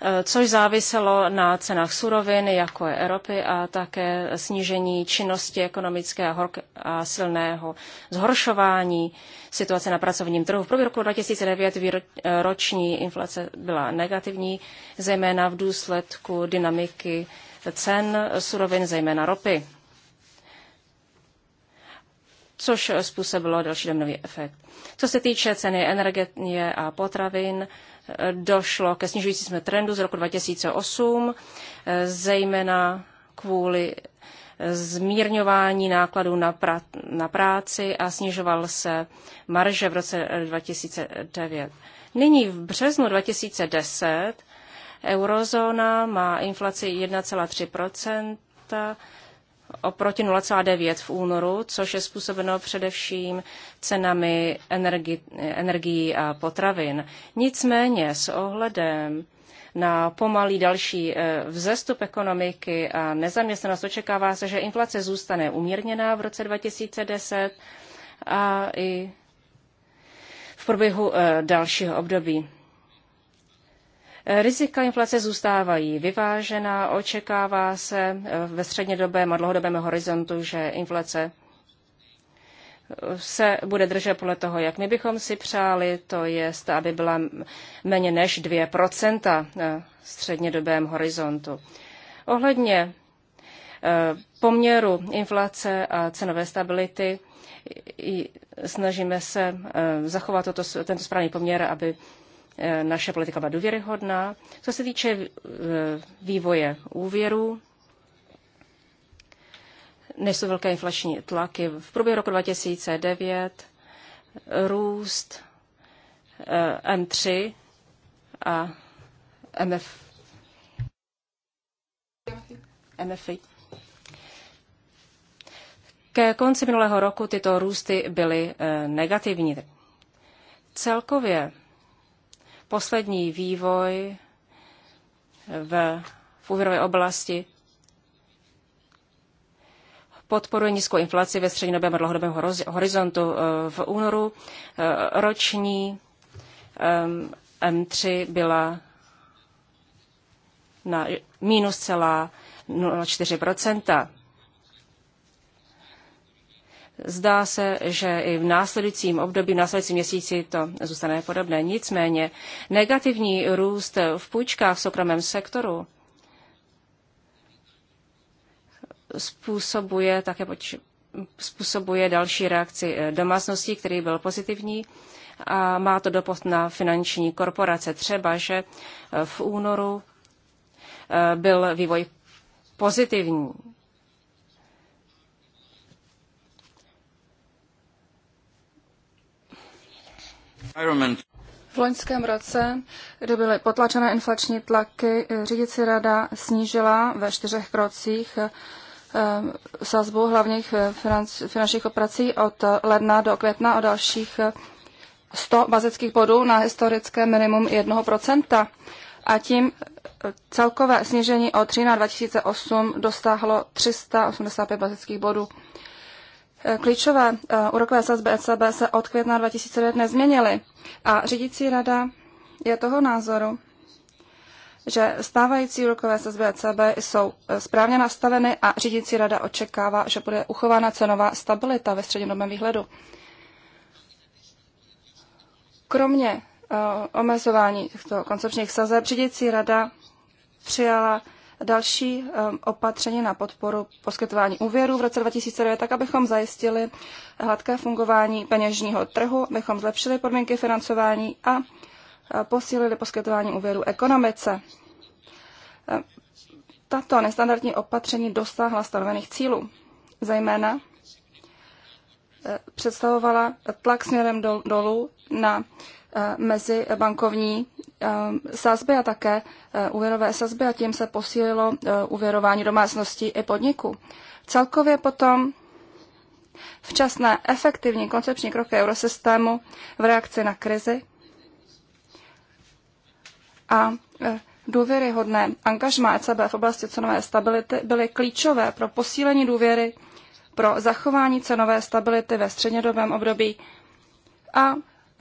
Eh, což záviselo na cenách surovin, jako je ropy, a také snížení činnosti ekonomické a, a silného zhoršování situace na pracovním trhu. V průběhu roku 2009 eh, roční inflace byla negativní, zejména v důsledku dynamiky cen surovin, zejména ropy což způsobilo další domnový efekt. Co se týče ceny energie a potravin, došlo ke snižující jsme trendu z roku 2008, zejména kvůli zmírňování nákladů na, pra- na práci a snižoval se marže v roce 2009. Nyní v březnu 2010 eurozóna má inflaci 1,3 oproti 0,9 v únoru, což je způsobeno především cenami energi, energií a potravin. Nicméně s ohledem na pomalý další eh, vzestup ekonomiky a nezaměstnanost očekává se, že inflace zůstane umírněná v roce 2010 a i v průběhu eh, dalšího období. Eh, rizika inflace zůstávají vyvážená, očekává se eh, ve střednědobém a dlouhodobém horizontu, že inflace eh, se bude držet podle toho, jak my bychom si přáli, to je, aby byla méně než 2% na střednědobém horizontu. Ohledně poměru inflace a cenové stability snažíme se zachovat toto, tento správný poměr, aby Eh, naše politika byla důvěryhodná. Co se týče eh, vývoje úvěru, nejsou velké inflační tlaky. V průběhu roku 2009 růst eh, M3 a MF, MFI. Ke konci minulého roku tyto růsty byly negativní. Celkově poslední vývoj v, v úvěrové oblasti podporuje nízkou inflaci ve střednědobém a dlouhodobém horizontu. Eh, v únoru eh, roční eh, M3 byla na minus celá 0,4 Zdá se, že i v následujícím období, v následujícím měsíci to zůstane podobné. Nicméně negativní růst v půjčkách v soukromém sektoru způsobuje také způsobuje další reakci eh, domácností, který byl pozitivní a má to dopad na finanční korporace. Třeba, že eh, v únoru eh, byl vývoj pozitivní V loňském roce, kdy byly potlačené inflační tlaky, řídící rada snížila ve čtyřech krocích eh, sazbu hlavních eh, finančních operací od eh, ledna do května o dalších 100 bazických bodů na historické minimum 1%. A tím celkové snížení od 3 na 2008 dostáhlo 385 bazických bodů. Eh, klíčové eh, úrokové sazby ECB se od května 2009 nezměnily a řídící rada je toho názoru, že stávající úrokové sazby ECB jsou eh, správně nastaveny a řídící rada očekává, že bude uchována cenová stabilita ve střednědobém výhledu. Kromě omezování těchto koncepčních sazeb řídící rada přijala další eh, opatření na podporu poskytování úvěrů v roce 2009, tak abychom zajistili hladké fungování peněžního trhu, abychom zlepšili podmínky financování a eh, posílili poskytování úvěrů ekonomice. Eh, tato nestandardní opatření dosáhla stanovených cílů, zejména představovala tlak směrem dolů na Eh, mezi bankovní eh, sazby a také eh, úvěrové sazby a tím se posílilo uvěrování domácností i podniků. Celkově potom včasné efektivní koncepční kroky eurosystému v reakci na krizi a důvěryhodné angažmá ECB v oblasti cenové stability byly klíčové pro posílení důvěry, pro zachování cenové stability ve střednědobém období a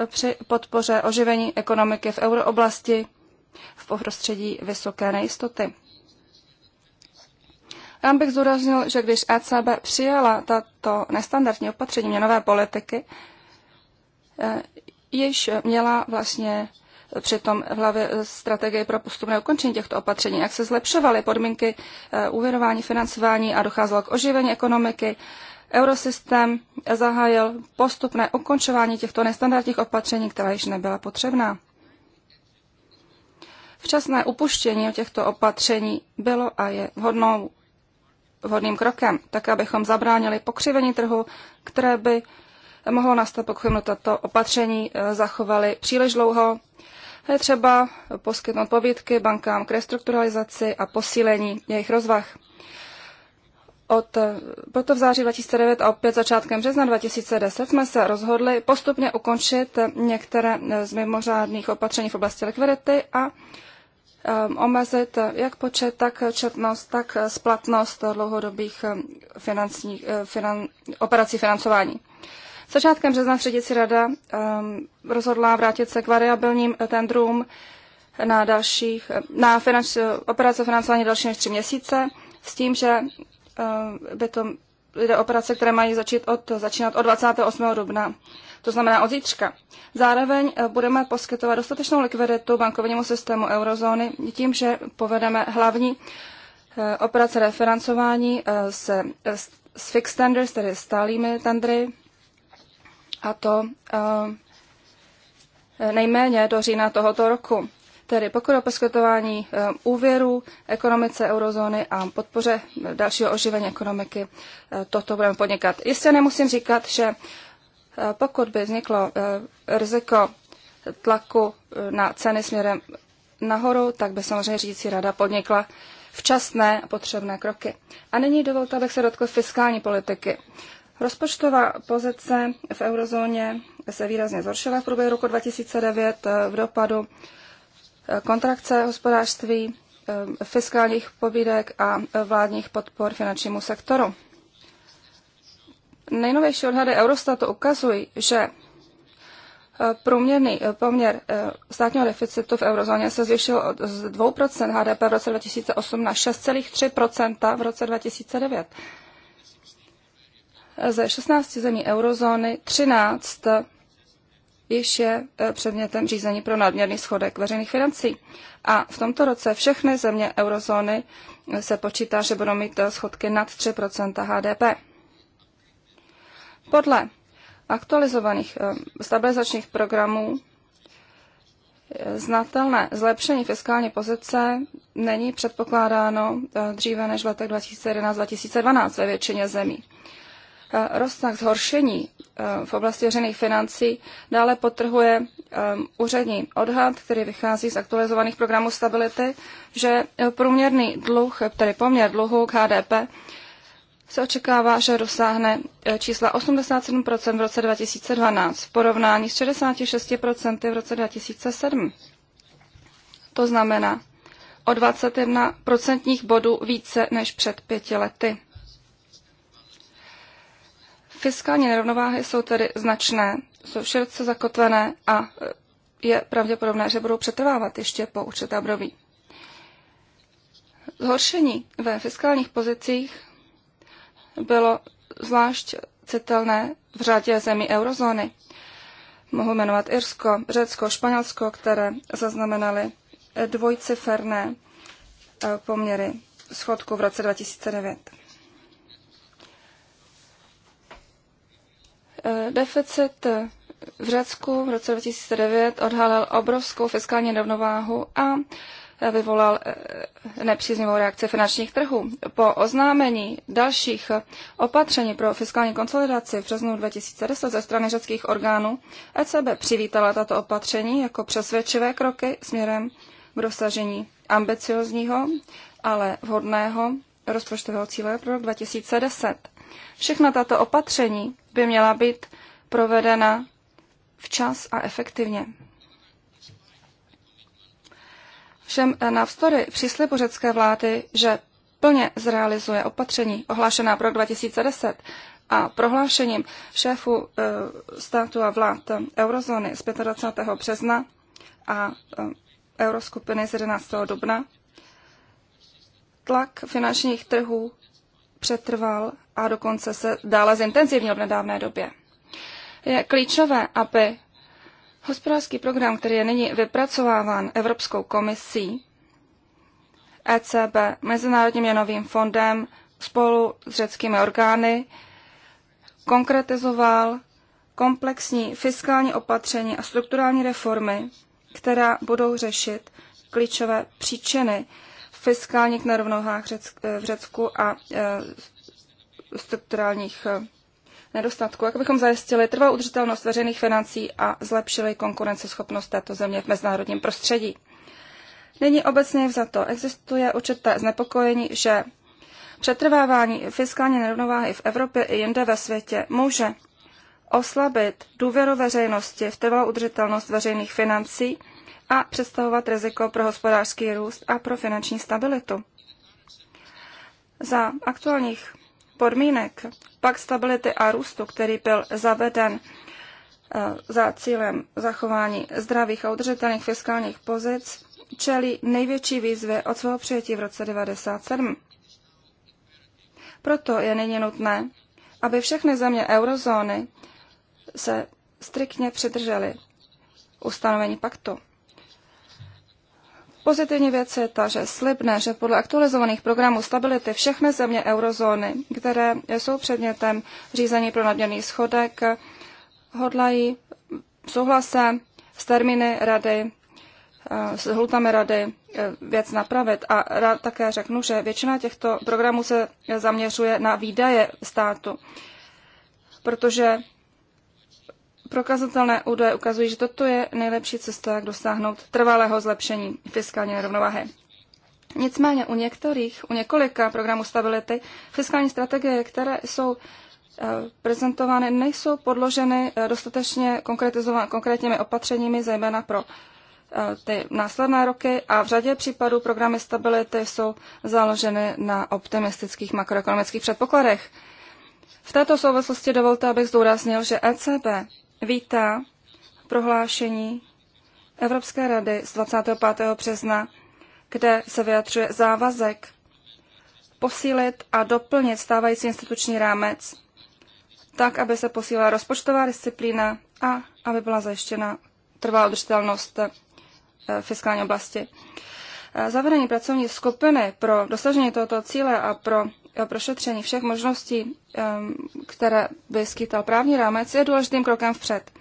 při podpoře oživení ekonomiky v eurooblasti v prostředí vysoké nejistoty. Já bych zúraznil, že když ECB přijala tato nestandardní opatření měnové politiky, eh, již měla vlastně přitom v hlavě eh, strategie pro postupné ukončení těchto opatření, jak se zlepšovaly podmínky eh, úvěrování, financování a docházelo k oživení ekonomiky Eurosystém zahájil postupné ukončování těchto nestandardních opatření, která již nebyla potřebná. Včasné upuštění těchto opatření bylo a je vhodnou, vhodným krokem, tak abychom zabránili pokřivení trhu, které by mohlo nastat, pokud tato opatření eh, zachovali příliš dlouho. Je třeba poskytnout pobídky bankám k restrukturalizaci a posílení jejich rozvah. Od, bylo eh, to v září 2009 a opět začátkem března 2010 jsme se rozhodli postupně ukončit některé eh, z mimořádných opatření v oblasti likvidity a um, omezit jak počet, tak četnost, tak splatnost dlouhodobých ehm, financí, eh, finan, operací financování. Začátkem března řídící rada um, rozhodla vrátit se k variabilním tendrům na, dalších, na finanč, operace financování další než tři měsíce s tím, že Eh, by to jde o operace, které mají začít od, začínat od 28. dubna, to znamená od zítřka. Zároveň eh, budeme poskytovat dostatečnou likviditu bankovnímu systému eurozóny tím, že povedeme hlavní eh, operace refinancování se, s, s fixed tenders, tedy stálými tendry, a to nejméně do října tohoto roku. Tedy pokud o poskytování eh, úvěru ekonomice eurozóny a podpoře dalšího oživení ekonomiky, eh, toto budeme podnikat. Jistě nemusím říkat, že eh, pokud by vzniklo riziko tlaku na ceny směrem nahoru, tak by samozřejmě řídící rada podnikla včasné a potřebné kroky. A nyní dovolte, abych se dotkl fiskální politiky. Rozpočtová pozice v eurozóně se výrazně zhoršila v průběhu roku 2009 v dopadu kontrakce hospodářství, eh, fiskálních pobídek a eh, vládních podpor finančnímu sektoru. Nejnovější odhady Eurostatu ukazují, že eh, průměrný poměr státního deficitu v eurozóně se zvýšil z 2% HDP v roce 2008 na 6,3% v roce 2009. Ze 16 zemí eurozóny 13 již je e, předmětem řízení pro nadměrný schodek veřejných financí. A v tomto roce všechny země eurozóny e, se počítá, že budou mít e, schodky nad 3 HDP. Podle aktualizovaných stabilizačních programů znatelné zlepšení fiskální pozice není předpokládáno dříve než v letech 2011-2012 ve většině zemí. Eh, rozsah zhoršení eh, v oblasti veřejných financí dále potrhuje eh, úřední odhad, který vychází z aktualizovaných programů stability, že průměrný dluh, tedy poměr dluhu k HDP, se očekává, že dosáhne čísla 87% v roce 2012 v porovnání s 66% v roce 2007. To znamená o 21% bodů více než před pěti lety. Fiskální nerovnováhy jsou tedy značné, jsou široce zakotvené a e, je pravděpodobné, že budou přetrvávat ještě po určité období. Zhoršení ve fiskálních pozicích bylo zvlášť citelné v řadě zemí eurozóny. Mohu jmenovat Irsko, Řecko, Španělsko, které zaznamenaly dvojciferné e, poměry schodku v roce 2009. Eh, deficit eh, v Řecku v roce 2009 odhalil obrovskou fiskální rovnováhu a eh, vyvolal nepříznivou reakci finančních trhů. Po oznámení dalších opatření pro fiskální konsolidaci v březnu 2010 ze strany řeckých orgánů ECB přivítala tato opatření jako přesvědčivé kroky směrem k dosažení ambiciozního, ale vhodného rozpočtového cíle pro rok 2010. Všechna tato opatření by měla být provedena včas a efektivně. Všem navzdory příslibu řecké vlády, že plně zrealizuje opatření ohlášená pro 2010 a prohlášením šéfu e, státu a vlád eurozóny z 25. března a e, euroskupiny z 11. dubna, tlak finančních trhů přetrval a dokonce se dále zintenzivnil v nedávné době. Je klíčové, aby hospodářský program, který je nyní vypracováván Evropskou komisí, ECB, Mezinárodním měnovým fondem, spolu s řeckými orgány, konkretizoval komplexní fiskální opatření a strukturální reformy, která budou řešit klíčové příčiny fiskálních nerovnováh eh, v Řecku a eh, strukturálních eh, nedostatků, jak bychom zajistili trvalou udržitelnost veřejných financí a zlepšili konkurenceschopnost této země v mezinárodním prostředí. Nyní obecně to, existuje určité znepokojení, že přetrvávání fiskální nerovnováhy v Evropě i jinde ve světě může oslabit důvěru veřejnosti v trvalou udržitelnost veřejných financí a představovat riziko pro hospodářský růst a pro finanční stabilitu. Za aktuálních podmínek pak stability a růstu, který byl zaveden eh, za cílem zachování zdravých a udržitelných fiskálních pozic, čelí největší výzvy od svého přijetí v roce 1997. Proto je nyní nutné, aby všechny země eurozóny se striktně přidržely ustanovení paktu. Pozitivní věc je ta, že slibne, že podle aktualizovaných programů stability všechny země eurozóny, které jsou předmětem řízení pro nadměrný schodek, hodlají souhlase s termíny rady, eh, s hlutami rady eh, věc napravit. A rád také řeknu, že většina těchto programů se zaměřuje na výdaje státu, protože Prokazatelné údaje ukazují, že toto je nejlepší cesta, jak dosáhnout trvalého zlepšení fiskální nerovnováhy. Nicméně u některých, u několika programů stability, fiskální strategie, které jsou eh, prezentovány, nejsou podloženy eh, dostatečně konkrétními opatřeními, zejména pro eh, ty následné roky a v řadě případů programy stability jsou založeny na optimistických makroekonomických předpokladech. V této souvislosti dovolte, abych zdůraznil, že ECB vítá prohlášení Evropské rady z 25. března, kde se vyjadřuje závazek posílit a doplnit stávající instituční rámec tak, aby se posílila rozpočtová disciplína a aby byla zajištěna trvalá udržitelnost eh, fiskální oblasti. Eh, zavedení pracovní skupiny pro dosažení tohoto cíle a pro prošetření všech možností, které by skýtal právní rámec, je důležitým krokem vpřed.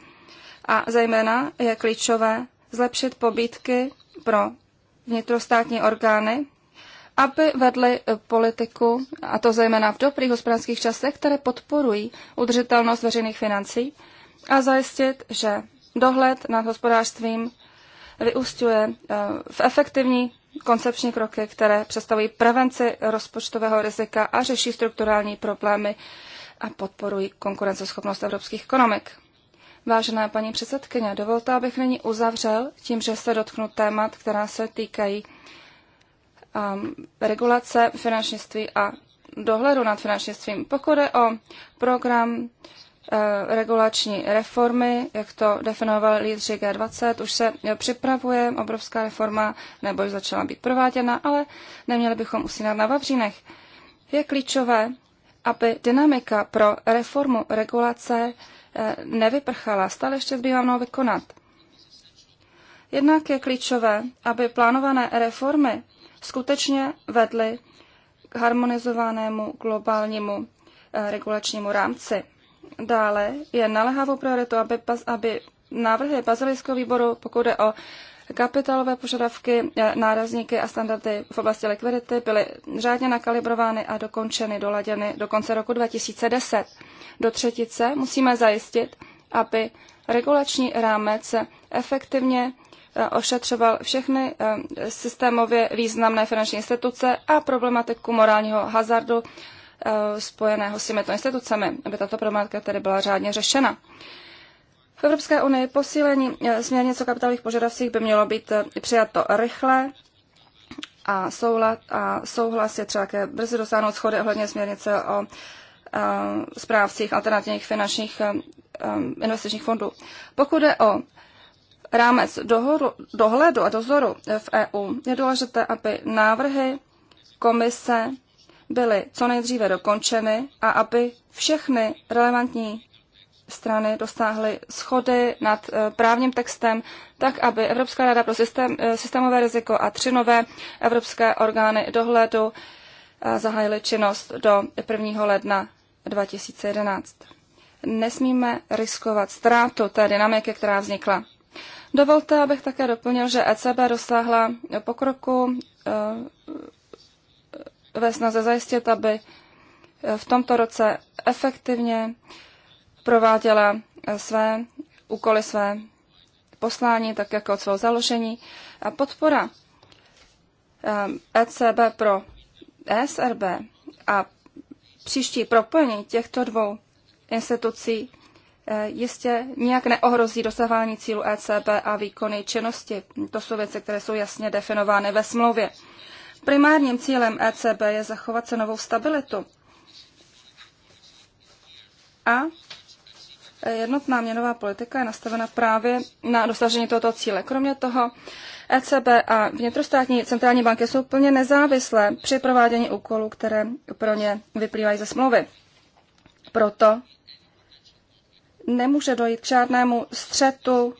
A zejména je klíčové zlepšit pobídky pro vnitrostátní orgány, aby vedly politiku, a to zejména v dobrých hospodářských časech, které podporují udržitelnost veřejných financí a zajistit, že dohled nad hospodářstvím vyústňuje eh, v efektivní koncepční kroky, které představují prevenci rozpočtového rizika a řeší strukturální problémy a podporují konkurenceschopnost evropských ekonomik. Vážená paní předsedkyně, dovolte, abych nyní uzavřel tím, že se dotknu témat, která se týkají um, regulace finančnictví a dohledu nad finančnictvím. Pokud je o program Eh, regulační reformy, jak to definovali lídři G20. Už se eh, připravuje obrovská reforma, nebo už začala být prováděna, ale neměli bychom usínat na vavřínech. Je klíčové, aby dynamika pro reformu regulace eh, nevyprchala. Stále ještě zbývá mnou vykonat. Jednak je klíčové, aby plánované reformy skutečně vedly k harmonizovanému globálnímu regulačnímu rámci. Dále je naléhavou prioritou, aby, aby návrhy bazilického výboru, pokud jde o kapitálové požadavky, e, nárazníky a standardy v oblasti likvidity byly řádně nakalibrovány a dokončeny, doladěny do konce roku 2010. Do třetice musíme zajistit, aby regulační rámec efektivně e, ošetřoval všechny e, systémově významné finanční instituce a problematiku morálního hazardu Eh, spojeného s těmito institucemi, aby tato problematika tedy byla řádně řešena. V Evropské unii posílení eh, směrnice o kapitálových požadavcích by mělo být eh, přijato rychle a, soulad, a souhlas je třeba ke brzy dosáhnout schody ohledně směrnice o správcích alternativních finančních investičních fondů. Pokud je o rámec dohodu, dohledu a dozoru v EU, je důležité, aby návrhy komise byly co nejdříve dokončeny a aby všechny relevantní strany dosáhly schody nad eh, právním textem, tak aby Evropská rada pro systém, eh, systémové riziko a tři nové evropské orgány dohledu eh, zahájily činnost do 1. ledna 2011. Nesmíme riskovat ztrátu té dynamiky, která vznikla. Dovolte, abych také doplnil, že ECB dosáhla pokroku ve snaze zajistit, aby eh, v tomto roce efektivně prováděla eh, své úkoly, své poslání, tak jako od svého založení. A podpora ECB eh, e pro ESRB a příští propojení těchto dvou institucí jistě nijak neohrozí dosahování cílu ECB a výkony činnosti. To jsou věci, které jsou jasně definovány ve smlouvě. Primárním cílem ECB je zachovat cenovou stabilitu. A jednotná měnová politika je nastavena právě na dosažení tohoto cíle. Kromě toho ECB a vnitrostátní centrální banky jsou plně nezávislé při provádění úkolů, které pro ně vyplývají ze smlouvy. Proto nemůže dojít k žádnému střetu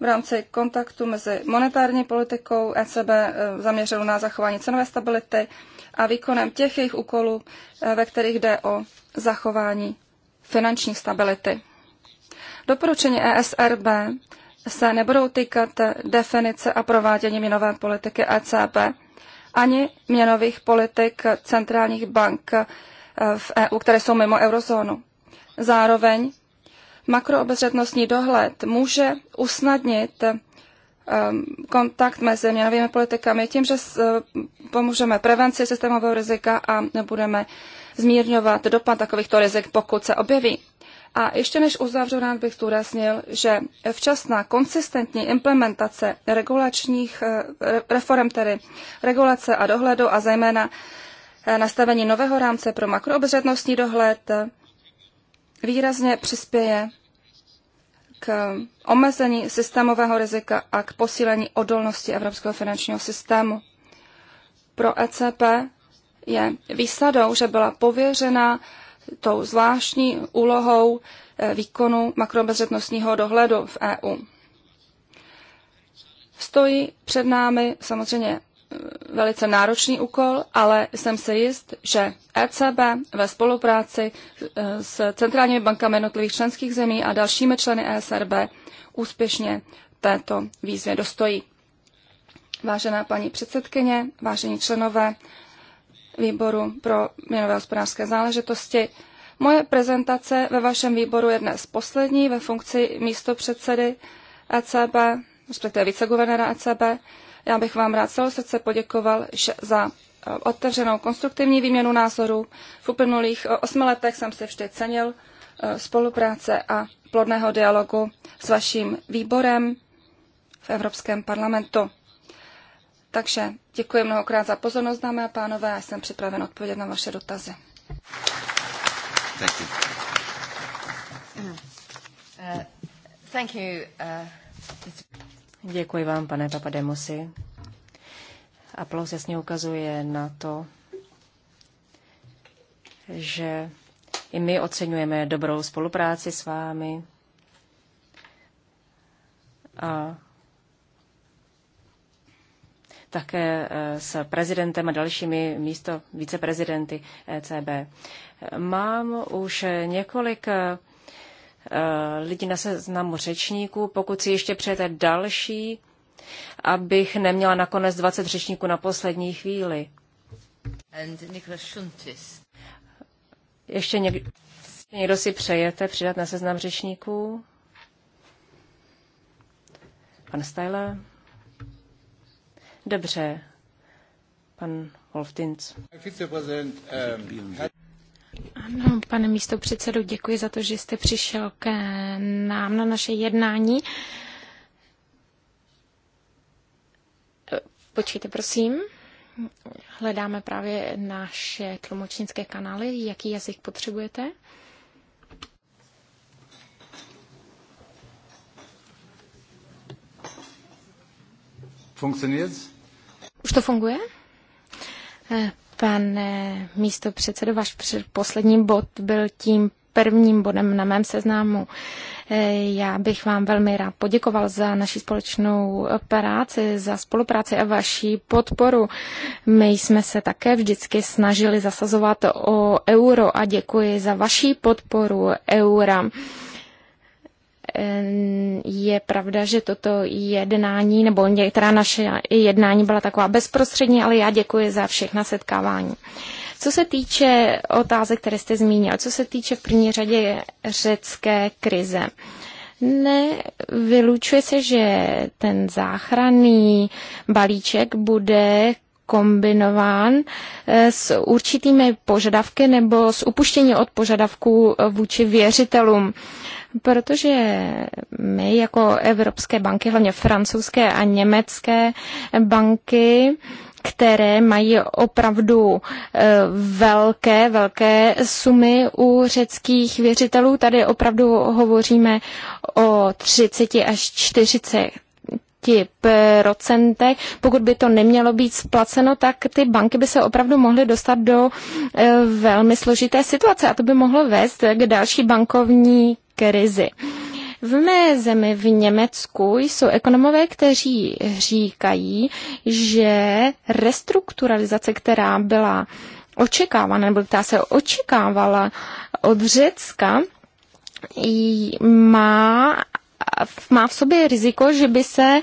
v rámci kontaktu mezi monetární politikou ECB eh, zaměřil na zachování cenové stability a výkonem těch jejich úkolů, eh, ve kterých jde o zachování finanční stability. Doporučení ESRB se nebudou týkat eh, definice a provádění měnové politiky ECB ani měnových politik centrálních bank v EU, které jsou mimo eurozónu. Zároveň makroobezřetnostní dohled může usnadnit eh, kontakt mezi měnovými politikami tím, že eh, pomůžeme prevenci systémového rizika a budeme zmírňovat dopad takovýchto rizik, pokud se objeví. A ještě než uzavřu, rád bych zdůraznil, že včasná konsistentní implementace regulačních eh, reform, tedy regulace a dohledu a zejména nastavení nového rámce pro makroobezřetnostní dohled výrazně přispěje k omezení systémového rizika a k posílení odolnosti evropského finančního systému. Pro ECP je výsadou, že byla pověřena tou zvláštní úlohou eh, výkonu makrobezřetnostního dohledu v EU. Stojí před námi samozřejmě velice náročný úkol, ale jsem si jist, že ECB ve spolupráci eh, s centrálními bankami jednotlivých členských zemí a dalšími členy ESRB úspěšně této výzvě dostojí. Vážená paní předsedkyně, vážení členové výboru pro měnové hospodářské záležitosti, moje prezentace ve vašem výboru je dnes poslední ve funkci místo předsedy ECB, respektive viceguvernéra ECB. Já bych vám rád celou srdce poděkoval za eh, otevřenou konstruktivní výměnu názorů. V uplynulých eh, osmi letech jsem si vždy cenil eh, spolupráce a plodného dialogu s vaším výborem v Evropském parlamentu. Takže děkuji mnohokrát za pozornost, dámy a pánové, a jsem připraven odpovědět na vaše dotazy. Thank you. Mm. Uh, thank you, uh, Děkuji vám, pane Papademusi. Aplaus jasně ukazuje na to, že i my oceňujeme dobrou spolupráci s vámi a také eh, s prezidentem a dalšími místo viceprezidenty ECB. Eh, Mám už několik eh, Eh, lidí na seznamu řečníků, pokud si ještě přejete další, abych neměla nakonec 20 řečníků na poslední chvíli. And Ještě někdo, někdo si přejete přidat na seznam řečníků? Pan Styler? Dobře. Pan Wolftinc. Ano, pane místo děkuji za to, že jste přišel k nám na naše jednání. Počkejte, prosím. Hledáme právě naše tlumočnické kanály. Jaký jazyk potřebujete? Funkcionuje? Už to funguje? Eh, Pane místo předsedo, váš poslední bod byl tím prvním bodem na mém seznamu. E, já bych vám velmi rád poděkoval za naši společnou práci, za spolupráci a vaši podporu. My jsme se také vždycky snažili zasazovat o euro a děkuji za vaši podporu eura je pravda, že toto jednání, nebo některá naše jednání byla taková bezprostřední, ale já děkuji za všechna setkávání. Co se týče otázek, které jste zmínil, co se týče v první řadě řecké krize, nevylučuje se, že ten záchranný balíček bude kombinován eh, s určitými požadavky nebo s upuštění od požadavků eh, vůči věřitelům. Protože my jako evropské banky, hlavně francouzské a německé banky, které mají opravdu eh, velké, velké sumy u řeckých věřitelů. Tady opravdu hovoříme o 30 až 40 procentech. Pokud by to nemělo být splaceno, tak ty banky by se opravdu mohly dostat do eh, velmi složité situace a to by mohlo vést k další bankovní krizi. V mé zemi, v Německu, jsou ekonomové, kteří říkají, že restrukturalizace, která byla očekávána, nebo která se očekávala od Řecka, má má v sobě riziko, že by se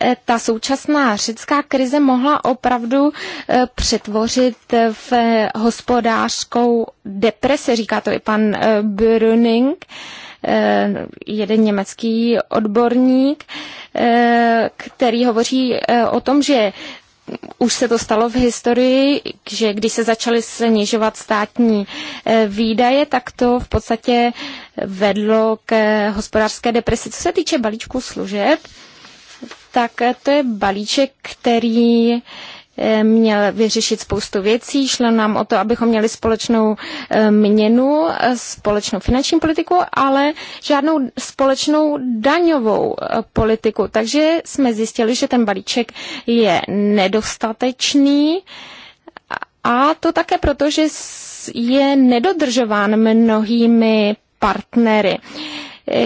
eh, ta současná řecká krize mohla opravdu eh, přetvořit v eh, hospodářskou depresi, říká to i pan Brüning jeden německý odborník, který hovoří o tom, že už se to stalo v historii, že když se začaly snižovat státní eh, výdaje, tak to v podstatě vedlo k eh, hospodářské depresi. Co se týče balíčku služeb, tak eh, to je balíček, který Eh, měl vyřešit spoustu věcí. Šlo nám o to, abychom měli společnou eh, měnu, eh, společnou finanční politiku, ale žádnou společnou daňovou politiku. Takže jsme zjistili, že ten balíček je nedostatečný a to také proto, že je nedodržován mnohými partnery. Uh,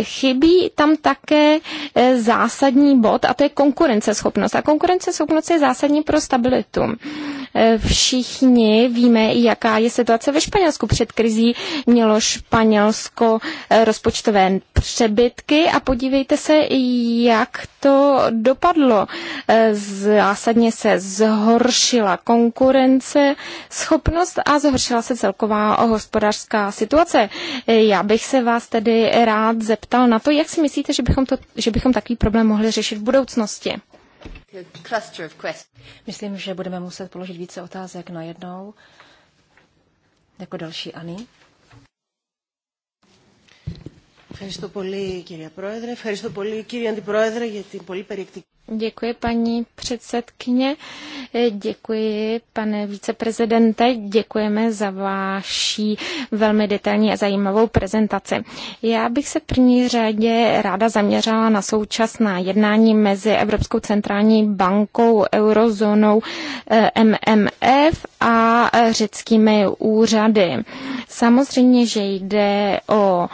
chybí tam také eh, zásadní bod a to je konkurenceschopnost. A konkurenceschopnost je zásadní pro stabilitu. Eh, všichni víme, jaká je situace ve Španělsku. Před krizí mělo Španělsko eh, rozpočtové přebytky a podívejte se, jak to dopadlo. Zásadně se zhoršila konkurence, schopnost a zhoršila se celková hospodářská situace. Já bych se vás tedy rád zeptal, zeptal na to, jak si myslíte, že bychom, to, že bychom takový problém mohli řešit v budoucnosti. Myslím, že budeme muset položit více otázek na jednou. Jako další Ani. Děkuji, paní předsedkyně. Děkuji, pane viceprezidente, děkujeme za vaší velmi detailní a zajímavou prezentaci. Já bych se první řadě ráda zaměřila na současná jednání mezi Evropskou centrální bankou, eurozónou, eh, MMF a řeckými úřady. Samozřejmě, že jde o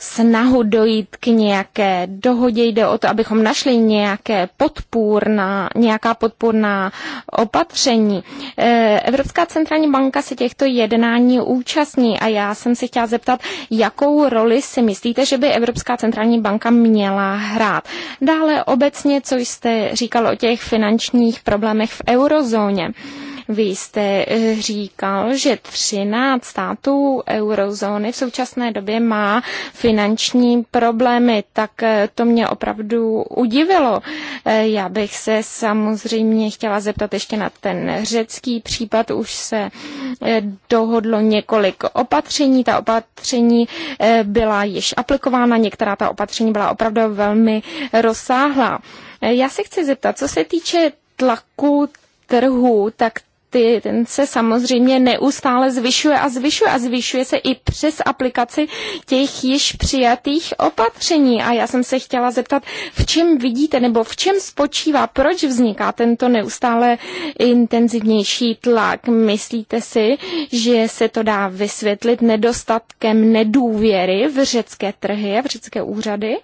snahu dojít k nějaké dohodě, jde o to, abychom našli nějaké podpůrná, nějaká podpůrná opatření. Eh, Evropská centrální banka se těchto jednání účastní a já jsem si chtěla zeptat, jakou roli si myslíte, že by Evropská centrální banka měla hrát. Dále obecně, co jste říkal o těch finančních problémech v eurozóně. Vy jste eh, říkal, že 13 států eurozóny v současné době má finanční problémy, tak eh, to mě opravdu udivilo. Eh, já bych se samozřejmě chtěla zeptat ještě na ten řecký případ. Už se dohodlo několik opatření. Ta opatření byla již aplikována, některá ta opatření byla opravdu velmi rozsáhlá. Já se chci zeptat, co se týče tlaku trhu, tak ty, ten se samozřejmě neustále zvyšuje a zvyšuje a zvyšuje se i přes aplikaci těch již přijatých opatření. A já jsem se chtěla zeptat, v čem vidíte nebo v čem spočívá, proč vzniká tento neustále intenzivnější tlak? Myslíte si, že se to dá vysvětlit nedostatkem nedůvěry v řecké trhy a v řecké úřady?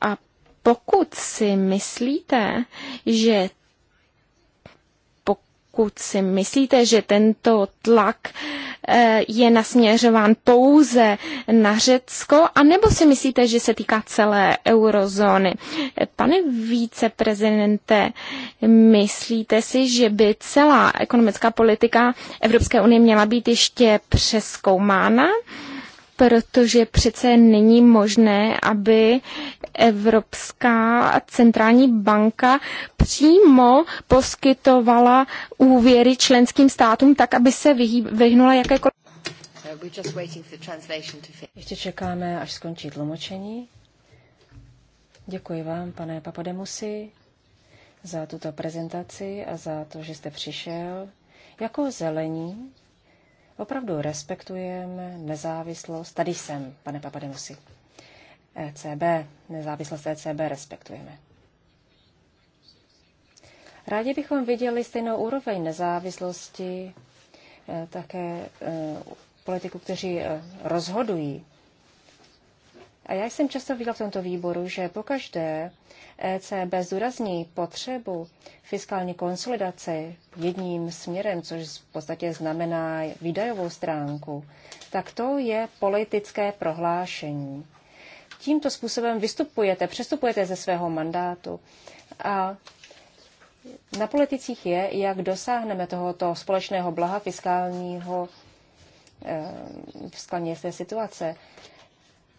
A pokud si myslíte, že pokud si myslíte, že tento tlak eh, je nasměřován pouze na Řecko, anebo si myslíte, že se týká celé eurozóny. Pane víceprezidente, myslíte si, že by celá ekonomická politika Evropské unie měla být ještě přeskoumána? Uh, protože přece není možné, aby Evropská centrální banka přímo poskytovala úvěry členským státům tak, aby se vyhnula jakékoliv. Ještě čekáme, až skončí tlumočení. Děkuji vám, pane Papademusi, za tuto prezentaci a za to, že jste přišel. Jako zelení Opravdu respektujeme nezávislost. Tady jsem, pane Papademusi. ECB, nezávislost ECB respektujeme. Rádi bychom viděli stejnou úroveň nezávislosti e, také e, politiků, kteří e, rozhodují a já jsem často viděl v tomto výboru, že pokaždé ECB zdůrazní potřebu fiskální konsolidace jedním směrem, což v podstatě znamená výdajovou stránku, tak to je politické prohlášení. Tímto způsobem vystupujete, přestupujete ze svého mandátu a na politicích je, jak dosáhneme tohoto společného blaha fiskálního eh, fiskálně té situace.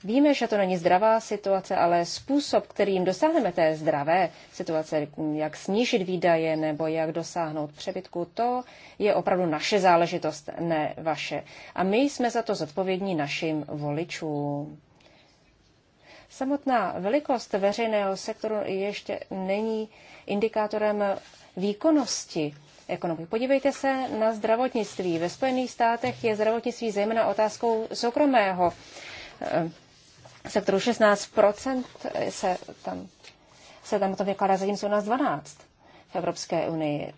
Víme, že to není zdravá situace, ale způsob, kterým dosáhneme té zdravé situace, jak snížit výdaje nebo jak dosáhnout přebytku, to je opravdu naše záležitost, ne vaše. A my jsme za to zodpovědní našim voličům. Samotná velikost veřejného sektoru ještě není indikátorem výkonnosti ekonomiky. Podívejte se na zdravotnictví. Ve Spojených státech je zdravotnictví zejména otázkou soukromého eh, sektoru 16% se tam, se tam to vykládá, zatímco u nás 12 v Evropské unii.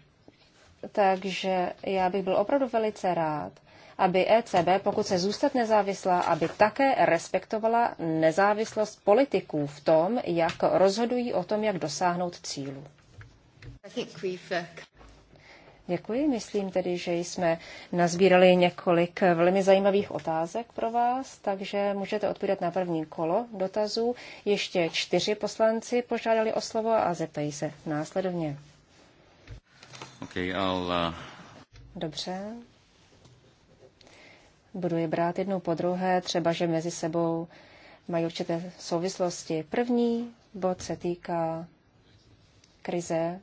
Takže já bych byl opravdu velice rád, aby ECB, pokud se zůstat nezávislá, aby také respektovala nezávislost politiků v tom, jak rozhodují o tom, jak dosáhnout cílu. Uh, Děkuji. Myslím tedy, že jsme nazbírali několik velmi zajímavých otázek pro vás, takže můžete odpovědět na první kolo dotazů. Ještě čtyři poslanci požádali o slovo a zeptají se následovně. Okay, I'll, uh... Dobře. Budu je brát jednou po druhé, třeba že mezi sebou mají určité souvislosti. První bod se týká krize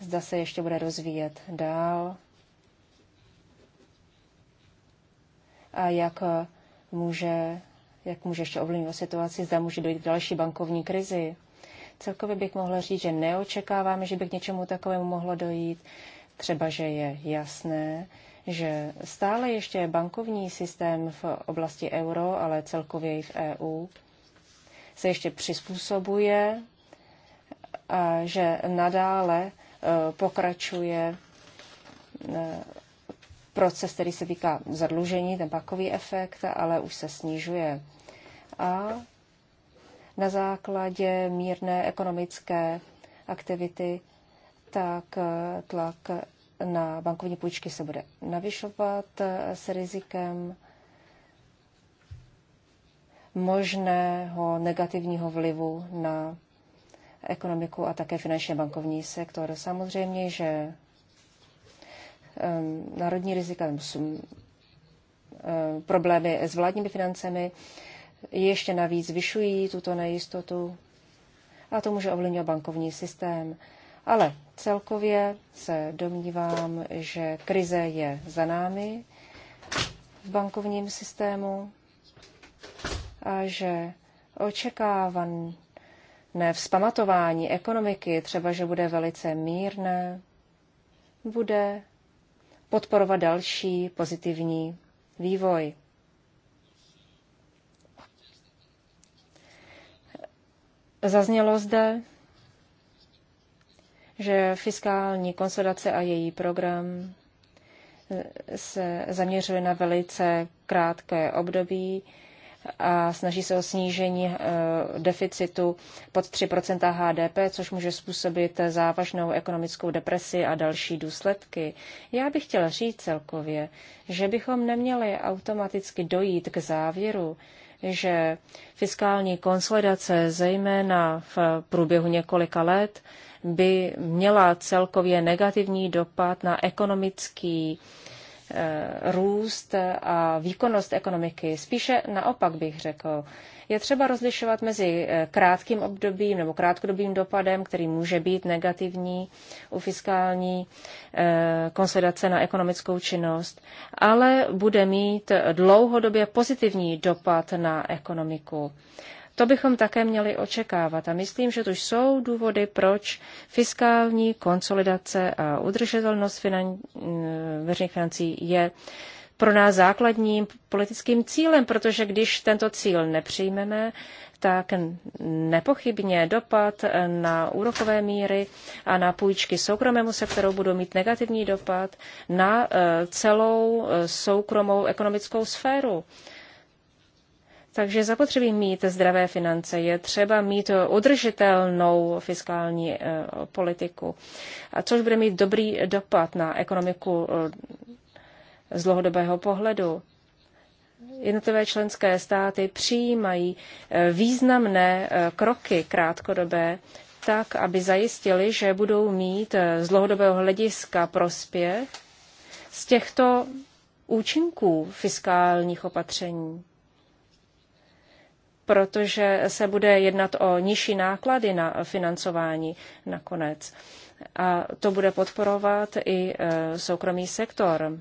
zda se ještě bude rozvíjet dál a jak eh, může, jak může ještě ovlivnit situaci, zda může dojít k další bankovní krizi. Celkově bych mohla říct, že neočekáváme, že by k něčemu takovému mohlo dojít. Třeba, že je jasné, že stále ještě je bankovní systém v oblasti euro, ale celkově i v EU, se ještě přizpůsobuje, a že nadále Eh, pokračuje eh, proces, který se týká zadlužení, ten pakový efekt, ale už se snižuje. A na základě mírné ekonomické aktivity, tak eh, tlak na bankovní půjčky se bude navyšovat s rizikem možného negativního vlivu na ekonomiku a také finančně bankovní sektor. Samozřejmě, že národní rizika, problémy s vládními financemi ještě navíc zvyšují tuto nejistotu a to může ovlivňovat bankovní systém. Ale celkově se domnívám, že krize je za námi v bankovním systému a že očekávaný ne vzpamatování ekonomiky, třeba že bude velice mírné, bude podporovat další pozitivní vývoj. Zaznělo zde, že fiskální konsolidace a její program eh, se zaměřuje na velice krátké období, a snaží se o snížení eh, deficitu pod 3 HDP, což může způsobit závažnou ekonomickou depresi a další důsledky. Já bych chtěla říct celkově, že bychom neměli automaticky dojít k závěru, že fiskální konsolidace, zejména v průběhu několika let, by měla celkově negativní dopad na ekonomický Eh, růst a výkonnost ekonomiky. Spíše naopak bych řekl. Je třeba rozlišovat mezi eh, krátkým obdobím nebo krátkodobým dopadem, který může být negativní u fiskální eh, konsolidace na ekonomickou činnost, ale bude mít dlouhodobě pozitivní dopad na ekonomiku. To bychom také měli očekávat a myslím, že to jsou důvody, proč fiskální konsolidace a udržitelnost finan... Eh, veřejných financí je pro nás základním politickým cílem, protože když tento cíl nepřijmeme, tak nepochybně dopad na úrokové míry a na půjčky soukromému sektoru budou mít negativní dopad na eh, celou eh, soukromou ekonomickou sféru. Takže zapotřebí mít zdravé finance, je třeba mít udržitelnou fiskální eh, politiku, což bude mít dobrý dopad na ekonomiku eh, z dlouhodobého pohledu. Jednotlivé členské státy přijímají eh, významné kroky krátkodobé, tak, aby zajistili, že budou mít z dlouhodobého hlediska prospěch z těchto účinků fiskálních opatření protože se bude jednat o nižší náklady na financování nakonec. A to bude podporovat i e, soukromý sektor.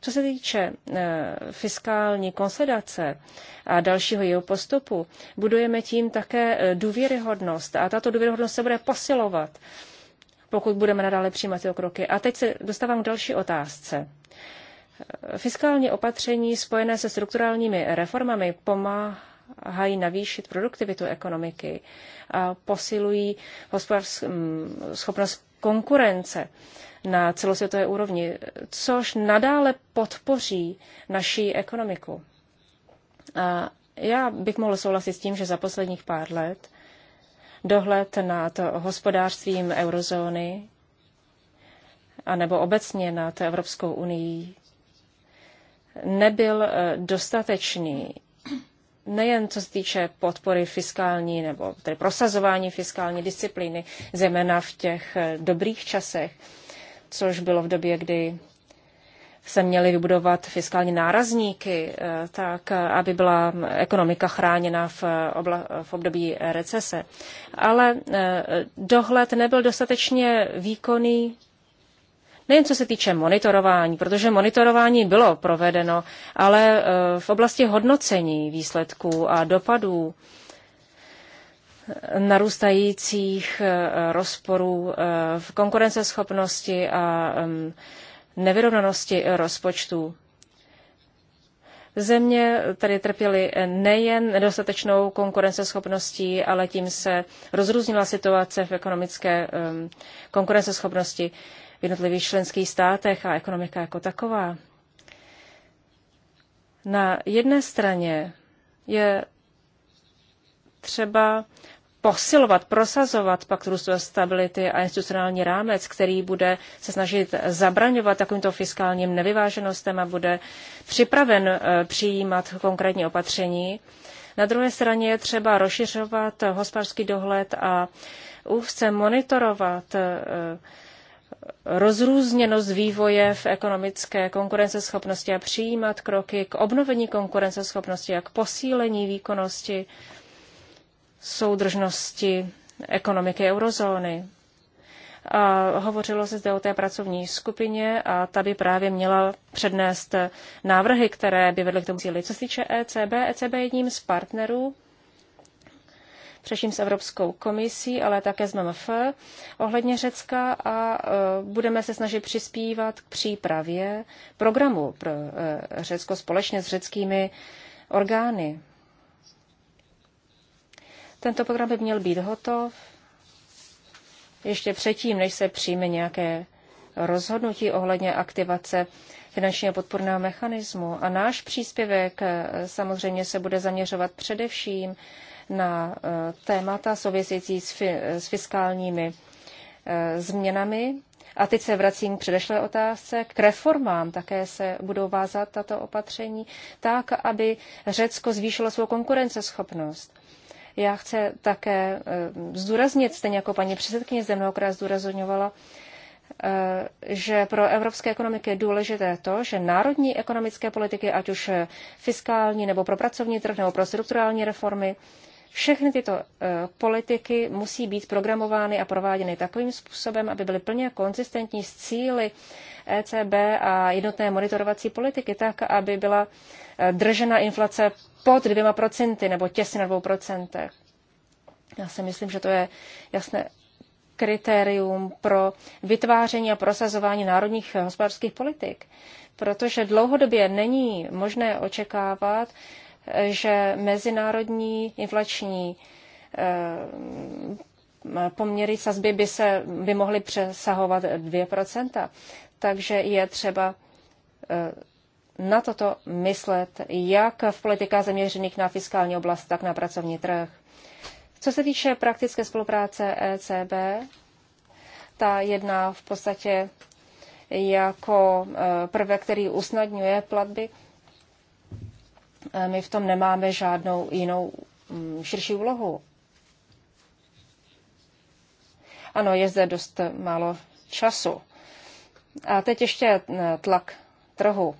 Co se týče e, fiskální konsolidace a dalšího jeho postupu, budujeme tím také e, důvěryhodnost a tato důvěryhodnost se bude posilovat, pokud budeme nadále přijímat tyto kroky. A teď se dostávám k další otázce. Fiskální opatření spojené se strukturálními reformami pomáhá hají navýšit produktivitu ekonomiky a posilují hospodářskou mm, schopnost konkurence na celosvětové úrovni, což nadále podpoří naší ekonomiku. A já bych mohl souhlasit s tím, že za posledních pár let dohled nad hospodářstvím eurozóny anebo obecně nad Evropskou unii nebyl eh, dostatečný nejen co se týče podpory fiskální nebo tedy prosazování fiskální disciplíny, zejména v těch eh, dobrých časech, což bylo v době, kdy se měly vybudovat fiskální nárazníky, eh, tak eh, aby byla mm, ekonomika chráněna v, obla, v období recese. Ale dohled nebyl dostatečně výkonný Nejen co se týče monitorování, protože monitorování bylo provedeno, ale e, v oblasti hodnocení výsledků a dopadů e, narůstajících e, rozporů v konkurenceschopnosti a nevyrovnanosti rozpočtů. Země tady trpěly nejen nedostatečnou konkurenceschopností, ale tím se rozrůznila situace v ekonomické konkurenceschopnosti v jednotlivých členských státech a ekonomika jako taková. Na jedné straně je třeba posilovat, prosazovat pakt růstu a stability a institucionální rámec, který bude se snažit zabraňovat takovýmto fiskálním nevyváženostem a bude připraven eh, přijímat konkrétní opatření. Na druhé straně je třeba rozšiřovat hospodářský dohled a úzce monitorovat eh, rozrůzněnost vývoje v ekonomické konkurenceschopnosti a přijímat kroky k obnovení konkurenceschopnosti a k posílení výkonnosti soudržnosti ekonomiky eurozóny. A hovořilo se zde o té pracovní skupině a ta by právě měla přednést návrhy, které by vedly k tomu cíli. Co se týče ECB, ECB je jedním z partnerů především s Evropskou komisí, ale také s MMF ohledně Řecka a e, budeme se snažit přispívat k přípravě programu pro e, Řecko společně s řeckými orgány. Tento program by měl být hotov ještě předtím, než se přijme nějaké rozhodnutí ohledně aktivace finančního podporného mechanismu. A náš příspěvek e, samozřejmě se bude zaměřovat především na eh, témata související s fiskálními eh, změnami. A teď se vracím k předešlé otázce. K reformám také se budou vázat tato opatření tak, aby Řecko zvýšilo svou konkurenceschopnost. Já chci také eh, zdůraznit, stejně jako paní předsedkyně zde mnohokrát zdůrazňovala, že pro evropské ekonomiky je důležité to, že národní ekonomické politiky, ať už fiskální nebo pro pracovní trh nebo pro strukturální reformy, všechny tyto eh, politiky musí být programovány a prováděny takovým způsobem, aby byly plně konzistentní s cíly ECB a jednotné monitorovací politiky, tak, aby byla eh, držena inflace pod dvěma procenty nebo těsně na dvou procentech. Já si myslím, že to je jasné kritérium pro vytváření a prosazování národních eh, hospodářských politik, protože dlouhodobě není možné očekávat, že mezinárodní inflační eh, poměry sazby by, se, by mohly přesahovat 2%. Takže je třeba eh, na toto myslet, jak v politikách zaměřených na fiskální oblast, tak na pracovní trh. Co se týče praktické spolupráce ECB, ta jedná v podstatě jako eh, prvek, který usnadňuje platby E, my v tom nemáme žádnou jinou mm, širší úlohu. Ano, je zde dost málo času. A teď ještě e, tlak trhu.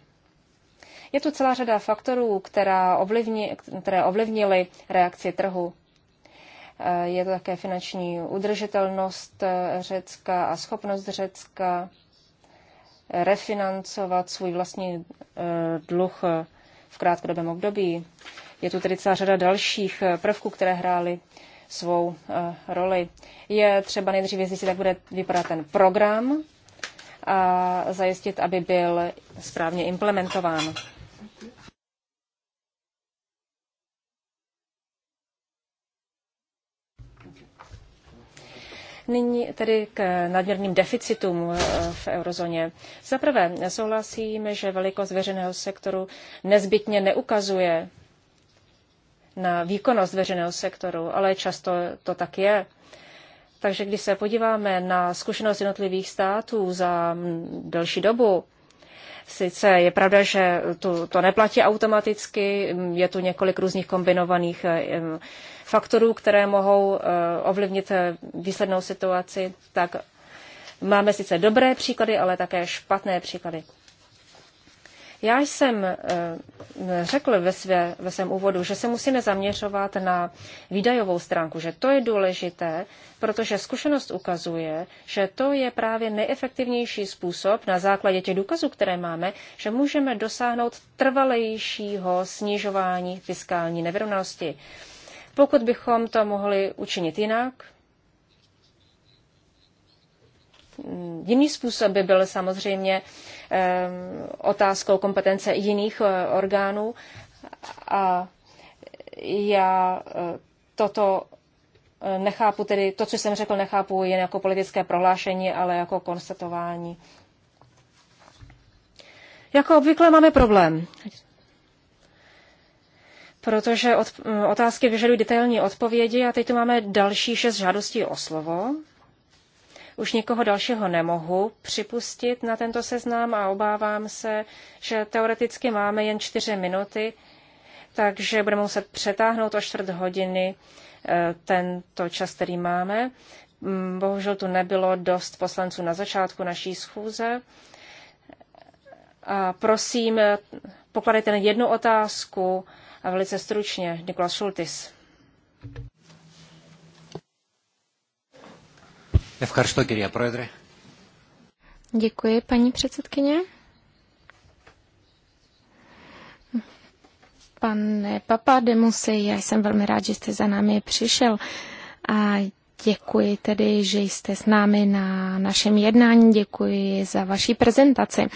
Je tu celá řada faktorů, která ovlivni, které ovlivnily reakci trhu. E, je to také finanční udržitelnost Řecka a schopnost Řecka refinancovat svůj vlastní dluh v krátkodobém období. Je tu tedy celá řada dalších eh, prvků, které hrály svou uh, roli. Je třeba nejdříve zjistit, jak bude vypadat ten program a zajistit, aby byl správně implementován. Nyní tedy k nadměrným deficitům eh, v eurozóně. Za prvé, souhlasíme, že velikost veřejného sektoru nezbytně neukazuje na výkonnost veřejného sektoru, ale často to tak je. Takže když se podíváme na zkušenost jednotlivých států za delší dobu, Sice je pravda, že to, to neplatí automaticky, je tu několik různých kombinovaných eh, faktorů, které mohou eh, ovlivnit eh, výslednou situaci, tak máme sice dobré příklady, ale také špatné příklady. Já jsem eh, řekl ve, své, ve svém úvodu, že se musíme zaměřovat na výdajovou stránku, že to je důležité, protože zkušenost ukazuje, že to je právě nejefektivnější způsob na základě těch důkazů, které máme, že můžeme dosáhnout trvalejšího snižování fiskální nevyrovnanosti. Pokud bychom to mohli učinit jinak, Mm, Jiný způsob by byl samozřejmě otázkou kompetence jiných eh, orgánů a já eh, toto eh, nechápu, tedy to, co jsem řekl, nechápu jen jako politické prohlášení, ale jako konstatování. Jako obvykle máme problém, protože mm, otázky vyžadují detailní odpovědi a teď tu máme další šest žádostí o slovo. Už nikoho dalšího nemohu připustit na tento seznam a obávám se, že teoreticky máme jen čtyři minuty, takže budeme muset přetáhnout o čtvrt hodiny eh, tento čas, který máme. Mm, bohužel tu nebylo dost poslanců na začátku naší schůze. A prosím, pokladejte na jednu otázku a velice stručně. Nikolas Šultis. Děkuji, paní předsedkyně. Pane Papademusi, já jsem velmi rád, že jste za námi přišel a děkuji tedy, že jste s námi na našem jednání, děkuji za vaši prezentaci.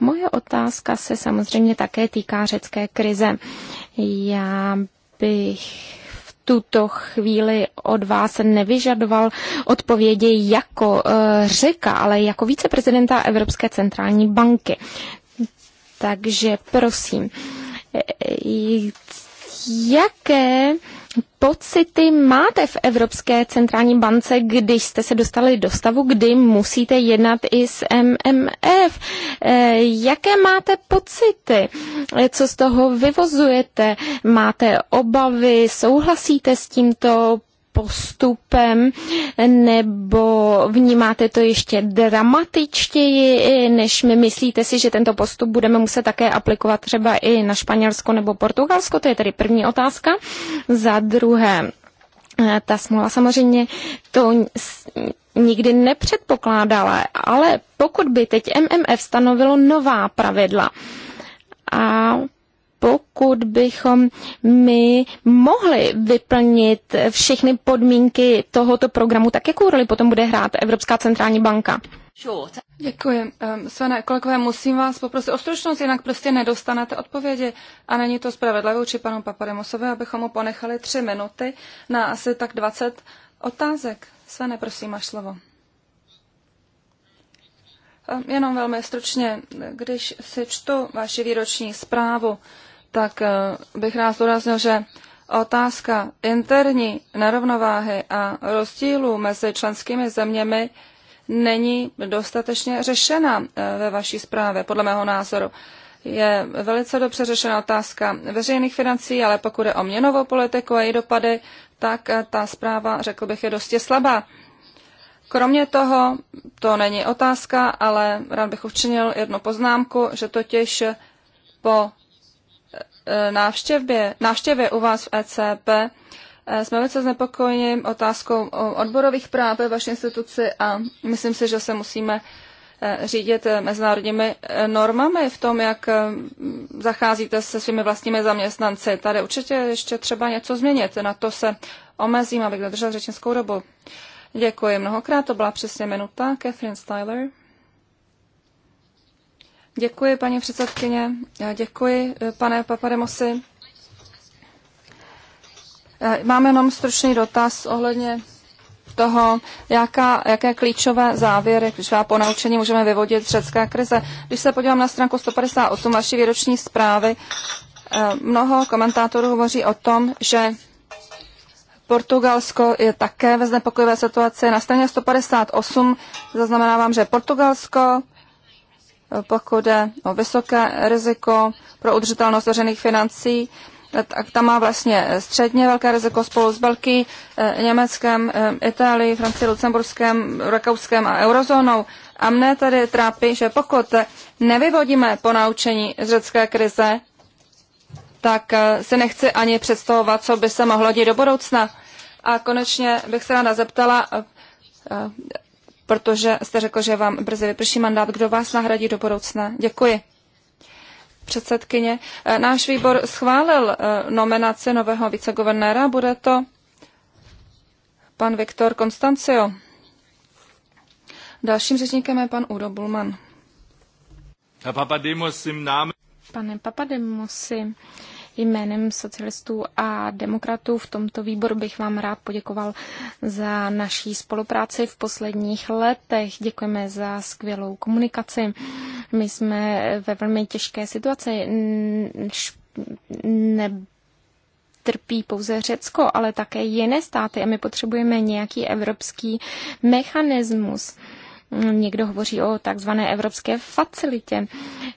Moje otázka se samozřejmě také týká řecké krize. Já bych tuto chvíli od vás nevyžadoval odpovědi jako eh, řeka, ale jako viceprezidenta Evropské centrální banky. Takže prosím, eh, eh, jaké pocity máte v Evropské centrální bance, když jste se dostali do stavu, kdy musíte jednat i s MMF? Eh, jaké máte pocity? Eh, co z toho vyvozujete? Máte obavy? Souhlasíte s tímto postupem, nebo vnímáte to ještě dramatičtěji, než my myslíte si, že tento postup budeme muset také aplikovat třeba i na Španělsko nebo Portugalsko? To je tedy první otázka. Za druhé, eh, ta smola samozřejmě to nikdy nepředpokládala, ale pokud by teď MMF stanovilo nová pravidla a pokud bychom my mohli vyplnit všechny podmínky tohoto programu, tak jakou roli potom bude hrát Evropská centrální banka? Děkuji. Ehm, Svané kolegové, musím vás poprosit o stručnost, jinak prostě nedostanete odpovědi. A není to spravedlivé či panu Papademosovi, abychom mu ponechali tři minuty na asi tak 20 otázek. Svané, prosím, máš slovo. Ehm, jenom velmi stručně, když si čtu vaši výroční zprávu, tak eh, bych rád zdůraznil, že otázka interní nerovnováhy a rozdílů mezi členskými zeměmi není dostatečně řešena eh, ve vaší zprávě, podle mého názoru. Je velice dobře řešena otázka veřejných financí, ale pokud je o měnovou politiku a její dopady, tak eh, ta zpráva, řekl bych, je dosti slabá. Kromě toho, to není otázka, ale rád bych učinil jednu poznámku, že totiž po Eh, návštěvě, návštěvě u vás v ECB eh, jsme velice znepokojeni otázkou odborových práv ve vaší instituci a myslím si, že se musíme eh, řídit mezinárodními normami v tom, jak zacházíte se svými vlastními zaměstnanci. Tady určitě ještě třeba něco změnit. Na to se omezím, abych dodržel řečnickou dobu. Děkuji mnohokrát, to byla přesně minuta. Catherine Styler. Děkuji, paní předsedkyně. Děkuji, eh, pane Papademosi. Eh, mám jenom stručný dotaz ohledně toho, jaká, jaké klíčové závěry, klíčová ponaučení můžeme vyvodit z řecké krize. Když se podívám na stránku 158 vaší výroční zprávy, eh, mnoho komentátorů hovoří o tom, že Portugalsko je také ve znepokojivé situaci. Na straně 158 zaznamenávám, že Portugalsko pokud jde o vysoké riziko pro udržitelnost veřejných financí, tak tam má vlastně středně velké riziko spolu s Belgií, eh, Německem, eh, Itálií, Francii, Lucemburskem, Rakouskem a eurozónou. A mne tady trápí, že pokud nevyvodíme po naučení z řecké krize, tak eh, si nechci ani představovat, co by se mohlo dít do budoucna. A konečně bych se ráda zeptala, protože jste řekl, že vám brzy vyprší mandát. Kdo vás nahradí do budoucna? Děkuji. Předsedkyně, eh, náš výbor schválil eh, nominaci nového viceguvernéra. Bude to pan Viktor Konstancio. Dalším řečníkem je pan Udo Bulman. Pane Papademosi, Jménem socialistů a demokratů v tomto výboru bych vám rád poděkoval za naší spolupráci v posledních letech. Děkujeme za skvělou komunikaci. My jsme ve velmi těžké situaci. Ne, trpí pouze Řecko, ale také jiné státy a my potřebujeme nějaký evropský mechanismus. Někdo hovoří o takzvané evropské facilitě.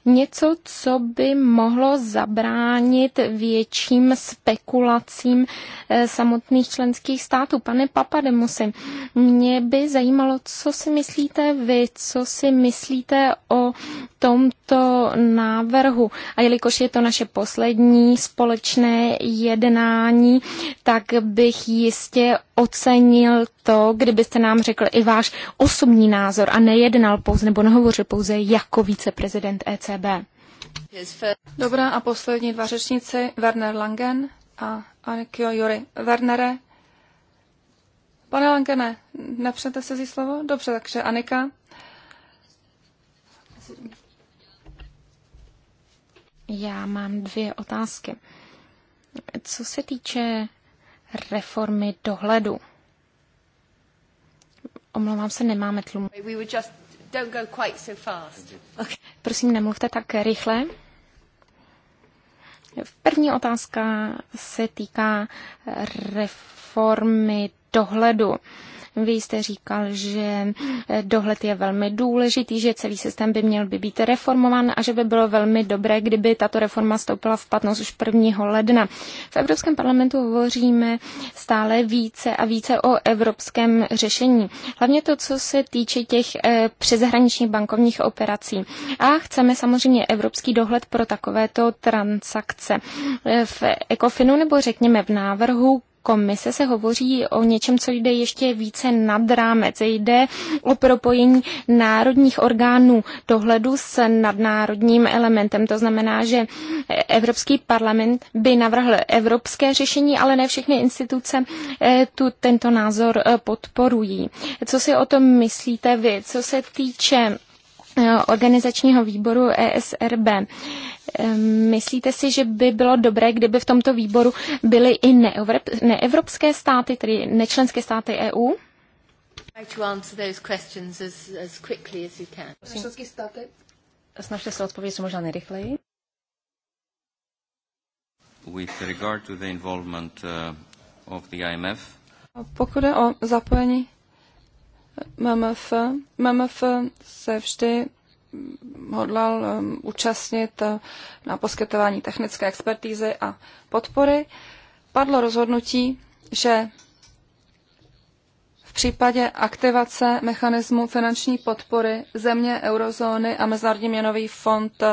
Něco, co by mohlo zabránit větším spekulacím eh, samotných členských států. Pane Papademusi, mě by zajímalo, co si myslíte vy, co si myslíte o tomto návrhu. A jelikož je to naše poslední společné jednání, tak bych jistě ocenil to, kdybyste nám řekl i váš osobní názor a nejednal pouze nebo nehovořil pouze jako viceprezident ECB. Dobrá a poslední dva řečníci, Werner Langen a Anikio Jury. Wernere, pane Langene, nepřete se zí slovo? Dobře, takže Anika. Já mám dvě otázky. Co se týče reformy dohledu. Omlouvám se, nemáme tlum. Prosím, nemluvte tak rychle. První otázka se týká reformy dohledu. Vy jste říkal, že dohled je velmi důležitý, že celý systém by měl by být reformován a že by bylo velmi dobré, kdyby tato reforma stoupila v platnost už 1. ledna. V Evropském parlamentu hovoříme stále více a více o evropském řešení. Hlavně to, co se týče těch eh, přeshraničních bankovních operací. A chceme samozřejmě evropský dohled pro takovéto transakce. Eh, v ECOFINu nebo řekněme v návrhu komise se hovoří o něčem, co jde ještě více nad rámec. Jde o propojení národních orgánů dohledu s nadnárodním elementem. To znamená, že Evropský parlament by navrhl evropské řešení, ale ne všechny instituce eh, tu tento názor eh, podporují. Co si o tom myslíte vy? Co se týče eh, organizačního výboru ESRB. Myslíte si, že by bylo dobré, kdyby v tomto výboru byly i neevropské státy, tedy nečlenské státy EU? Snažte se odpovědět možná nejrychleji. With regard to the involvement uh, of the IMF. Pokud je o zapojení MMF, MMF se vždy hodlal um, účastnit uh, na poskytování technické expertízy a podpory, padlo rozhodnutí, že v případě aktivace mechanismu finanční podpory země eurozóny a Mezinárodní měnový fond uh,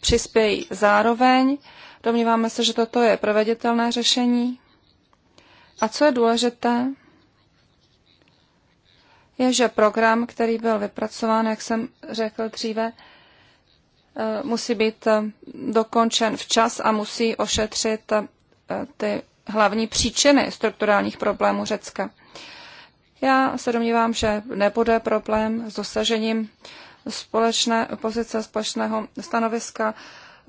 přispějí zároveň. Domníváme se, že toto je proveditelné řešení. A co je důležité, je, že program, který byl vypracován, jak jsem řekl dříve, eh, musí být eh, dokončen včas a musí ošetřit eh, ty hlavní příčiny strukturálních problémů Řecka. Já se domnívám, že nebude problém s dosažením společné pozice, společného stanoviska.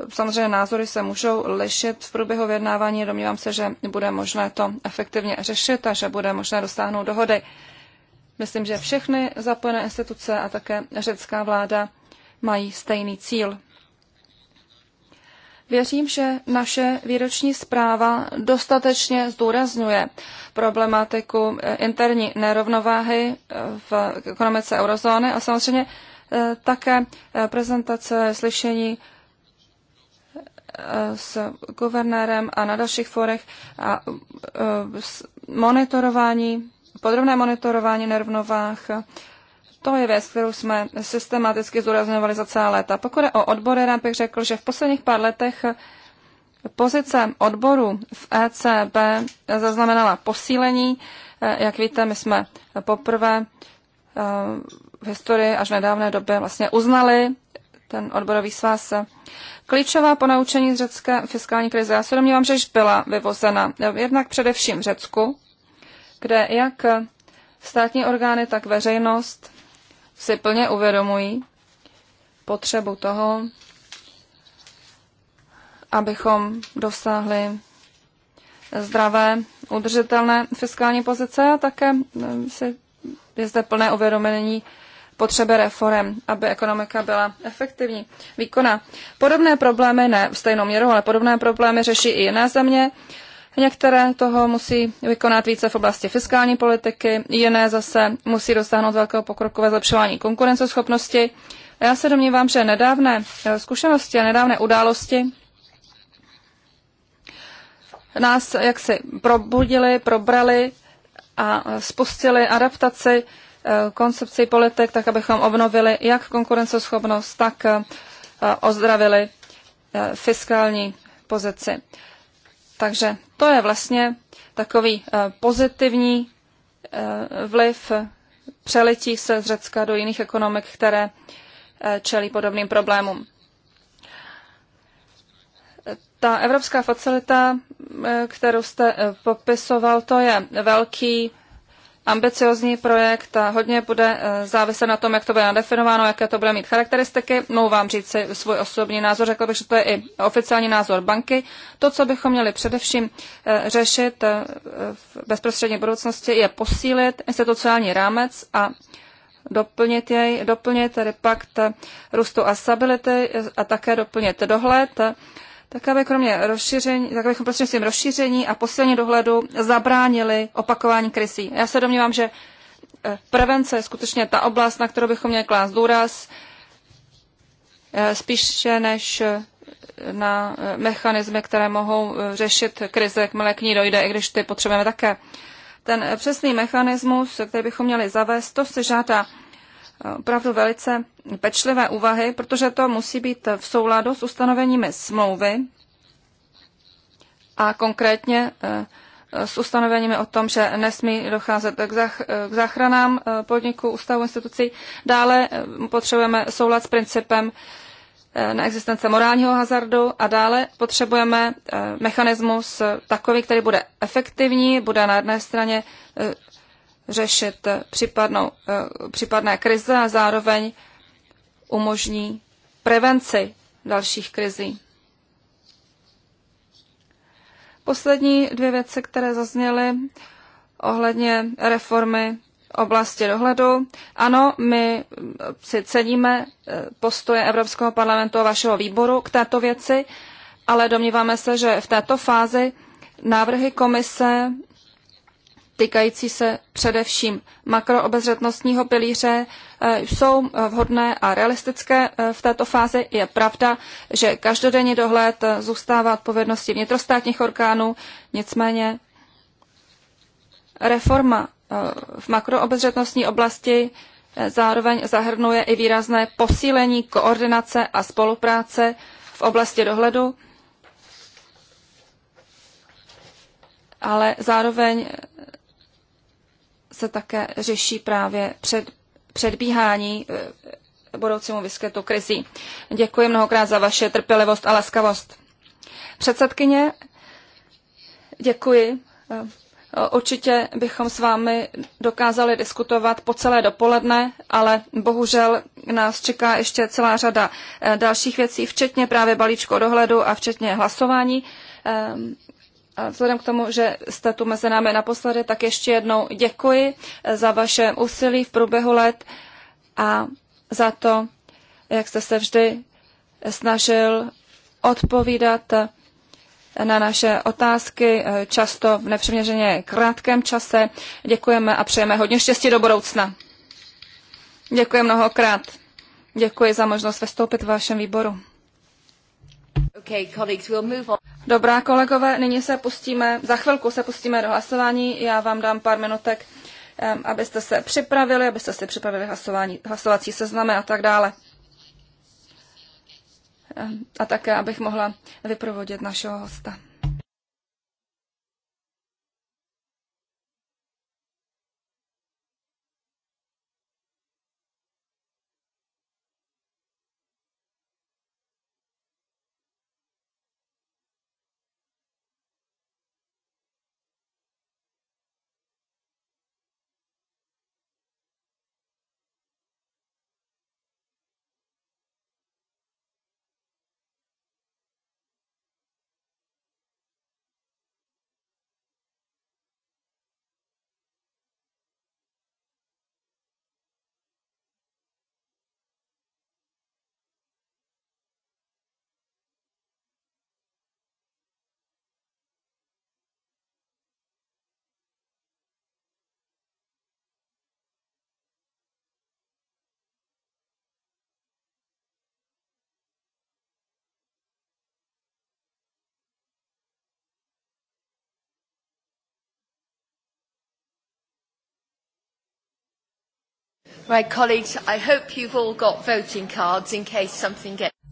Samozřejmě názory se můžou lišit v průběhu vyjednávání. Domnívám se, že bude možné to efektivně řešit a že bude možné dosáhnout dohody. Myslím, že všechny zapojené instituce a také řecká vláda mají stejný cíl. Věřím, že naše výroční zpráva dostatečně zdůrazňuje problematiku eh, interní nerovnováhy eh, v ekonomice eurozóny a samozřejmě eh, také prezentace, slyšení s guvernérem a na dalších forech a monitorování podrobné monitorování nerovnovách. To je věc, kterou jsme systematicky zdůrazňovali za celá léta. Pokud je o odbory, rád bych řekl, že v posledních pár letech pozice odboru v ECB zaznamenala posílení. Jak víte, my jsme poprvé eh, v historii až v nedávné době vlastně uznali ten odborový svaz. Klíčová ponaučení z řecké fiskální krize, já se domnívám, že již byla vyvozena jednak především Řecku, kde jak státní orgány, tak veřejnost si plně uvědomují potřebu toho, abychom dosáhli zdravé, udržitelné fiskální pozice a také eh, si je zde plné uvědomění potřeby reform, aby ekonomika byla efektivní, výkonná. Podobné problémy, ne v stejnou měru, ale podobné problémy řeší i jiné země. Některé toho musí vykonat více v oblasti fiskální politiky, jiné zase musí dosáhnout velkého pokroku ve zlepšování konkurenceschopnosti. A já se domnívám, že nedávné eh, zkušenosti a nedávné události nás jaksi probudili, probrali a spustili adaptaci eh, koncepci politik, tak abychom obnovili jak konkurenceschopnost, tak eh, ozdravili fiskální pozici. Takže to je vlastně takový eh, pozitivní eh, vliv přelití se z Řecka do jiných ekonomik, které eh, čelí podobným problémům. Ta evropská facilita, kterou jste popisoval, to je velký ambiciozní projekt a hodně bude eh, záviset na tom, jak to bude nadefinováno, jaké to bude mít charakteristiky. Mohu vám říct si svůj osobní názor, řekl bych, že to je i oficiální názor banky. To, co bychom měli především eh, řešit eh, v bezprostřední budoucnosti, je posílit institucionální rámec a doplnit jej, doplnit tedy pakt růstu a stability a také doplnit dohled tak aby kromě rozšíření, tak abychom prostřednictvím rozšíření a posilně dohledu zabránili opakování krysí. Já se domnívám, že eh, prevence je skutečně ta oblast, na kterou bychom měli klást důraz, eh, spíše než eh, na mechanismy, které mohou řešit krize, jakmile k ní dojde, i když ty potřebujeme také. Ten přesný mechanismus, který bychom měli zavést, to se žádá opravdu velice pečlivé úvahy, protože to musí být v souladu s ustanoveními smlouvy a konkrétně eh, s ustanoveními o tom, že nesmí docházet k, záchranám eh, podniků, ústavu, institucí. Dále eh, potřebujeme soulad s principem neexistence morálního hazardu a dále potřebujeme mechanismus takový, který bude efektivní, bude na jedné straně řešit případnou, eh, případné krize a zároveň umožní prevenci dalších krizí. Poslední dvě věci, které zazněly ohledně reformy oblasti dohledu. Ano, my si ceníme eh, postoje Evropského parlamentu a vašeho výboru k této věci, ale domníváme se, že v této fázi návrhy komise týkající se především makroobezřetnostního pilíře eh, jsou eh, vhodné a realistické eh, v této fázi. Je pravda, že každodenní dohled zůstává odpovědností vnitrostátních orgánů, nicméně reforma v makroobezřetnostní oblasti zároveň zahrnuje i výrazné posílení koordinace a spolupráce v oblasti dohledu, ale zároveň se také řeší právě před, předbíhání eh, budoucímu vyskytu krizí. Děkuji mnohokrát za vaše trpělivost a laskavost. Předsedkyně, děkuji. Eh, určitě bychom s vámi dokázali diskutovat po celé dopoledne, ale bohužel nás čeká ještě celá řada eh, dalších věcí, včetně právě balíčku dohledu a včetně hlasování. Vzhledem k tomu, že jste tu mezi námi naposledy, tak ještě jednou děkuji eh, za vaše úsilí v průběhu let a za to, jak jste se vždy snažil odpovídat eh, na naše otázky, eh, často v nepřiměřeně krátkém čase. Děkujeme a přejeme hodně štěstí do budoucna. Děkuji mnohokrát. Děkuji za možnost vystoupit v vašem výboru. Okay, colleagues, we'll move on. Dobrá, kolegové, nyní se pustíme, za chvilku se pustíme do hlasování. Já vám dám pár minutek, abyste se připravili, abyste si připravili hlasování, hlasovací seznamy a tak dále. A také, abych mohla vyprovodit našeho hosta.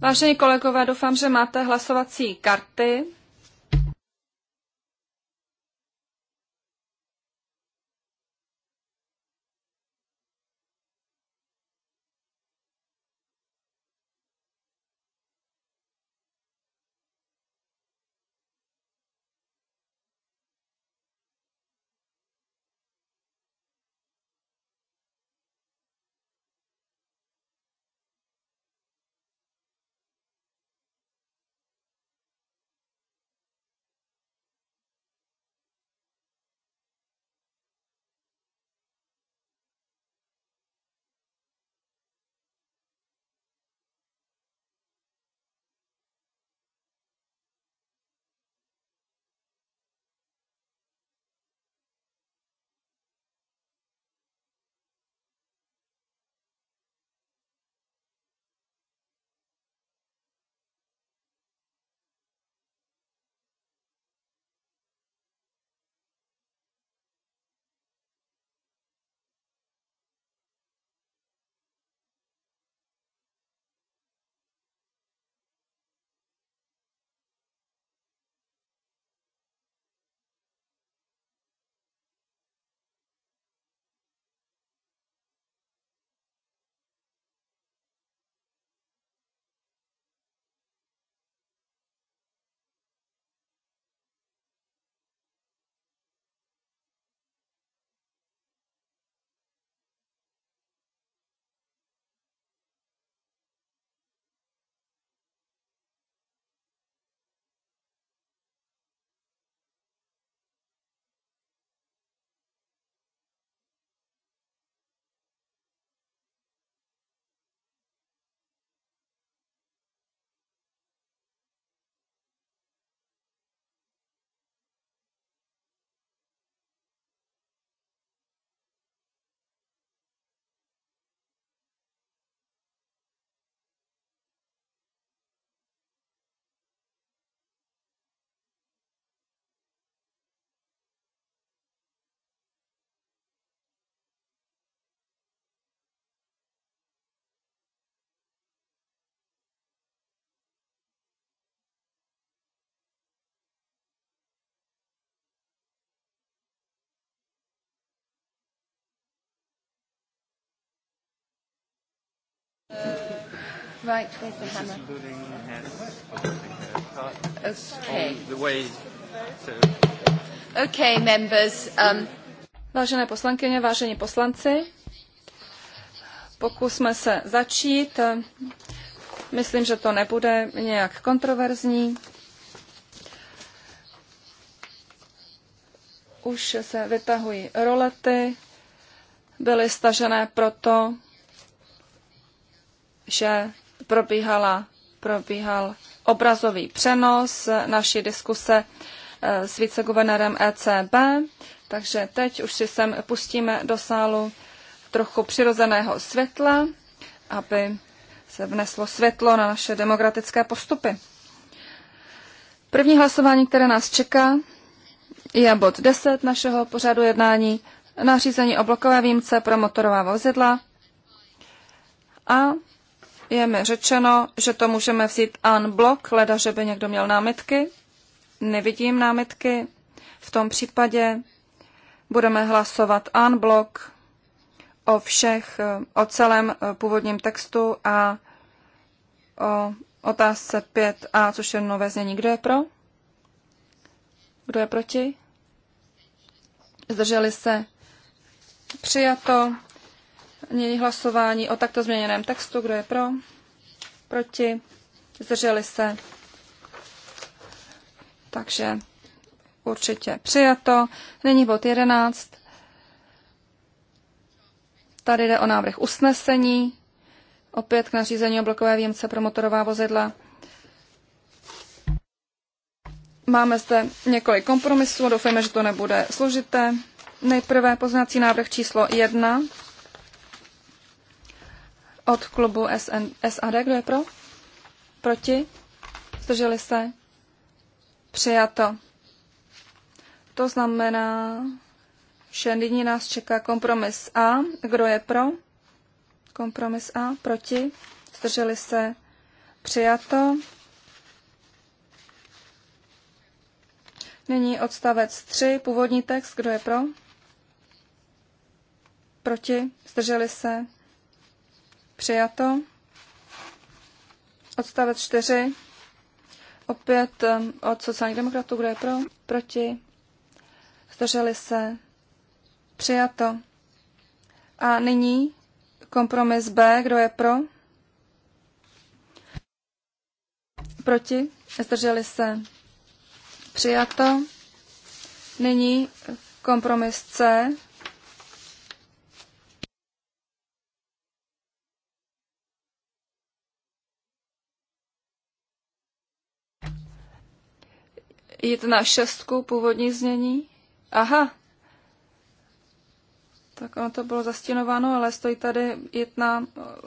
Vážení kolegové, doufám, že máte hlasovací karty. Right, where's the hammer? Okay. The way to... Okay, members. Um... Vážené poslankyně, vážení poslanci, pokusme se začít. Myslím, že to nebude nějak kontroverzní. Už se vytahují rolety, byly stažené proto, že probíhala, probíhal obrazový přenos naší diskuse eh, s viceguvernérem ECB, takže teď už si sem pustíme do sálu trochu přirozeného světla, aby se vneslo světlo na naše demokratické postupy. První hlasování, které nás čeká, je bod 10 našeho pořadu jednání, nařízení o blokové výjimce pro motorová vozidla a je mi řečeno, že to můžeme vzít an blok, leda, že by někdo měl námitky. Nevidím námitky. V tom případě budeme hlasovat an blok o všech, eh, o celém eh, původním textu a o otázce 5a, což je nové znění. Kdo je pro? Kdo je proti? Zdrželi se? Přijato. Nyní hlasování o takto změněném textu. Kdo je pro? Proti? Zdrželi se? Takže určitě přijato. Nyní bod 11. Tady jde o návrh usnesení. Opět k nařízení o blokové výjimce pro motorová vozidla. Máme zde několik kompromisů, doufejme, že to nebude složité. Nejprve poznací návrh číslo 1 od klubu SN, SAD. Kdo je pro? Proti? Zdrželi se? Přijato. To znamená, že nyní nás čeká kompromis A. Kdo je pro? Kompromis A. Proti? Zdrželi se? Přijato. Nyní odstavec 3, původní text, kdo je pro? Proti? Zdrželi se? Přijato. Odstavec 4. Opět um, od sociálních demokratů, kdo je pro? Proti. Zdrželi se. Přijato. A nyní kompromis B, kdo je pro? Proti. Zdrželi se. Přijato. Nyní kompromis C, jít na šestku původní znění? Aha, tak ono to bylo zastěnováno, ale stojí tady jít na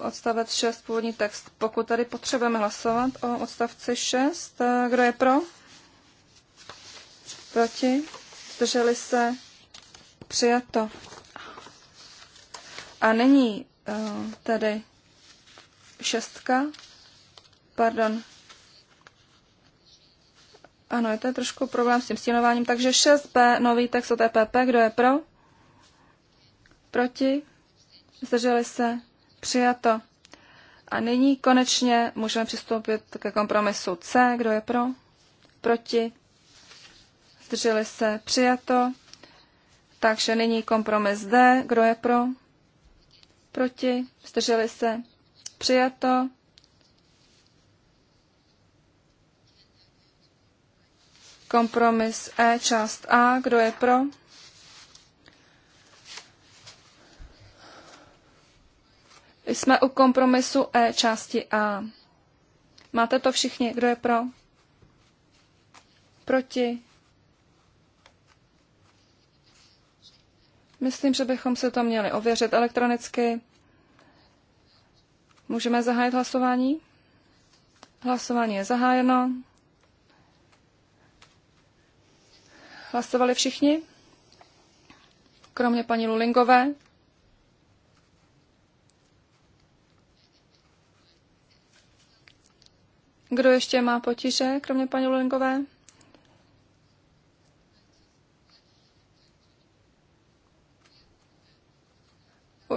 odstavec 6, původní text. Pokud tady potřebujeme hlasovat o odstavci 6, eh, kdo je pro? Proti? Zdrželi se? Přijato. A není eh, tedy šestka, pardon, ano, je to trošku problém s tím stínováním. Takže 6b, nový text od EPP. Kdo je pro? Proti? Zdrželi se? Přijato. A nyní konečně můžeme přistoupit ke kompromisu C. Kdo je pro? Proti? Zdrželi se? Přijato. Takže nyní kompromis D. Kdo je pro? Proti? Zdrželi se? Přijato. Kompromis E, část A. Kdo je pro? Jsme u kompromisu E části A. Máte to všichni? Kdo je pro? Proti? Myslím, že bychom se to měli ověřit elektronicky. Můžeme zahájit hlasování? Hlasování je zahájeno. Hlasovali všichni? Kromě paní Lulingové? Kdo ještě má potíže, kromě paní Lulingové?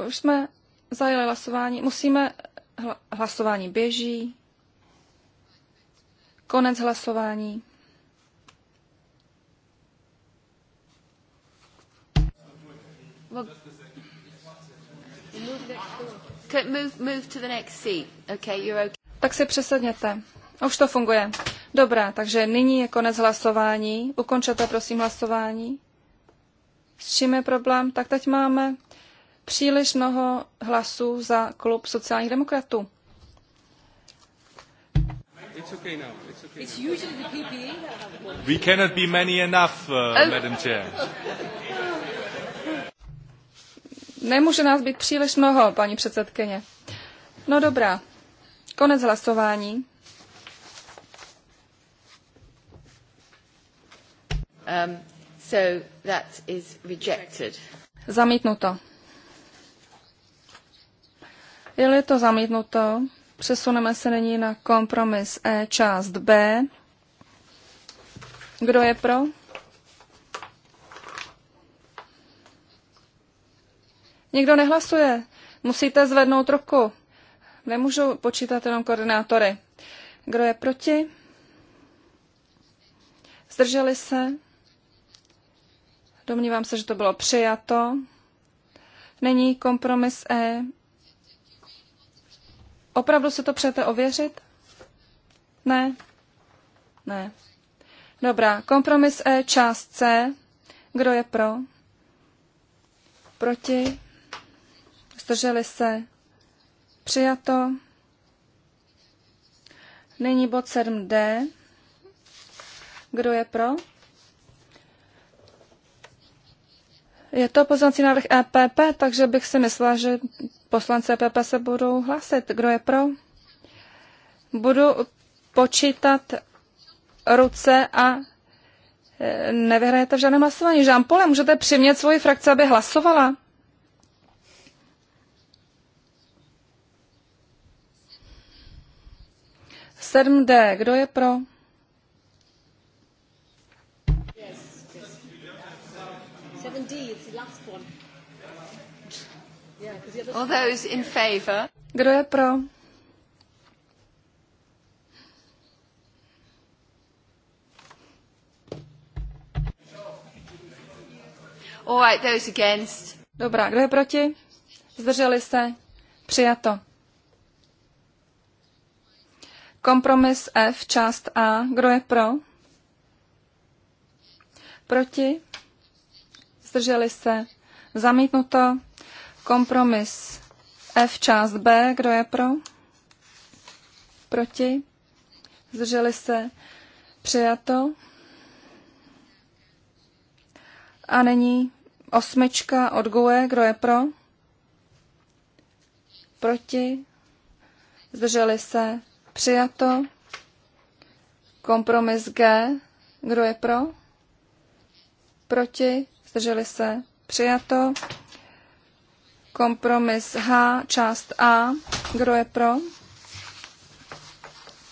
Už jsme zajeli hlasování. Musíme... Hlasování běží. Konec hlasování. Tak se přesedněte. Už to funguje. Dobrá, takže nyní je konec hlasování. Ukončete prosím hlasování. S čím je problém? Tak teď máme příliš mnoho hlasů za klub sociálních demokratů. It's okay now. It's okay It's usually the PPE We cannot be many enough, uh, oh. Madam Chair. Nemůže nás být příliš mnoho, paní předsedkyně. No dobrá, konec hlasování. Um, so that is rejected. Zamítnuto. Je-li to zamítnuto, přesuneme se nyní na kompromis E část B. Kdo je pro? Nikdo nehlasuje. Musíte zvednout ruku. Nemůžu počítat jenom koordinátory. Kdo je proti? Zdrželi se? Domnívám se, že to bylo přijato. Není kompromis E. Opravdu se to přejete ověřit? Ne? Ne. Dobrá, kompromis E, část C. Kdo je pro? Proti? zdrželi se, přijato. Nyní bod 7D. Kdo je pro? Je to poznací návrh EPP, takže bych si myslela, že poslanci EPP se budou hlásit. Kdo je pro? Budu počítat ruce a e, nevyhrajete v žádném hlasování. Žámpole, můžete přimět svoji frakci, aby hlasovala? 7D. Kdo je pro? Yes, yes. d it's the last one. Yeah, All those in favor. Kdo je pro? All right, those against. Dobrá, kdo je proti? Zdrželi se? Přijato. Kompromis F, část A. Kdo je pro? Proti? Zdrželi se? Zamítnuto. Kompromis F, část B. Kdo je pro? Proti? Zdrželi se? Přijato. A není osmička od GUE. Kdo je pro? Proti? Zdrželi se? Přijato. Kompromis G. Kdo je pro? Proti? Zdrželi se? Přijato. Kompromis H, část A. Kdo je pro?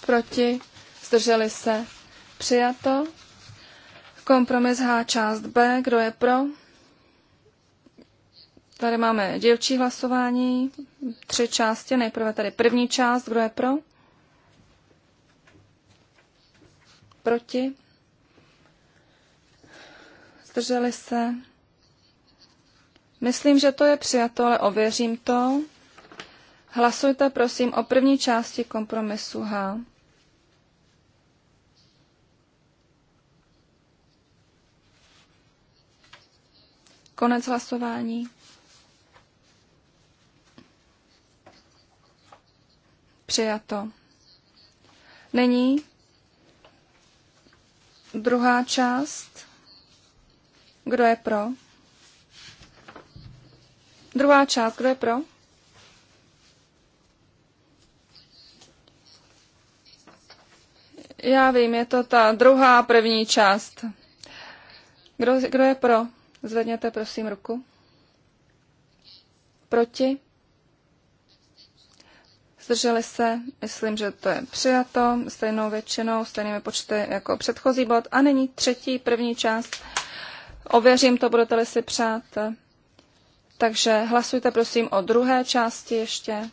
Proti? Zdrželi se? Přijato. Kompromis H, část B. Kdo je pro? Tady máme dělčí hlasování, tři části. Nejprve tady první část. Kdo je pro? proti, zdrželi se. Myslím, že to je přijato, ale ověřím to. Hlasujte prosím o první části kompromisu H. Konec hlasování. Přijato. Není Druhá část. Kdo je pro? Druhá část, kdo je pro? Já vím, je to ta druhá první část. Kdo, kdo je pro? Zvedněte prosím ruku. Proti? zdrželi se, myslím, že to je přijato stejnou většinou, stejnými počty jako předchozí bod. A nyní třetí, první část. Ověřím to, budete-li si přát. Takže hlasujte prosím o druhé části ještě.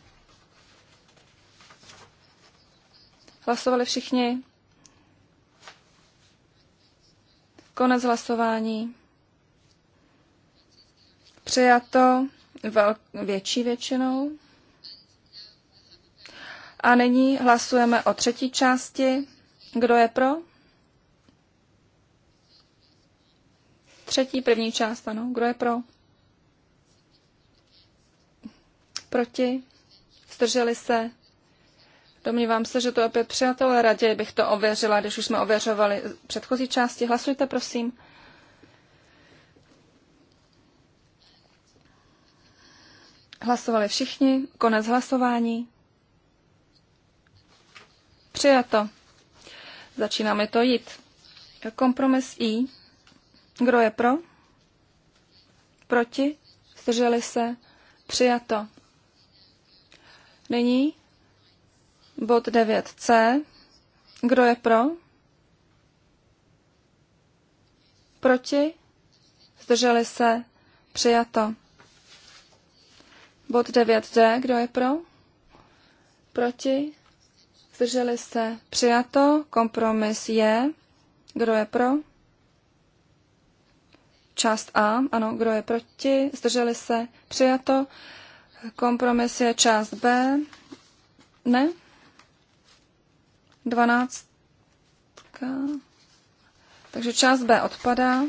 Hlasovali všichni? Konec hlasování. Přijato vel- větší většinou. A nyní hlasujeme o třetí části. Kdo je pro? Třetí, první část, ano. Kdo je pro? Proti? Zdrželi se? Domnívám se, že to opět přijatelé raději bych to ověřila, když už jsme ověřovali předchozí části. Hlasujte, prosím. Hlasovali všichni. Konec hlasování. Přijato. Začínáme to jít. Kompromis I. Kdo je pro? Proti? Zdrželi se? Přijato. Nyní bod 9c. Kdo je pro? Proti? Zdrželi se? Přijato. Bod 9d. Kdo je pro? Proti? Zdrželi se přijato. Kompromis je. Kdo je pro? Část A. Ano, kdo je proti? Zdrželi se přijato. Kompromis je část B. Ne? Dvanáctka. Takže část B odpadá.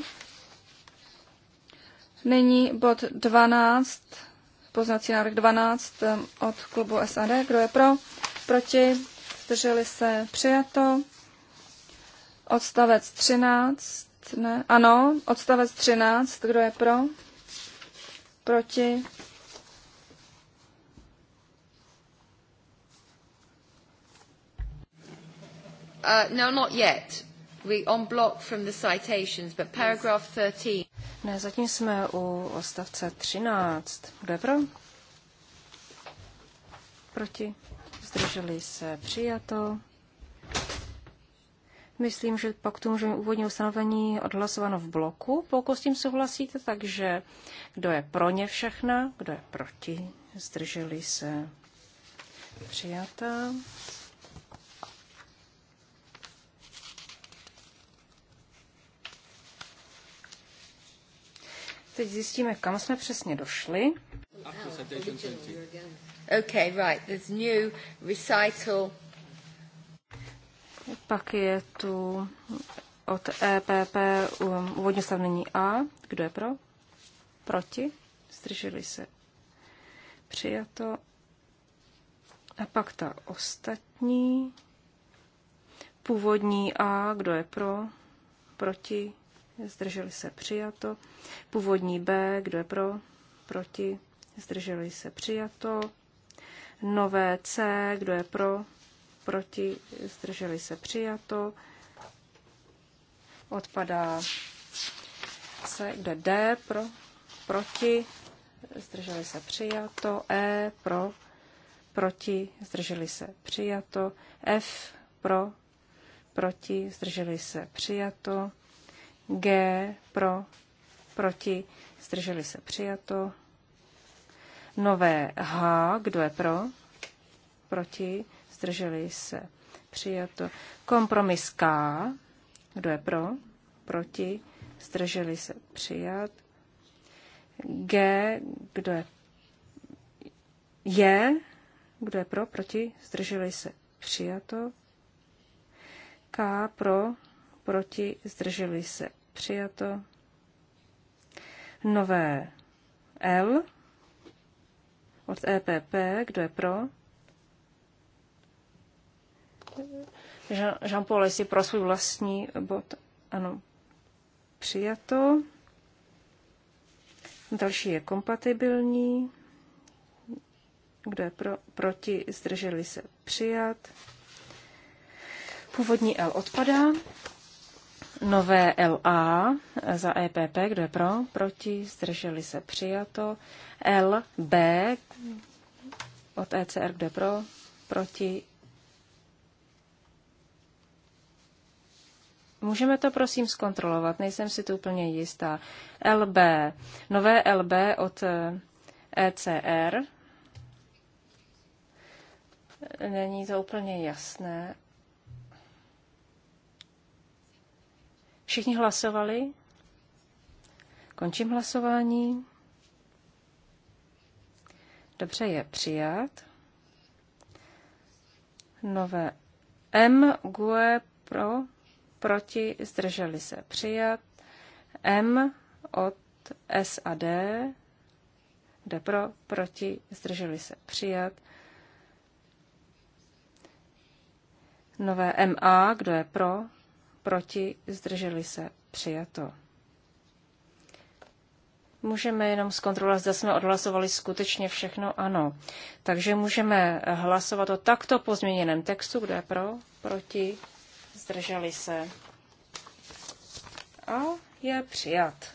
Nyní bod 12, poznací návrh 12 eh, od klubu SAD. Kdo je pro? Proti? zdrželi se, přijato. Odstavec 13, ne, ano, odstavec 13, kdo je pro? Proti? Uh, no, not yet. We on block from the citations, but paragraph 13. Ne, zatím jsme u odstavce 13. Kdo je pro? Proti? zdrželi se, přijato. Myslím, že pak to můžeme úvodní ustanovení odhlasováno v bloku, pokud s tím souhlasíte, takže kdo je pro ně všechna, kdo je proti, zdrželi se, přijata. Teď zjistíme, kam jsme přesně došli after citation 20. Okay, right. There's new recital. Pak je tu od EPP úvodně um, stavnění A. Kdo je pro? Proti? Zdrželi se. Přijato. A pak ta ostatní. Původní A. Kdo je pro? Proti? Zdrželi se. Přijato. Původní B. Kdo je pro? Proti? zdrželi se přijato. Nové C, kdo je pro, proti, zdrželi se přijato. Odpadá C, kdo je D, pro, proti, zdrželi se přijato. E, pro, proti, zdrželi se přijato. F, pro, proti, zdrželi se přijato. G, pro, proti, zdrželi se přijato. Nové H, kdo je pro? Proti? Zdrželi se. Přijato. Kompromis K, kdo je pro? Proti? Zdrželi se. Přijat. G, kdo je je, kdo je pro, proti, zdrželi se, přijato. K pro, proti, zdrželi se, přijato. Nové L, od EPP. Kdo je pro? Jean-Paul Lesi pro svůj vlastní bod. Ano, přijato. Další je kompatibilní. Kdo je pro, proti, zdrželi se přijat. Původní L odpadá. Nové LA za EPP, kdo je pro, proti, zdrželi se přijato. LB od ECR, kdo je pro, proti. Můžeme to prosím zkontrolovat, nejsem si tu úplně jistá. LB, nové LB od ECR. Eh, e Není to úplně jasné, Všichni hlasovali? Končím hlasování. Dobře, je přijat. Nové M, GUE, pro, proti, zdrželi se, přijat. M od S a D, jde pro, proti, zdrželi se, přijat. Nové MA, kdo je pro, proti, zdrželi se, přijato. Můžeme jenom zkontrolovat, zda jsme odhlasovali skutečně všechno ano. Takže můžeme hlasovat o takto pozměněném textu, kde pro, proti, zdrželi se. A je přijat.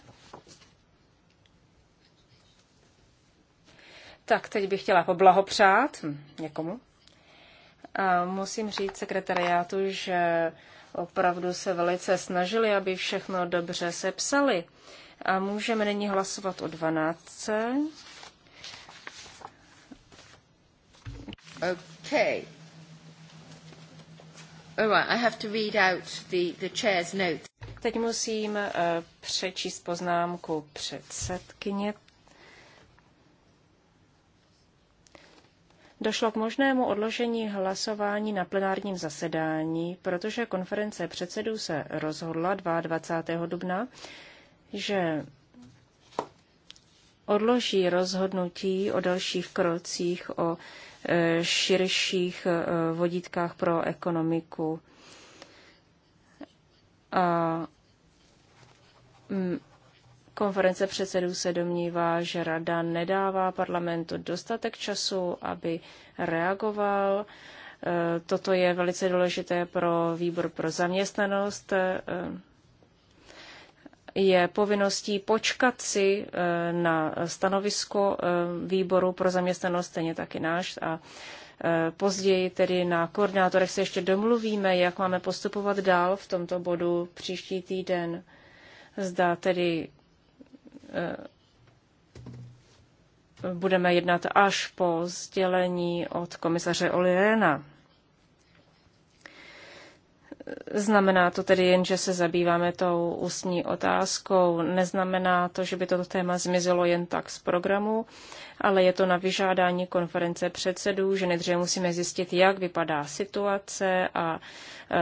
Tak teď bych chtěla poblahopřát někomu. A musím říct sekretariátu, že opravdu se velice snažili, aby všechno dobře sepsali. A můžeme nyní hlasovat o 12. Okay. All right, I have to read out the, the chair's note. Teď musím uh, přečíst poznámku předsedkyně došlo k možnému odložení hlasování na plenárním zasedání, protože konference předsedů se rozhodla 22. dubna, že odloží rozhodnutí o dalších krocích, o e, širších e, vodítkách pro ekonomiku. A mm, Konference předsedů se domnívá, že rada nedává parlamentu dostatek času, aby reagoval. E, toto je velice důležité pro výbor pro zaměstnanost. E, je povinností počkat si e, na stanovisko výboru pro zaměstnanost, stejně taky náš. A později tedy na koordinátorech se ještě domluvíme, jak máme postupovat dál v tomto bodu příští týden. Zda tedy Eh, budeme jednat až po sdělení od komisaře Olirena. Znamená to tedy jen, že se zabýváme tou ústní otázkou. Neznamená to, že by toto téma zmizelo jen tak z programu, ale je to na vyžádání konference předsedů, že nejdříve musíme zjistit, jak vypadá situace a eh,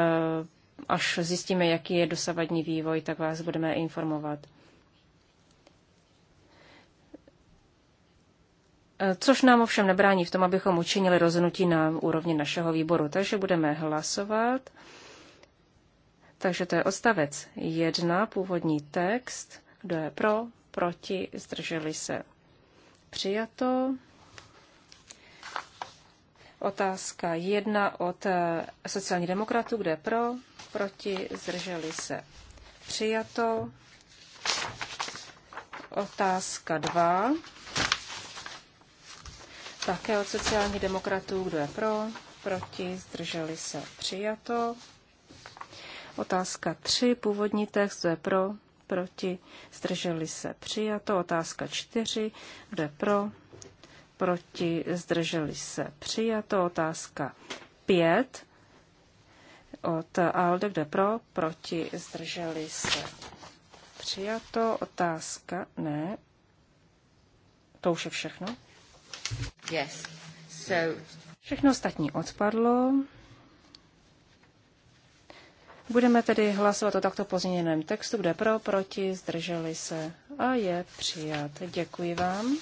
až zjistíme, jaký je dosavadní vývoj, tak vás budeme informovat. Což nám ovšem nebrání v tom, abychom učinili rozhodnutí na úrovni našeho výboru. Takže budeme hlasovat. Takže to je odstavec 1, původní text. Kdo je pro, proti, zdrželi se. Přijato. Otázka 1 od eh, sociální demokratů. Kdo je pro, proti, zdrželi se. Přijato. Otázka 2 také od sociálních demokratů, kdo je pro, proti, zdrželi se, přijato. Otázka 3, původní text, kdo je pro, proti, zdrželi se, přijato. Otázka 4, kdo je pro, proti, zdrželi se, přijato. Otázka 5, od Alde, kde pro, proti, zdrželi se. Přijato, otázka, ne. To už je všechno. Yes. So... Všechno ostatní odpadlo. Budeme tedy hlasovat o takto pozměněném textu, kde pro, proti, zdrželi se a je přijat. Děkuji vám.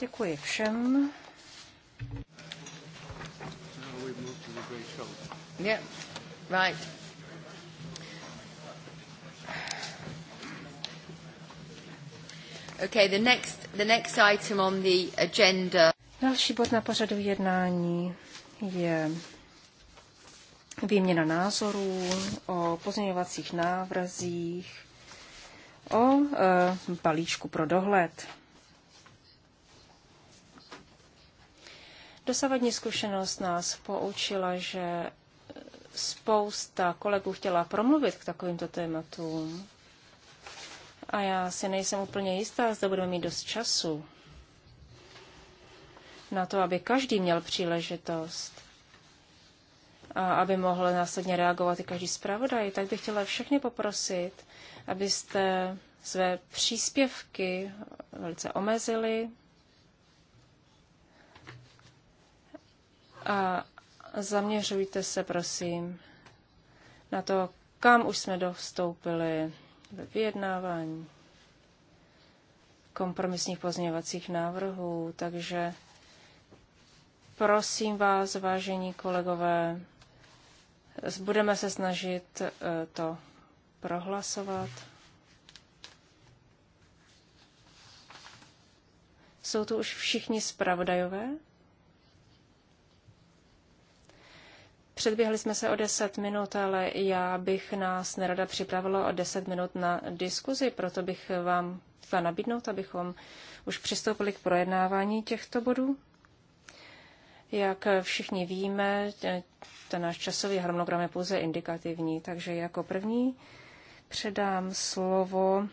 Děkuji všem. Yeah, right. Okay, the next The next item on the agenda. Další bod na pořadu jednání je výměna názorů o pozměňovacích návrzích, o e, balíčku pro dohled. Dosavadní zkušenost nás poučila, že spousta kolegů chtěla promluvit k takovýmto tématům, a já si nejsem úplně jistá, zda budeme mít dost času na to, aby každý měl příležitost a aby mohl následně reagovat i každý zpravodaj, tak bych chtěla všechny poprosit, abyste své příspěvky velice omezili a zaměřujte se, prosím, na to, kam už jsme dostoupili ve vyjednávání kompromisních pozměňovacích návrhů, takže prosím vás, vážení kolegové, budeme se snažit eh, to prohlasovat. Jsou tu už všichni zpravodajové? Předběhli jsme se o 10 minut, ale já bych nás nerada připravila o 10 minut na diskuzi, proto bych vám chtěla nabídnout, abychom už přistoupili k projednávání těchto bodů. Jak všichni víme, ten náš časový harmonogram je pouze indikativní, takže jako první předám slovo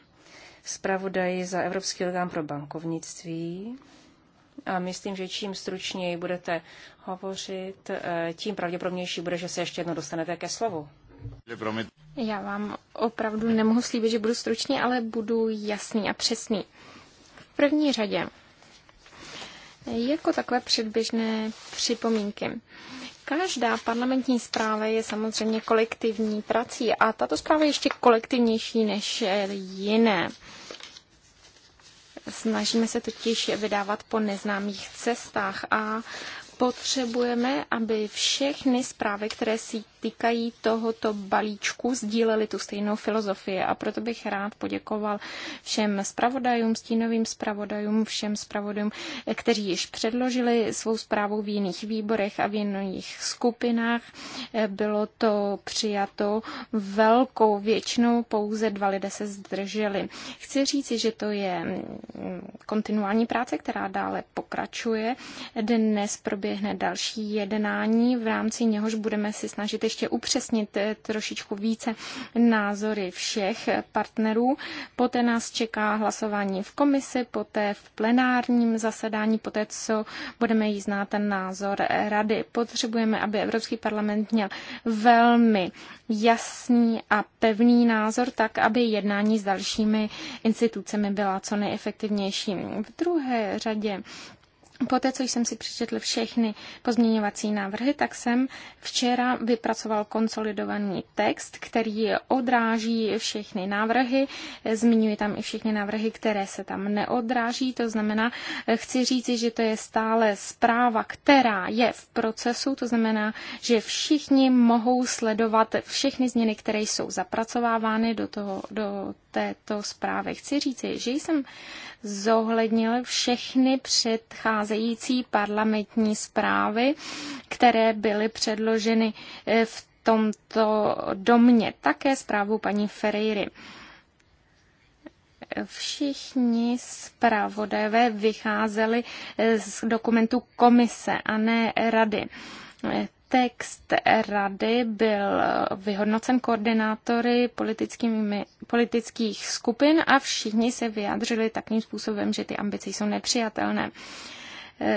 zpravodaji za Evropský orgán pro bankovnictví, a myslím, že čím stručněji budete hovořit, eh, tím pravděpodobnější bude, že se ještě jednou dostanete ke slovu. Já vám opravdu nemohu slíbit, že budu stručný, ale budu jasný a přesný. V první řadě, jako takové předběžné připomínky. Každá parlamentní zpráva je samozřejmě kolektivní prací a tato zpráva je ještě kolektivnější než eh, jiné. Snažíme se totiž vydávat po neznámých cestách a potřebujeme, aby všechny zprávy, které si týkají tohoto balíčku, sdíleli tu stejnou filozofii a proto bych rád poděkoval všem zpravodajům, stínovým zpravodajům, všem zpravodajům, kteří již předložili svou zprávu v jiných výborech a v jiných skupinách. Bylo to přijato velkou většinou, pouze dva lidé se zdrželi. Chci říci, že to je kontinuální práce, která dále pokračuje. Dnes proběhne další jednání, v rámci něhož budeme si snažit ještě upřesnit eh, trošičku více názory všech partnerů. Poté nás čeká hlasování v komisi, poté v plenárním zasedání, poté co budeme jí znát ten názor rady. Potřebujeme, aby Evropský parlament měl velmi jasný a pevný názor, tak aby jednání s dalšími institucemi byla co nejefektivnější. V druhé řadě Poté, co jsem si přečetl všechny pozměňovací návrhy, tak jsem včera vypracoval konsolidovaný text, který odráží všechny návrhy. Zmiňuji tam i všechny návrhy, které se tam neodráží. To znamená, chci říci, že to je stále zpráva, která je v procesu. To znamená, že všichni mohou sledovat všechny změny, které jsou zapracovávány do, toho, do této zprávy. Chci říci, že jsem zohlednil všechny předcházející parlamentní zprávy, které byly předloženy eh, v tomto domě, také zprávu paní Ferreiry všichni zpravodajové vycházeli eh, z dokumentu komise a ne rady. Eh, Text rady byl eh, vyhodnocen koordinátory politických skupin a všichni se vyjádřili takým způsobem, že ty ambice jsou nepřijatelné.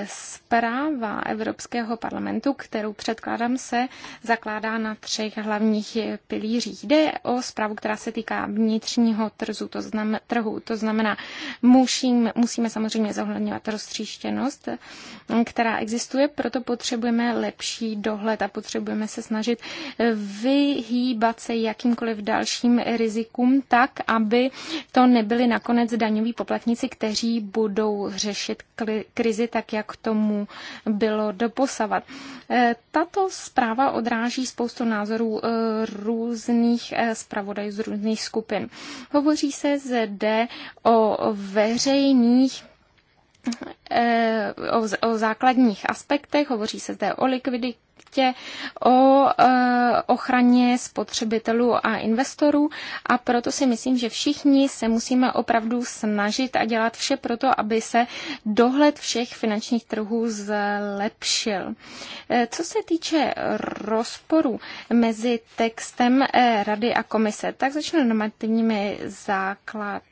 Zpráva Evropského parlamentu, kterou předkládám, se zakládá na třech hlavních pilířích. Jde o zprávu, která se týká vnitřního trzu, to znam, trhu. To znamená, musím, musíme samozřejmě zohledňovat roztříštěnost, která existuje, proto potřebujeme lepší dohled a potřebujeme se snažit vyhýbat se jakýmkoliv dalším rizikům tak, aby to nebyli nakonec daňoví poplatníci, kteří budou řešit krizi tak, jak tomu bylo doposavat. Eh, tato zpráva odráží spoustu názorů eh, různých eh, zpravodajů z různých skupin. Hovoří se zde o veřejných o, základních aspektech, hovoří se zde o likviditě, Egyptě o e, ochraně spotřebitelů a investorů a proto si myslím, že všichni se musíme opravdu snažit a dělat vše proto, aby se dohled všech finančních trhů zlepšil. E, co se týče rozporu mezi textem e, Rady a komise, tak začnu normativními základ,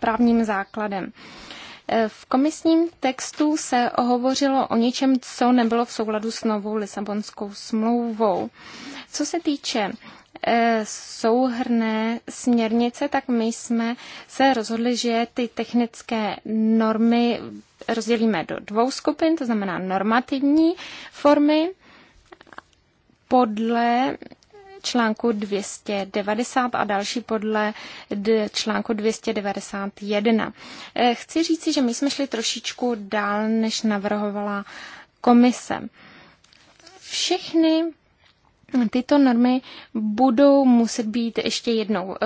právním základem. V komisním textu se hovořilo o něčem, co nebylo v souladu s novou Lisabonskou smlouvou. Co se týče eh, souhrné směrnice, tak my jsme se rozhodli, že ty technické normy rozdělíme do dvou skupin, to znamená normativní formy podle článku 290 a další podle článku 291. Eh, chci říci, že my jsme šli trošičku dál, než navrhovala komise. Všechny Tyto normy budou muset být ještě jednou e,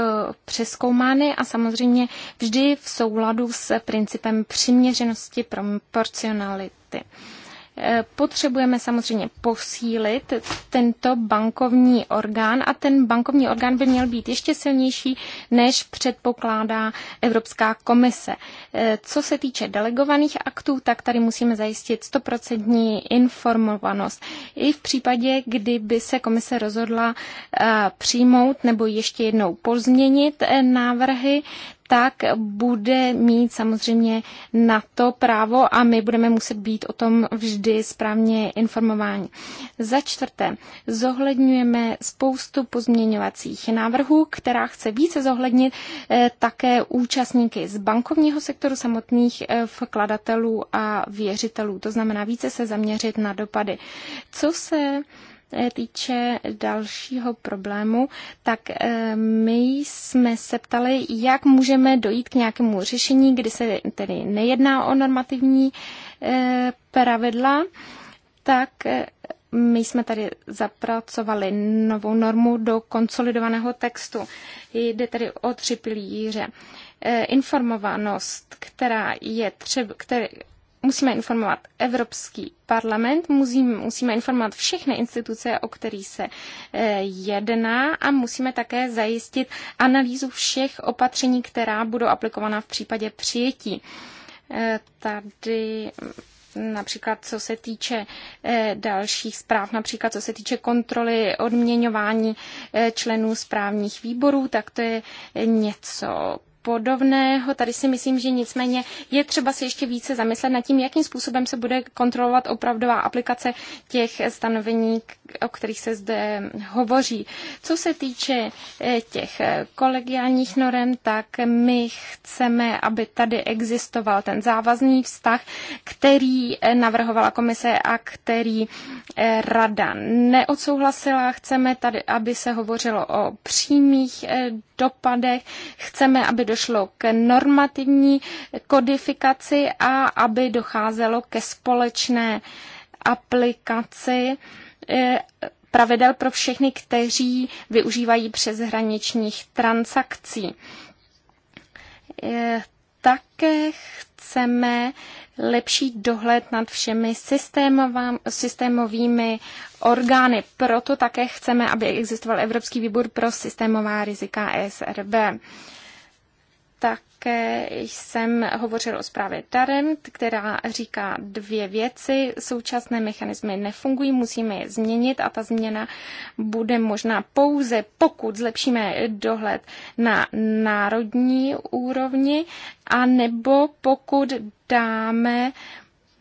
přeskoumány a samozřejmě vždy v souladu s principem přiměřenosti proporcionality. E, Potřebujeme samozřejmě posílit tento bankovní orgán a ten bankovní orgán by měl být ještě silnější, než předpokládá Evropská komise. Eh, co se týče delegovaných aktů, tak tady musíme zajistit stoprocentní informovanost. I v případě, kdyby se komise rozhodla eh, přijmout nebo ještě jednou pozměnit eh, návrhy, tak bude mít samozřejmě na to právo a my budeme muset být o tom vždy správně informováni. Za čtvrté, zohledňujeme spoustu pozměňovacích návrhů, která chce více zohlednit eh, také účastníky z bankovního sektoru samotných eh, vkladatelů a věřitelů. To znamená více se zaměřit na dopady. Co se týče dalšího problému, tak eh, my jsme se ptali, jak můžeme dojít k nějakému řešení, kdy se tedy nejedná o normativní eh, pravidla, tak eh, my jsme tady zapracovali novou normu do konsolidovaného textu. Jde tedy o tři pilíře. Informovanost, která je třeba, který, musíme informovat Evropský parlament, musíme, musíme informovat všechny instituce, o který se eh, jedná a musíme také zajistit analýzu všech opatření, která budou aplikovaná v případě přijetí. Eh, tady mm, například co se týče eh, dalších zpráv, například co se týče kontroly odměňování členů správních výborů, tak to je něco, podobného. Tady si myslím, že nicméně je třeba se ještě více zamyslet nad tím, jakým způsobem se bude kontrolovat opravdová aplikace těch stanovení, o kterých se zde hovoří. Co se týče eh, těch eh, kolegiálních norem, tak my chceme, aby tady existoval ten závazný vztah, který eh, navrhovala komise a který rada neodsouhlasila. Chceme tady, aby se hovořilo o přímých dopadech. Chceme, aby do došlo k normativní kodifikaci a aby docházelo ke společné aplikaci eh, pravidel pro všechny, kteří využívají přeshraničních transakcí. Eh, také chceme lepší dohled nad všemi systémovými orgány. Proto také chceme, aby existoval Evropský výbor pro systémová rizika ESRB. Také jsem hovořil o zprávě Tarent, která říká dvě věci. Současné mechanismy nefungují, musíme je změnit a ta změna bude možná pouze, pokud zlepšíme dohled na národní úrovni, a nebo pokud dáme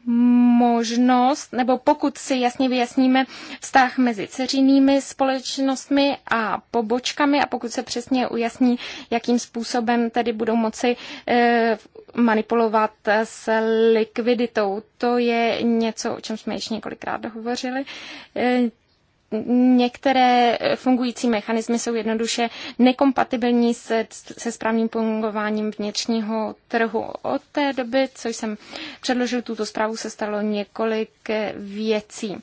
možnost, nebo pokud si jasně vyjasníme vztah mezi ceřinými společnostmi a pobočkami a pokud se přesně ujasní, jakým způsobem tedy budou moci eh, manipulovat s likviditou. To je něco, o čem jsme již několikrát hovořili. Eh, některé fungující mechanismy jsou jednoduše nekompatibilní se, se správným fungováním vnitřního trhu. Od té doby, co jsem předložil tuto zprávu, se stalo několik věcí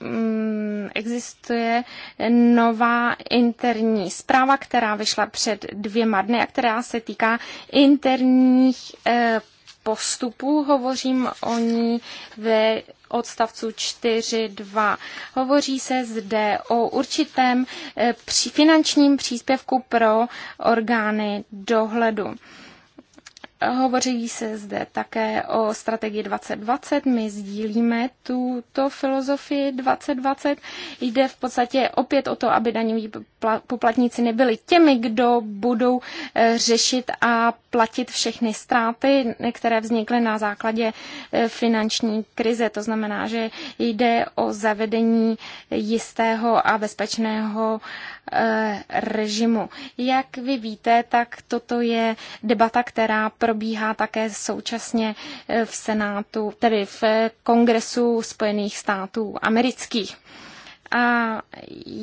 mm, existuje nová interní zpráva, která vyšla před dvěma dny a která se týká interních eh, postupu, hovořím o ní ve odstavcu 4.2. Hovoří se zde o určitém eh, finančním příspěvku pro orgány dohledu. Hovoří se zde také o strategii 2020. My sdílíme tuto filozofii 2020. Jde v podstatě opět o to, aby daňoví poplatníci nebyli těmi, kdo budou eh, řešit a platit všechny ztráty, které vznikly na základě eh, finanční krize. To znamená, že jde o zavedení jistého a bezpečného eh, režimu. Jak vy víte, tak toto je debata, která pro probíhá také současně eh, v Senátu, tedy v eh, Kongresu Spojených států amerických. A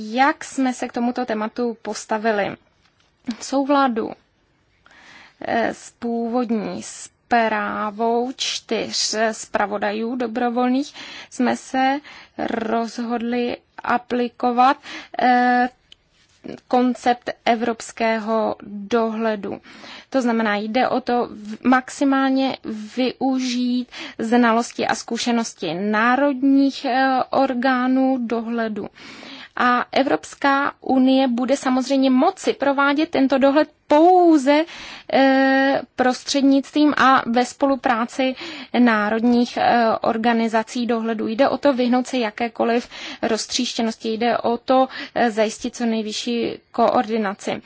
jak jsme se k tomuto tématu postavili? V souladu eh, s původní zprávou čtyř zpravodajů dobrovolných jsme se rozhodli aplikovat koncept evropského dohledu. To znamená, jde o to maximálně využít znalosti a zkušenosti národních eh, orgánů dohledu. A Evropská unie bude samozřejmě moci provádět tento dohled pouze e, prostřednictvím a ve spolupráci národních e, organizací dohledu. Jde o to vyhnout se jakékoliv roztříštěnosti, jde o to e, zajistit co nejvyšší koordinaci.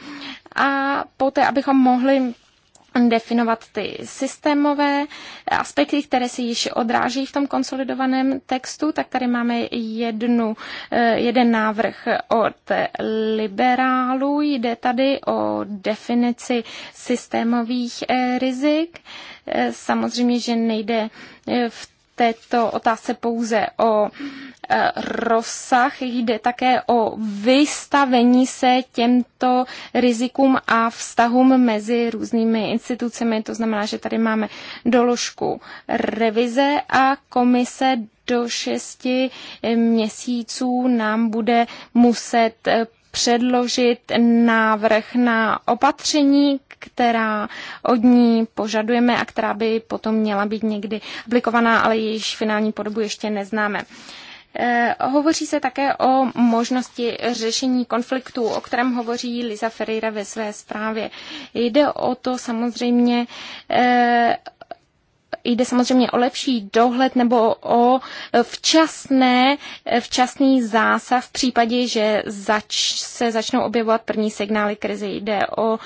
A poté, abychom mohli definovat ty systémové aspekty, které se již odráží v tom konsolidovaném textu, tak tady máme jednu, eh, jeden návrh od liberálů. Jde tady o definici systémových eh, rizik. Eh, samozřejmě, že nejde v této otázce pouze o e, rozsah, jde také o vystavení se těmto rizikům a vztahům mezi různými institucemi. To znamená, že tady máme doložku revize a komise do šesti měsíců nám bude muset předložit návrh na opatření, která od ní požadujeme a která by potom měla být někdy aplikovaná, ale jejíž finální podobu ještě neznáme. Eh, hovoří se také o možnosti řešení konfliktů, o kterém hovoří Liza Ferreira ve své zprávě. Jde o to samozřejmě eh, jde samozřejmě o lepší dohled nebo o včasné, včasný zásah v případě, že zač, se začnou objevovat první signály krize. Jde o e,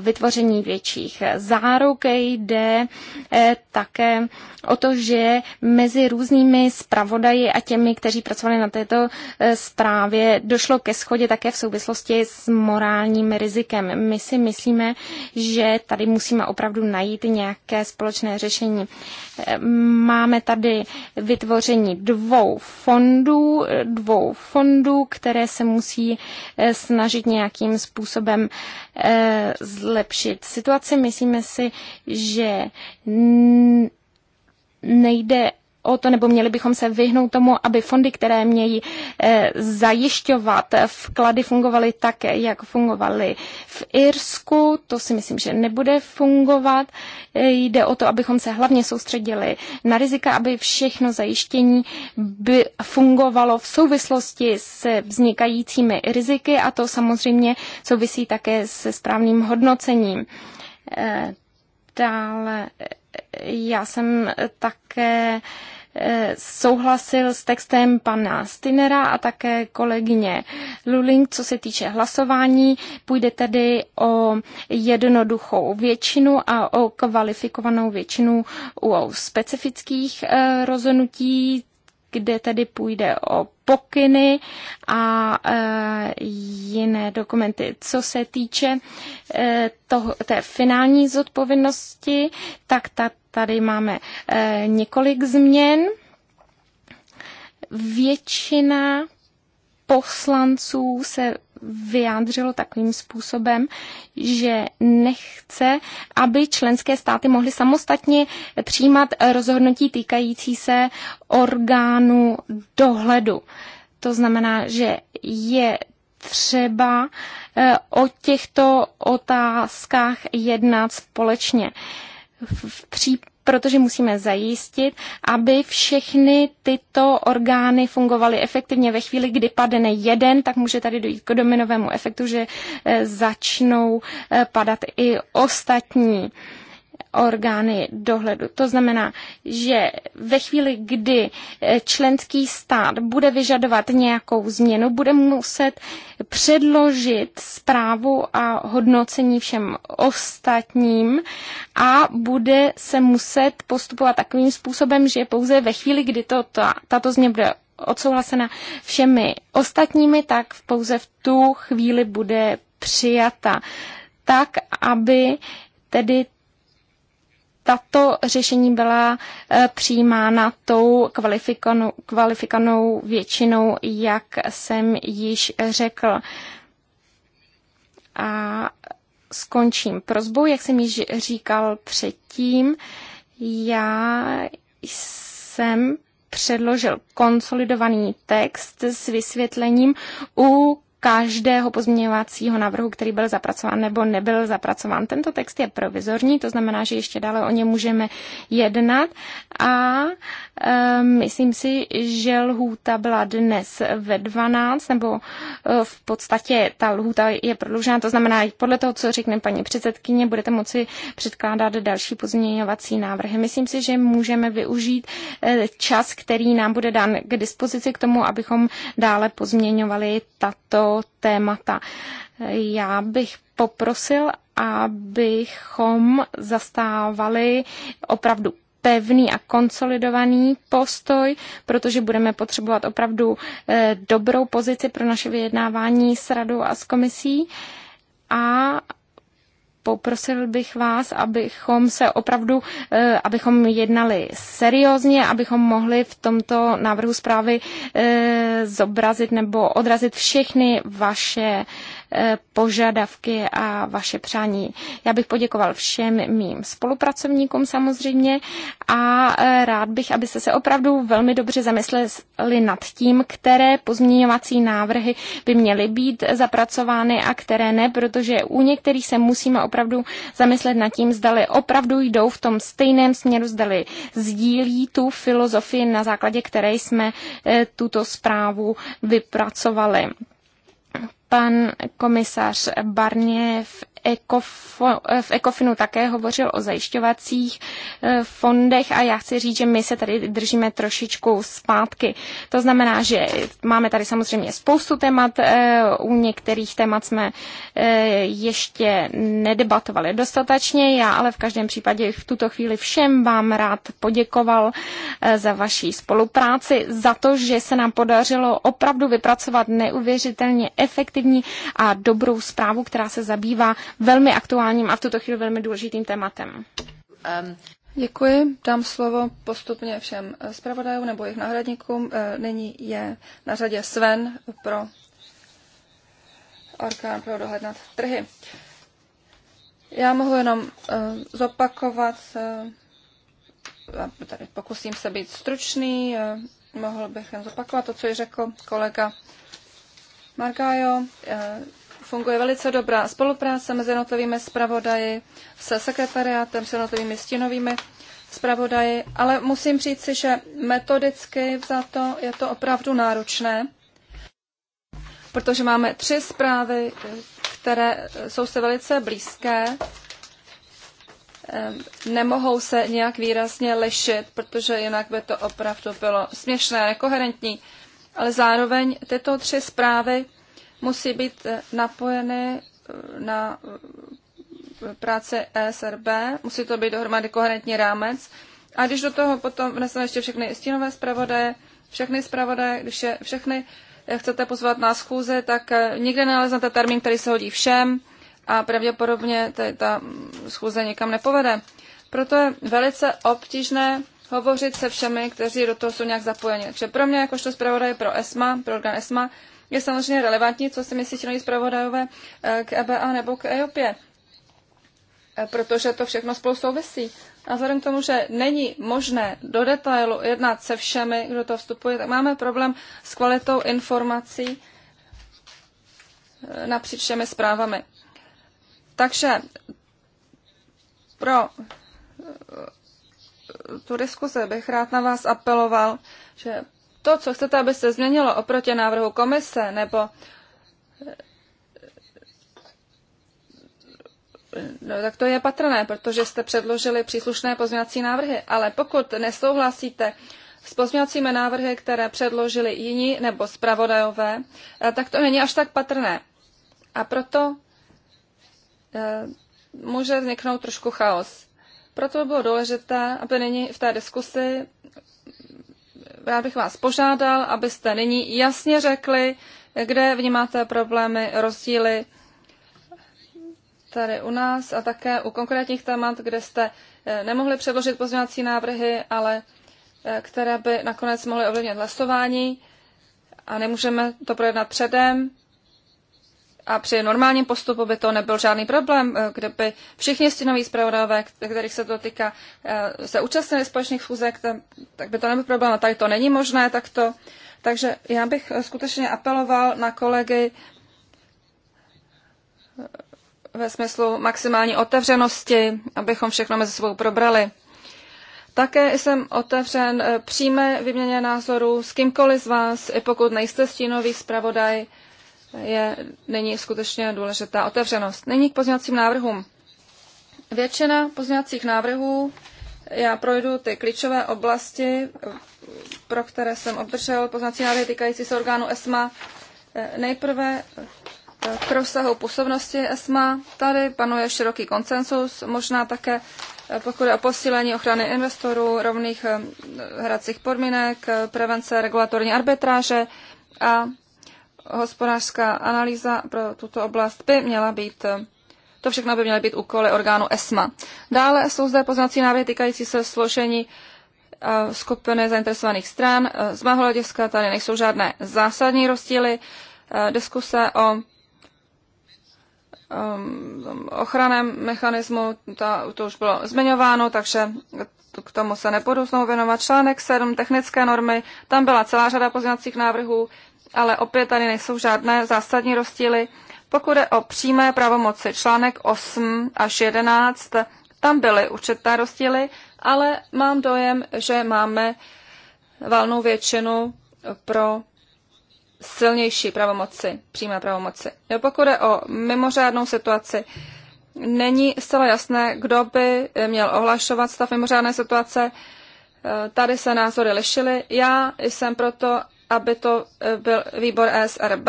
vytvoření větších záruk, jde e, také o to, že mezi různými zpravodaji a těmi, kteří pracovali na této e, zprávě, došlo ke schodě také v souvislosti s morálním rizikem. My si myslíme, že tady musíme opravdu najít nějaké společné řešení nařízení. Máme tady vytvoření dvou fondů, dvou fondů, které se musí eh, snažit nějakým způsobem eh, zlepšit situaci. Myslíme si, že nejde o to, nebo měli bychom se vyhnout tomu, aby fondy, které mějí eh, zajišťovat vklady, fungovaly tak, jak fungovaly v Irsku. To si myslím, že nebude fungovat. Eh, jde o to, abychom se hlavně soustředili na rizika, aby všechno zajištění by fungovalo v souvislosti se vznikajícími riziky a to samozřejmě souvisí také se správným hodnocením. Eh, dále já jsem také souhlasil s textem pana Stinera a také kolegyně Luling, co se týče hlasování. Půjde tedy o jednoduchou většinu a o kvalifikovanou většinu u specifických eh, rozhodnutí, kde tedy půjde o pokyny a e, jiné dokumenty. Co se týče e, toho, té finální zodpovědnosti, tak ta Tady máme eh, několik změn. Většina poslanců se vyjádřilo takovým způsobem, že nechce, aby členské státy mohly samostatně přijímat rozhodnutí týkající se orgánu dohledu. To znamená, že je třeba eh, o těchto otázkách jednat společně v pří, protože musíme zajistit, aby všechny tyto orgány fungovaly efektivně. Ve chvíli, kdy padne jeden, tak může tady dojít k dominovému efektu, že eh, začnou eh, padat i ostatní orgány dohledu. To znamená, že ve chvíli, kdy eh, členský stát bude vyžadovat nějakou změnu, bude muset předložit zprávu a hodnocení všem ostatním a bude se muset postupovat takovým způsobem, že pouze ve chvíli, kdy to, ta, tato změna bude odsouhlasena všemi ostatními, tak pouze v tu chvíli bude přijata tak, aby tedy tato řešení byla eh, přijímána tou kvalifikovanou, většinou, jak jsem již řekl. A skončím prozbou, jak jsem již říkal předtím, já jsem předložil konsolidovaný text s vysvětlením, u každého pozměňovacího návrhu, který byl zapracován nebo nebyl zapracován. Tento text je provizorní, to znamená, že ještě dále o ně můžeme jednat a e, myslím si, že lhůta byla dnes ve 12, nebo e, v podstatě ta lhůta je prodloužena, to znamená, podle toho, co řekne paní předsedkyně, budete moci předkládat další pozměňovací návrhy. Myslím si, že můžeme využít e, čas, který nám bude dán k dispozici k tomu, abychom dále pozměňovali tato témata. Já bych poprosil, abychom zastávali opravdu pevný a konsolidovaný postoj, protože budeme potřebovat opravdu eh, dobrou pozici pro naše vyjednávání s radou a s komisí. A poprosil bych vás, abychom se opravdu, eh, abychom jednali seriózně, abychom mohli v tomto návrhu zprávy eh, zobrazit nebo odrazit všechny vaše Eh, požadavky a vaše přání. Já bych poděkoval všem mým spolupracovníkům samozřejmě a eh, rád bych, abyste se opravdu velmi dobře zamysleli nad tím, které pozměňovací návrhy by měly být zapracovány a které ne, protože u některých se musíme opravdu zamyslet nad tím, zdali opravdu jdou v tom stejném směru, zdali sdílí tu filozofii, na základě které jsme eh, tuto zprávu vypracovali. Pan komisař Barnier v, Ecof, v Ecofinu také hovořil o zajišťovacích e, fondech a já chci říct, že my se tady držíme trošičku zpátky. To znamená, že máme tady samozřejmě spoustu témat, e, u některých témat jsme e, ještě nedebatovali dostatečně, já ale v každém případě v tuto chvíli všem vám rád poděkoval za vaší spolupráci, za to, že se nám podařilo opravdu vypracovat neuvěřitelně efektivní pozitivní a dobrou zprávu, která se zabývá velmi aktuálním a v tuto chvíli velmi důležitým tématem. Um. Děkuji. Dám slovo postupně všem eh, zpravodajům nebo jejich náhradníkům. Eh, nyní je na řadě Sven pro orgán pro dohled nad trhy. Já mohu jenom eh, zopakovat, tady pokusím se být stručný, mohl bych jen zopakovat to, co ji řekl kolega Margajo, eh, funguje velice dobrá spolupráce mezi jednotlivými zpravodaji, se sekretariátem, s jednotlivými stínovými zpravodaji, ale musím říct si, že metodicky za to je to opravdu náročné, protože máme tři zprávy, které jsou se velice blízké, eh, nemohou se nějak výrazně lišit, protože jinak by to opravdu bylo směšné, nekoherentní ale zároveň tyto tři zprávy musí být eh, napojeny eh, na eh, práce ESRB, musí to být dohromady koherentní rámec. A když do toho potom vneseme ještě všechny stínové zpravodaje, všechny zpravodaje, když je všechny chcete pozvat na schůzi, tak nikde naleznete termín, který se hodí všem a pravděpodobně ta mm, schůze nikam nepovede. Proto je velice obtížné hovořit se všemi, kteří do toho jsou nějak zapojeni. Takže pro mě, jakožto zpravodaj pro ESMA, pro orgán ESMA, je samozřejmě relevantní, co si myslí členy zpravodajové eh, k EBA nebo k EOPě, eh, protože to všechno spolu souvisí. A vzhledem k tomu, že není možné do detailu jednat se všemi, kdo to vstupuje, tak máme problém s kvalitou informací eh, napříč všemi zprávami. Takže pro tu diskuzi, bych rád na vás apeloval, že to, co chcete, aby se změnilo oproti návrhu komise, nebo No, tak to je patrné, protože jste předložili příslušné pozměňovací návrhy, ale pokud nesouhlasíte s pozměňovacími návrhy, které předložili jiní nebo zpravodajové, eh, tak to není až tak patrné. A proto eh, může vzniknout trošku chaos. Proto by bylo důležité, aby nyní v té diskusi, já bych vás požádal, abyste nyní jasně řekli, kde vnímáte problémy, rozdíly tady u nás a také u konkrétních témat, kde jste eh, nemohli předložit pozměňovací návrhy, ale eh, které by nakonec mohly ovlivnit hlasování a nemůžeme to projednat předem, a při normálním postupu by to nebyl žádný problém, eh, kdyby všichni stinoví zpravodajové, kterých se to týká, eh, se účastnili společných schůzek, tak by to nebyl problém. A tady to není možné takto. Takže já bych eh, skutečně apeloval na kolegy ve smyslu maximální otevřenosti, abychom všechno mezi sebou probrali. Také jsem otevřen přímé vyměně názorů s kýmkoliv z vás, i pokud nejste stínový zpravodaj, je není skutečně důležitá otevřenost. Není k pozměňovacím návrhům. Většina pozměňovacích návrhů, já projdu ty klíčové oblasti, pro které jsem obdržel pozměňovací návrhy týkající se orgánu ESMA. Nejprve k rozsahu působnosti ESMA. Tady panuje široký konsensus, možná také pokud je o posílení ochrany investorů, rovných eh, hracích podmínek, eh, prevence regulatorní arbitráže a hospodářská analýza pro tuto oblast by měla být to všechno by měly být úkoly orgánu ESMA. Dále jsou zde poznací návrhy týkající se složení eh, skupiny zainteresovaných stran. Eh, z mého hlediska tady nejsou žádné zásadní rozdíly. Eh, diskuse o ochraném mechanismu, to, to už bylo zmiňováno, takže k tomu se nebudu znovu věnovat. Článek 7, technické normy, tam byla celá řada poznacích návrhů, ale opět tady nejsou žádné zásadní rozdíly. Pokud je o přímé pravomoci, článek 8 až 11, tam byly určité rozdíly, ale mám dojem, že máme valnou většinu pro silnější pravomoci, přímé pravomoci. Jo, pokud je o mimořádnou situaci, není zcela jasné, kdo by měl ohlašovat stav mimořádné situace. Tady se názory lišily. Já jsem proto, aby to e, byl výbor SRB,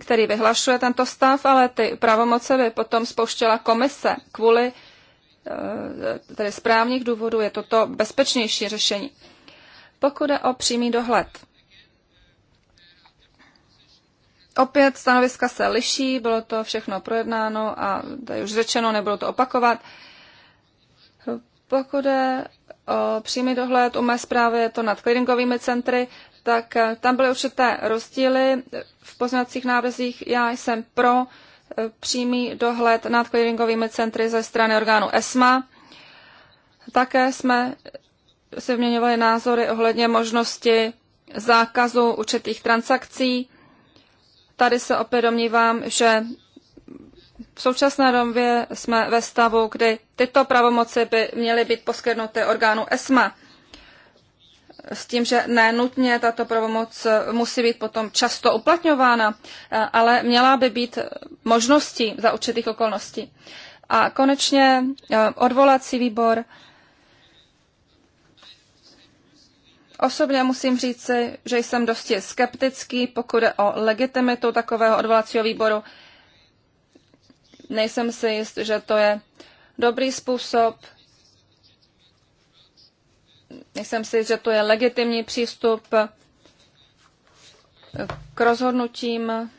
který vyhlašuje tento stav, ale ty pravomoce by potom spouštěla komise. Kvůli e, tedy správných důvodů je toto bezpečnější řešení. Pokud je o přímý dohled. Opět stanoviska se liší, bylo to všechno projednáno a tady už řečeno, nebudu to opakovat. Pokud je o přímý dohled, u mé zprávy je to nad clearingovými centry tak eh, tam byly určité rozdíly v poznacích návrzích. Já jsem pro eh, přímý dohled nad clearingovými centry ze strany orgánu ESMA. Také jsme si vyměňovali názory ohledně možnosti zákazu určitých transakcí. Tady se opět domnívám, že v současné době jsme ve stavu, kdy tyto pravomoci by měly být poskytnuty orgánu ESMA s tím, že nenutně tato pravomoc musí být potom často uplatňována, ale měla by být možností za určitých okolností. A konečně eh, odvolací výbor. Osobně musím říci, že jsem dosti skeptický, pokud je o legitimitu takového odvolacího výboru. Nejsem si jist, že to je dobrý způsob, Myslím si, že to je legitimní přístup k rozhodnutím,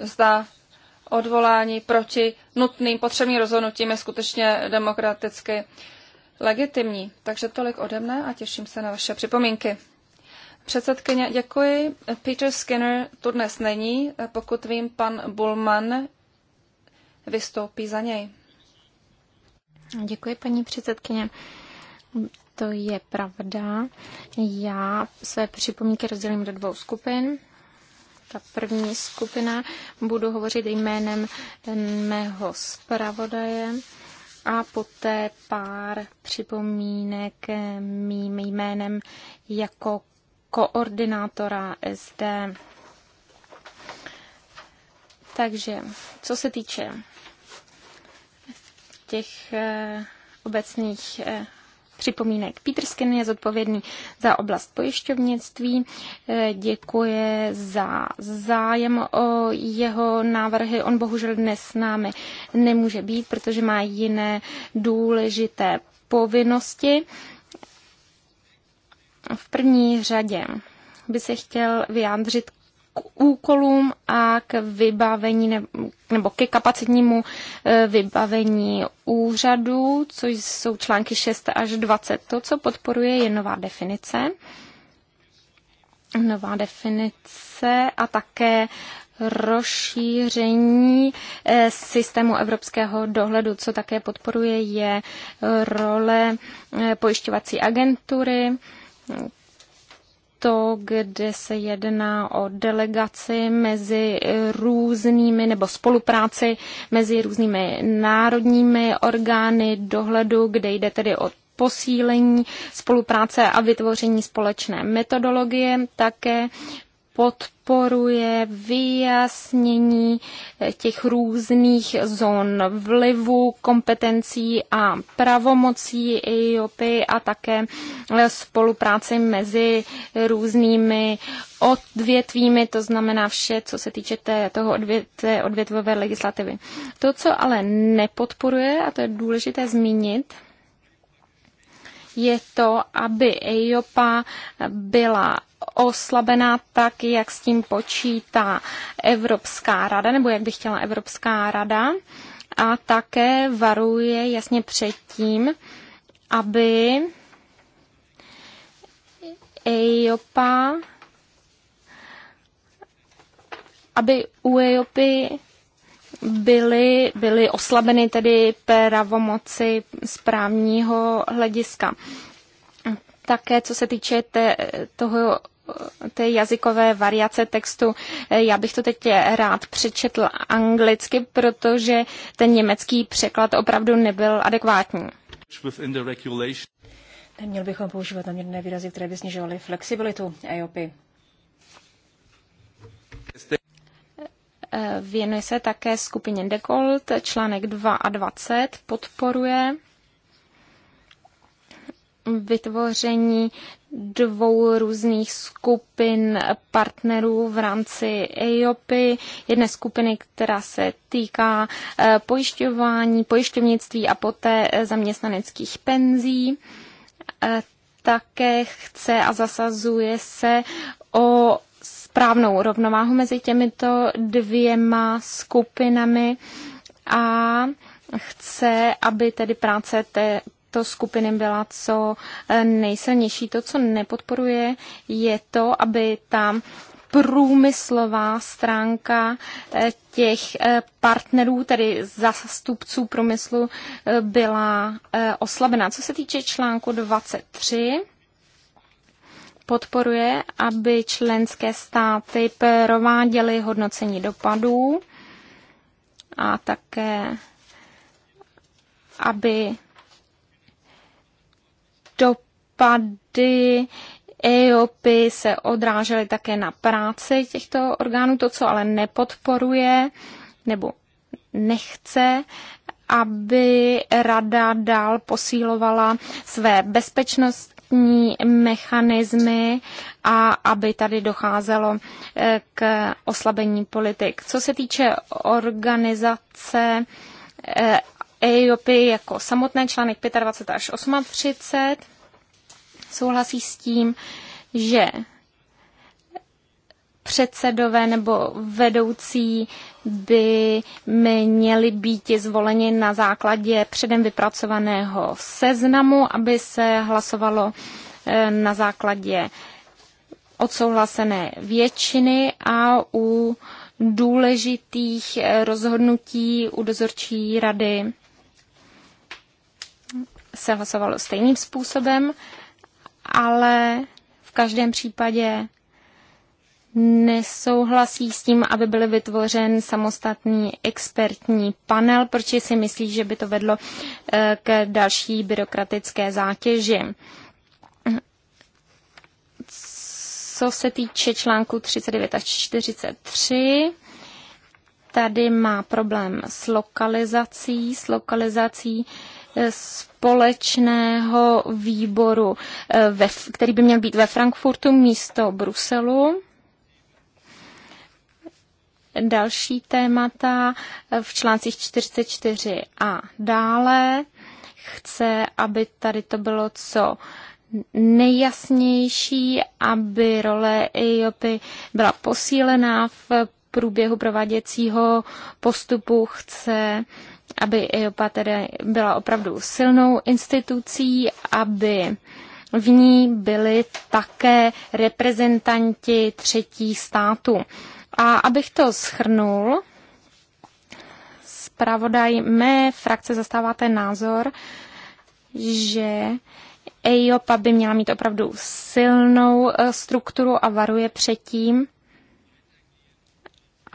zda odvolání proti nutným potřebným rozhodnutím je skutečně demokraticky legitimní. Takže tolik ode mne a těším se na vaše připomínky. Předsedkyně, děkuji. Peter Skinner tu dnes není. Pokud vím, pan Bullman vystoupí za něj. Děkuji, paní předsedkyně. To je pravda. Já své připomínky rozdělím do dvou skupin. Ta první skupina budu hovořit jménem mého zpravodaje a poté pár připomínek mým jménem jako koordinátora SD. Takže, co se týče těch eh, obecných eh, připomínek. Peter Skin je zodpovědný za oblast pojišťovnictví, eh, děkuje za zájem o jeho návrhy. On bohužel dnes s námi nemůže být, protože má jiné důležité povinnosti. V první řadě by se chtěl vyjádřit k úkolům a k vybavení nebo ke kapacitnímu e, vybavení úřadu, což jsou články 6 až 20. To, co podporuje, je nová definice. Nová definice a také rozšíření e, systému evropského dohledu, co také podporuje, je role e, pojišťovací agentury, to, kde se jedná o delegaci mezi různými nebo spolupráci mezi různými národními orgány dohledu, kde jde tedy o posílení spolupráce a vytvoření společné metodologie. Také podporuje vyjasnění eh, těch různých zón vlivu, kompetencí a pravomocí EIOP a také eh, spolupráci mezi různými odvětvími, to znamená vše, co se týče té, toho odvět, té odvětvové legislativy. To, co ale nepodporuje, a to je důležité zmínit, je to, aby EIOPA byla oslabená tak, jak s tím počítá Evropská rada, nebo jak by chtěla Evropská rada. A také varuje jasně před tím, aby EIOPA, aby u EIOPy byly, byly oslabeny tedy pravomoci správního hlediska. Také co se týče té, toho té jazykové variace textu. Já bych to teď rád přečetl anglicky, protože ten německý překlad opravdu nebyl adekvátní. Neměl bychom používat naměrné výrazy, které by snižovaly flexibilitu EOP. Věnuje se také skupině Dekolt, článek 22 podporuje vytvoření dvou různých skupin partnerů v rámci EIOPy. Jedné skupiny, která se týká eh, pojišťování, pojišťovnictví a poté eh, zaměstnaneckých penzí. Eh, také chce a zasazuje se o správnou rovnováhu mezi těmito dvěma skupinami a chce, aby tedy práce té tyto skupiny byla co eh, nejsilnější. To, co nepodporuje, je to, aby tam průmyslová stránka eh, těch eh, partnerů, tedy zastupců průmyslu, byla oslabená. Co se týče článku 23, podporuje, aby členské státy prováděly hodnocení dopadů a také, aby dopady EOP se odrážely také na práci těchto orgánů. To, co ale nepodporuje nebo nechce, aby rada dál posílovala své bezpečnostní mechanismy a aby tady docházelo eh, k oslabení politik. Co se týče organizace EIOPy eh, e jako samotné článek 25 až 38, souhlasí s tím, že předsedové nebo vedoucí by měli být zvoleni na základě předem vypracovaného seznamu, aby se hlasovalo eh, na základě odsouhlasené většiny a u důležitých eh, rozhodnutí u dozorčí rady se hlasovalo stejným způsobem ale v každém případě nesouhlasí s tím, aby byl vytvořen samostatný expertní panel, protože si myslí, že by to vedlo eh, k další byrokratické zátěži. Co se týče článku 39 až 43, tady má problém s lokalizací, s lokalizací eh, s společného výboru, eh, ve, který by měl být ve Frankfurtu místo Bruselu. Další témata eh, v článcích 44 a dále. Chce, aby tady to bylo co nejjasnější, aby role EIOPy byla posílená v průběhu prováděcího postupu. Chce aby EIOPA tedy byla opravdu silnou institucí, aby v ní byli také reprezentanti třetí státu. A abych to schrnul, zpravodaj mé frakce ten názor, že EIOPA by měla mít opravdu silnou e, strukturu a varuje před tím,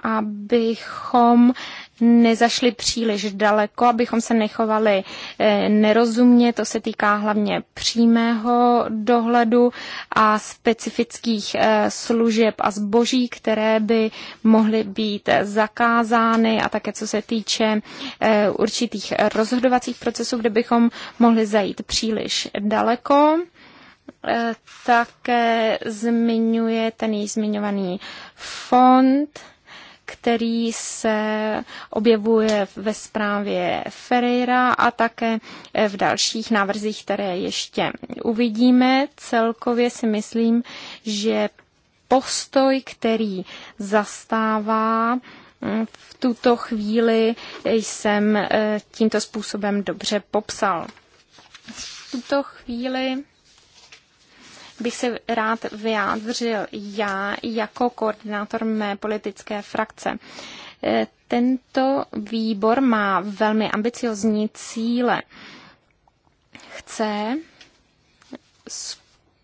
abychom nezašli příliš daleko, abychom se nechovali eh, nerozumně. To se týká hlavně přímého dohledu a specifických eh, služeb a zboží, které by mohly být zakázány a také co se týče eh, určitých rozhodovacích procesů, kde bychom mohli zajít příliš daleko také zmiňuje ten již zmiňovaný fond který se objevuje ve zprávě Ferreira a také eh, v dalších návrzích, které ještě uvidíme. Celkově si myslím, že postoj, který zastává hm, v tuto chvíli, jsem eh, tímto způsobem dobře popsal. V tuto chvíli bych se rád vyjádřil já jako koordinátor mé politické frakce. E, tento výbor má velmi ambiciozní cíle. Chce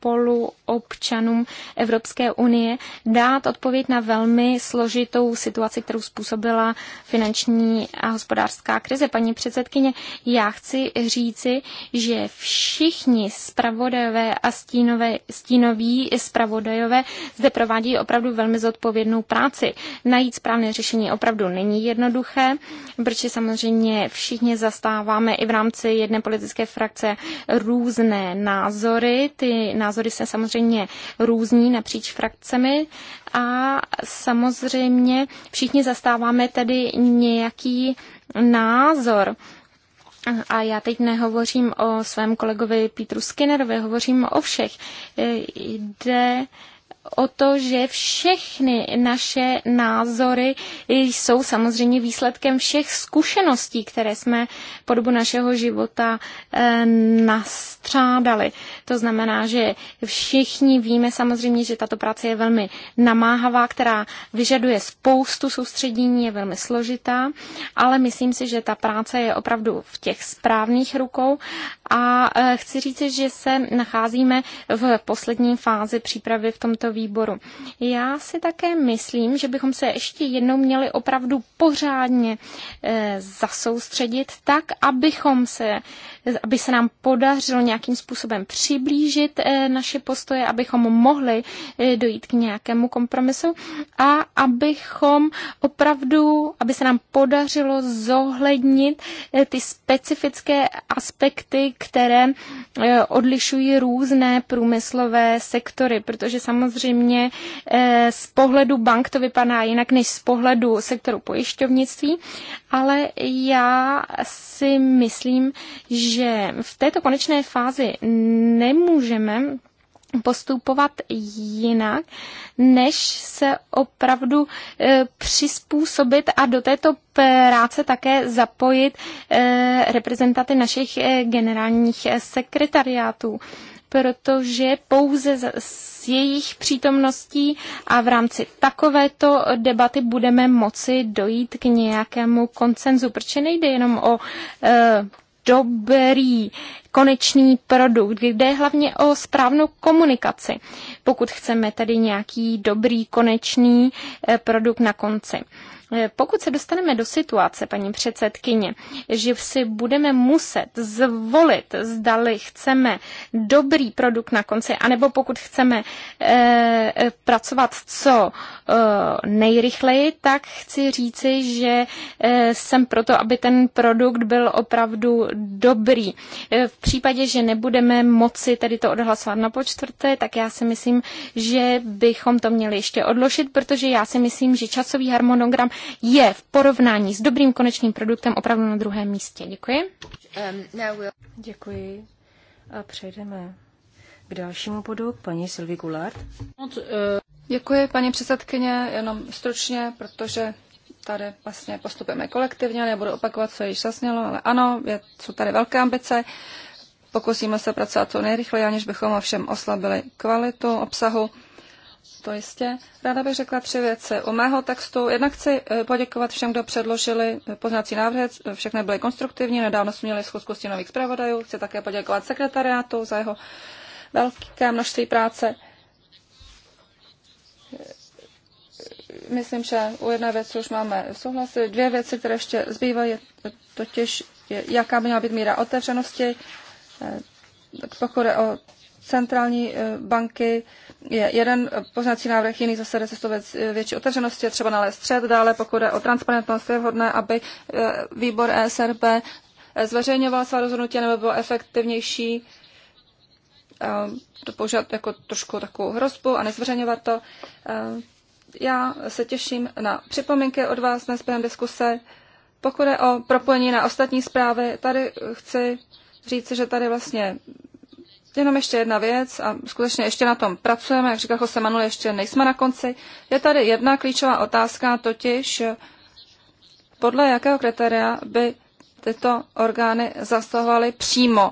spoluobčanům Evropské unie dát odpověď na velmi složitou situaci, kterou způsobila finanční a hospodářská krize. Paní předsedkyně, já chci říci, že všichni zpravodajové a stínové, stínoví zpravodajové zde provádí opravdu velmi zodpovědnou práci. Najít správné řešení opravdu není jednoduché, protože samozřejmě všichni zastáváme i v rámci jedné politické frakce různé názory. Ty názory názory se samozřejmě různí napříč frakcemi a samozřejmě všichni zastáváme tedy nějaký názor. A já teď nehovořím o svém kolegovi Petru Skinnerovi, hovořím o všech. E, jde o to, že všechny naše názory jsou samozřejmě výsledkem všech zkušeností, které jsme po dobu našeho života eh, nastřádali. To znamená, že všichni víme samozřejmě, že tato práce je velmi namáhavá, která vyžaduje spoustu soustředění, je velmi složitá, ale myslím si, že ta práce je opravdu v těch správných rukou a eh, chci říct, že se nacházíme v poslední fázi přípravy v tomto výboru. Já si také myslím, že bychom se ještě jednou měli opravdu pořádně eh, zasoustředit tak, abychom se aby se nám podařilo nějakým způsobem přiblížit eh, naše postoje, abychom mohli eh, dojít k nějakému kompromisu a abychom opravdu, aby se nám podařilo zohlednit eh, ty specifické aspekty, které odlišují různé průmyslové sektory, protože samozřejmě z pohledu bank to vypadá jinak než z pohledu sektoru pojišťovnictví, ale já si myslím, že že v této konečné fázi nemůžeme postupovat jinak, než se opravdu e, přizpůsobit a do této práce také zapojit e, reprezentanty našich e, generálních e, sekretariátů protože pouze s jejich přítomností a v rámci takovéto debaty budeme moci dojít k nějakému koncenzu, protože nejde jenom o e, dobrý konečný produkt, kde je hlavně o správnou komunikaci, pokud chceme tedy nějaký dobrý konečný eh, produkt na konci. Eh, pokud se dostaneme do situace, paní předsedkyně, že si budeme muset zvolit, zdali chceme dobrý produkt na konci, anebo pokud chceme eh, pracovat co eh, nejrychleji, tak chci říci, že eh, jsem proto, aby ten produkt byl opravdu dobrý. Eh, v případě, že nebudeme moci tedy to odhlasovat na počtvrté, tak já si myslím, že bychom to měli ještě odložit, protože já si myslím, že časový harmonogram je v porovnání s dobrým konečným produktem opravdu na druhém místě. Děkuji. Um, Děkuji. A přejdeme k dalšímu bodu, paní Sylvie Goulart. Děkuji, paní předsedkyně, jenom stručně, protože tady vlastně postupujeme kolektivně, nebudu opakovat, co již zasnělo, ale ano, je, jsou tady velké ambice. Pokusíme se pracovat co nejrychleji, aniž bychom ovšem oslabili kvalitu obsahu to jistě. Ráda bych řekla tři věci. U mého textu jednak chci eh, poděkovat všem, kdo předložili eh, poznací návrhy. Eh, Všechny byly konstruktivní. Nedávno jsme měli schůzku stínových zpravodajů. Chci také poděkovat sekretariátu za jeho velké množství práce. Myslím, že u jedné věci už máme souhlas. Dvě věci, které ještě zbývají, totiž jaká by měla být míra otevřenosti, pokud je o centrální eh, banky je jeden poznací návrh, jiný zase jde cestou eh, větší otevřenosti, třeba nalézt střed. Dále, pokud je o transparentnost, je vhodné, aby eh, výbor ESRB zveřejňoval svá rozhodnutí nebo bylo efektivnější to použít jako trošku takovou hrozbu a nezveřejňovat to. Já se těším na připomínky od vás dnes během diskuse. Pokud je o propojení na ostatní zprávy, tady chci říct, že tady vlastně Jenom ještě jedna věc a skutečně ještě na tom pracujeme, jak říkal Jose Manuel, ještě nejsme na konci. Je tady jedna klíčová otázka, totiž podle jakého kritéria by tyto orgány zasahovaly přímo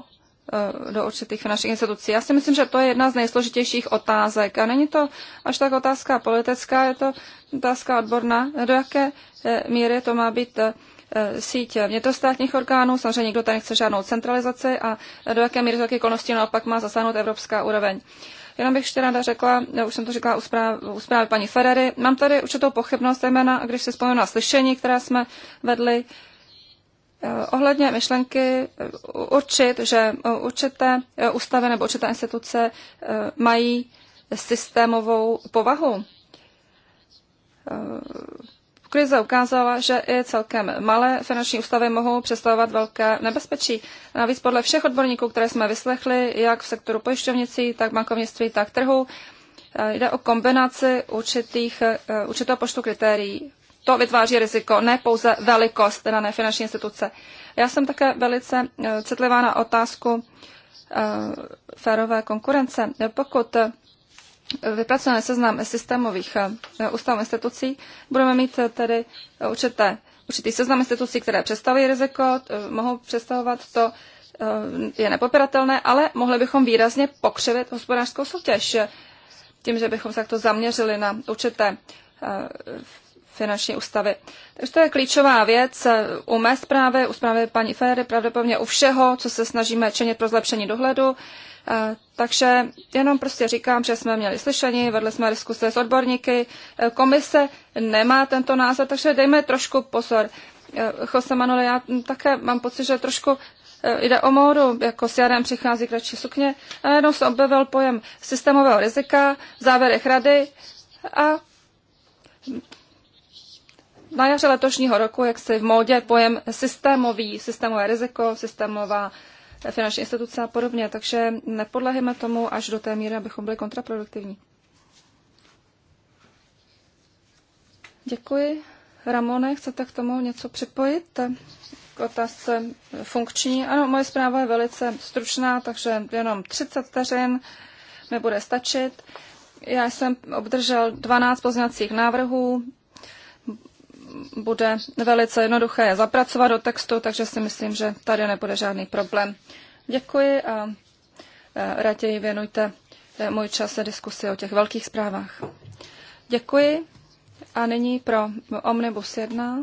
eh, do určitých finančních institucí. Já si myslím, že to je jedna z nejsložitějších otázek. A není to až tak otázka politická, je to otázka odborná, do jaké eh, míry to má být eh, E, síť vnitrostátních orgánů. Samozřejmě nikdo tady nechce žádnou centralizaci a do jaké míry velké okolností naopak má zasáhnout evropská úroveň. Jenom bych ještě ráda řekla, no, už jsem to řekla u zprávy, u zprávy paní Ferrery, mám tady určitou pochybnost, zejména když si vzpomínám na slyšení, které jsme vedli, e, Ohledně myšlenky e, určit, že určité ústavy nebo určité instituce mají systémovou povahu. Krize ukázala, že i celkem malé finanční ústavy mohou představovat velké nebezpečí. Navíc podle všech odborníků, které jsme vyslechli, jak v sektoru pojišťovnicí, tak bankovnictví, tak trhu, eh, jde o kombinaci určitých, eh, určitého počtu kritérií. To vytváří riziko, ne pouze velikost dané finanční instituce. Já jsem také velice eh, citlivá na otázku férové konkurence. Pokud vypracujeme seznam systémových eh, ústav institucí, budeme mít eh, tedy eh, určité, určitý seznam institucí, které představují riziko, mohou představovat to, je nepopiratelné, ale mohli bychom výrazně pokřivit hospodářskou soutěž tím, že bychom se takto zaměřili na určité finanční ústavy. Takže to je klíčová věc u mé zprávy, u zprávy paní Féry, pravděpodobně u všeho, co se snažíme činit pro zlepšení dohledu. Eh, takže jenom prostě říkám, že jsme měli slyšení, vedli jsme diskuse s odborníky. Eh, komise nemá tento názor, takže dejme trošku pozor. Eh, Jose Manuel, já také mám pocit, že trošku jde o módu, jako s jarem přichází kratší sukně. A jenom se objevil pojem systémového rizika závěrech rady a na jaře letošního roku, jak se v módě pojem systémový, systémové riziko, systémová finanční instituce a podobně. Takže nepodlehejme tomu až do té míry, abychom byli kontraproduktivní. Děkuji. Ramone, chcete k tomu něco připojit? K otázce funkční. Ano, moje zpráva je velice stručná, takže jenom 30 vteřin mi bude stačit. Já jsem obdržel 12 pozměňovacích návrhů, bude velice jednoduché zapracovat do textu, takže si myslím, že tady nebude žádný problém. Děkuji a e, raději věnujte e, můj čas a diskusi o těch velkých zprávách. Děkuji a nyní pro Omnibus 1.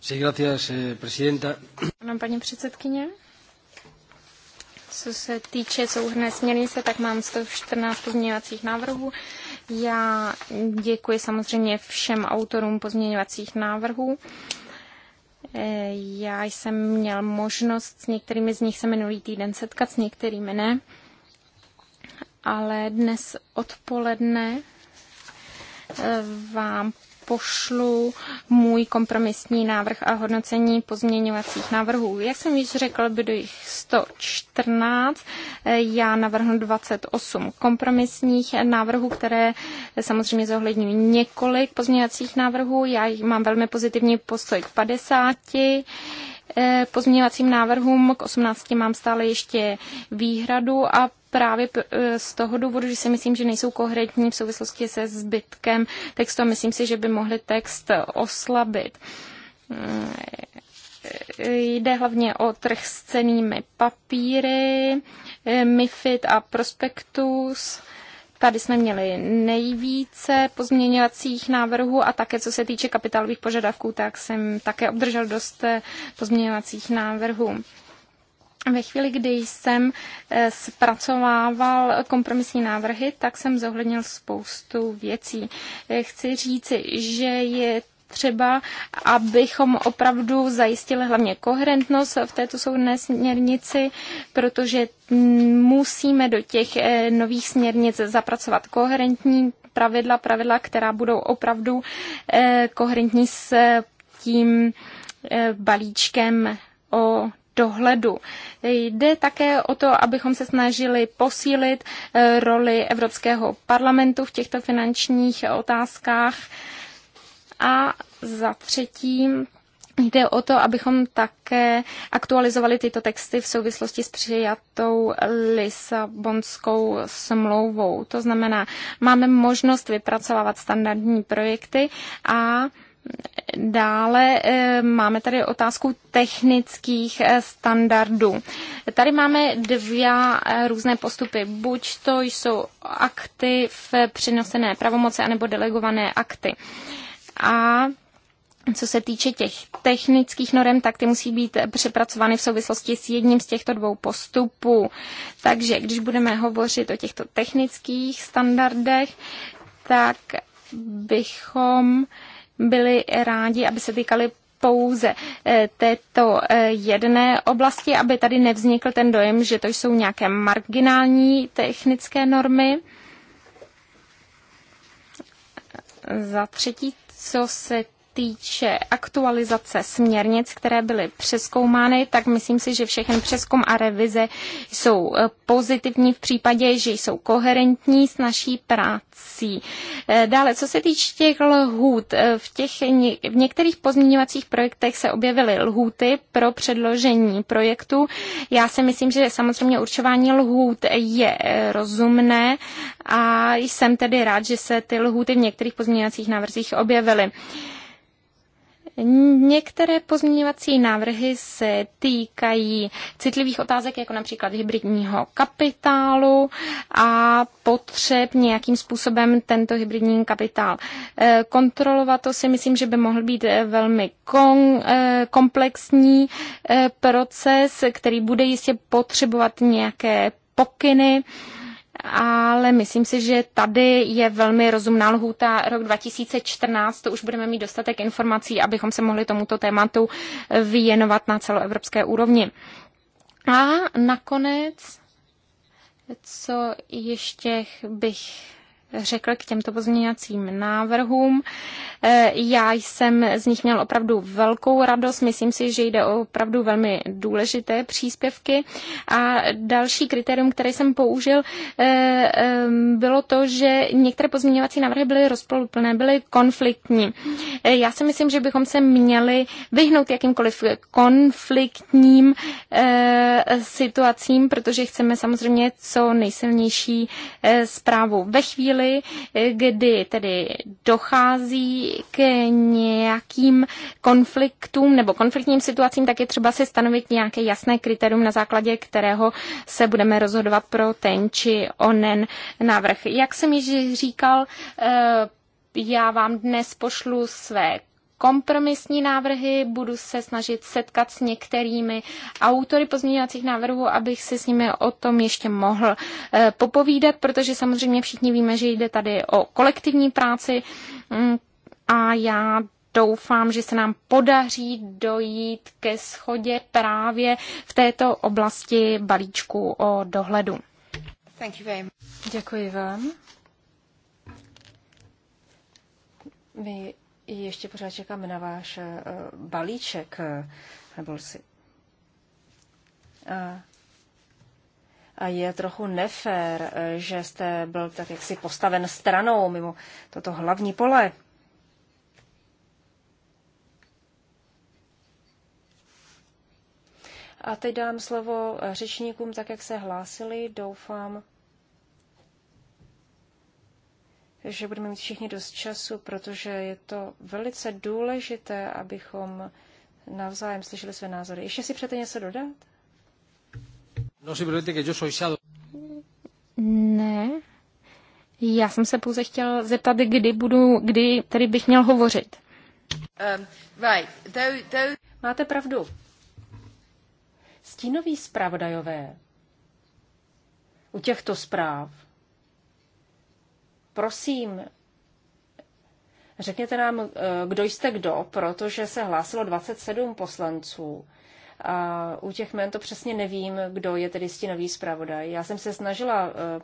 Sí, gracias, eh, presidenta. Ano, paní předsedkyně. Co se týče souhrné směrnice, tak mám 114 pozměňovacích návrhů. Já děkuji samozřejmě všem autorům pozměňovacích návrhů. Eh, já jsem měl možnost, s některými z nich se minulý týden setkat, s některými ne. Ale dnes odpoledne eh, vám pošlu můj kompromisní návrh a hodnocení pozměňovacích návrhů. Jak jsem již řekl, budu jich 114. Já navrhnu 28 kompromisních návrhů, které samozřejmě zohledňují několik pozměňovacích návrhů. Já mám velmi pozitivní postoj k 50 Eh, pozměňovacím návrhům. K 18 mám stále ještě výhradu a právě eh, z toho důvodu, že si myslím, že nejsou koherentní v souvislosti se zbytkem textu a myslím si, že by mohli text oslabit. Eh, jde hlavně o trh s cenými papíry, MIFID a Prospektus Tady jsme měli nejvíce pozměňovacích návrhů a také co se týče kapitálových požadavků, tak jsem také obdržel dost eh, pozměňovacích návrhů. Ve chvíli, kdy jsem eh, zpracovával kompromisní návrhy, tak jsem zohlednil spoustu věcí. Eh, chci říci, že je třeba, abychom opravdu zajistili hlavně koherentnost v této soudné směrnici, protože musíme do těch eh, nových směrnic zapracovat koherentní pravidla, pravidla, která budou opravdu eh, koherentní s tím eh, balíčkem o dohledu. Jde také o to, abychom se snažili posílit roli Evropského parlamentu v těchto finančních otázkách a za třetí Jde o to, abychom také aktualizovali tyto texty v souvislosti s přijatou Lisabonskou smlouvou. To znamená, máme možnost vypracovávat standardní projekty a Dále eh, máme tady otázku technických eh, standardů. Tady máme dvě eh, různé postupy. Buď to jsou akty v přenesené pravomoci, anebo delegované akty a co se týče těch technických norem, tak ty musí být přepracovány v souvislosti s jedním z těchto dvou postupů. Takže když budeme hovořit o těchto technických standardech, tak bychom byli rádi, aby se týkali pouze eh, této eh, jedné oblasti, aby tady nevznikl ten dojem, že to jsou nějaké marginální technické normy. Za třetí co se týče aktualizace směrnic, které byly přeskoumány, tak myslím si, že všechny přeskum a revize jsou eh, pozitivní v případě, že jsou koherentní s naší prací. Eh, dále, co se týče těch lhůt, eh, v, těch, v některých pozměňovacích projektech se objevily lhůty pro předložení projektu. Já si myslím, že samozřejmě určování lhůt je rozumné a jsem tedy rád, že se ty lhůty v některých pozměňovacích návrzích objevily. Některé pozměňovací návrhy se týkají citlivých otázek, jako například hybridního kapitálu a potřeb nějakým způsobem tento hybridní kapitál eh, kontrolovat. To si myslím, že by mohl být eh, velmi eh, komplexní proces, který bude jistě potřebovat nějaké pokyny ale myslím si, že tady je velmi rozumná lhůta rok 2014, to už budeme mít dostatek informací, abychom se mohli tomuto tématu věnovat na celoevropské úrovni. A nakonec, co ještě bych řekl k těmto pozměňovacím návrhům. E, já jsem z nich měl opravdu velkou radost. Myslím si, že jde o opravdu velmi důležité příspěvky. A další kritérium, které jsem použil, e, e, bylo to, že některé pozměňovací návrhy byly rozpoluplné, byly konfliktní. Já si myslím, že bychom se měli vyhnout jakýmkoliv konfliktním situacím, protože chceme samozřejmě co nejsilnější zprávu. Ve chvíli, chvíli, eh, kdy tedy dochází k nějakým konfliktům nebo konfliktním situacím, tak je třeba si stanovit nějaké jasné kritérium, na základě kterého se budeme rozhodovat pro ten či onen návrh. Jak jsem již říkal, eh, já vám dnes pošlu své kompromisní návrhy, budu se snažit setkat s některými autory pozměňovacích návrhů, abych se s nimi o tom ještě mohl eh, popovídat, protože samozřejmě všichni víme, že jde tady o kolektivní práci mm, a já doufám, že se nám podaří dojít ke schodě právě v této oblasti balíčku o dohledu. Thank you very much. Děkuji vám. Vy ještě pořád čekáme na váš eh, balíček, eh, nebo si. A, a je trochu nefér, eh, že jste byl tak jaksi postaven stranou mimo toto hlavní pole. A teď dám slovo řečníkům, tak jak se hlásili. Doufám, že budeme mít všichni dost času, protože je to velice důležité, abychom navzájem slyšeli své názory. Ještě si přete něco dodat? No, Ne. Já jsem se pouze chtěl zeptat, kdy budu, kdy tady bych měl hovořit. Um, right. Máte pravdu. Stínoví zpravodajové u těchto zpráv Prosím, řekněte nám, eh, kdo jste kdo, protože se hlásilo 27 poslanců. A u těch jmen to přesně nevím, kdo je tedy stínový zpravodaj. Já jsem se snažila eh,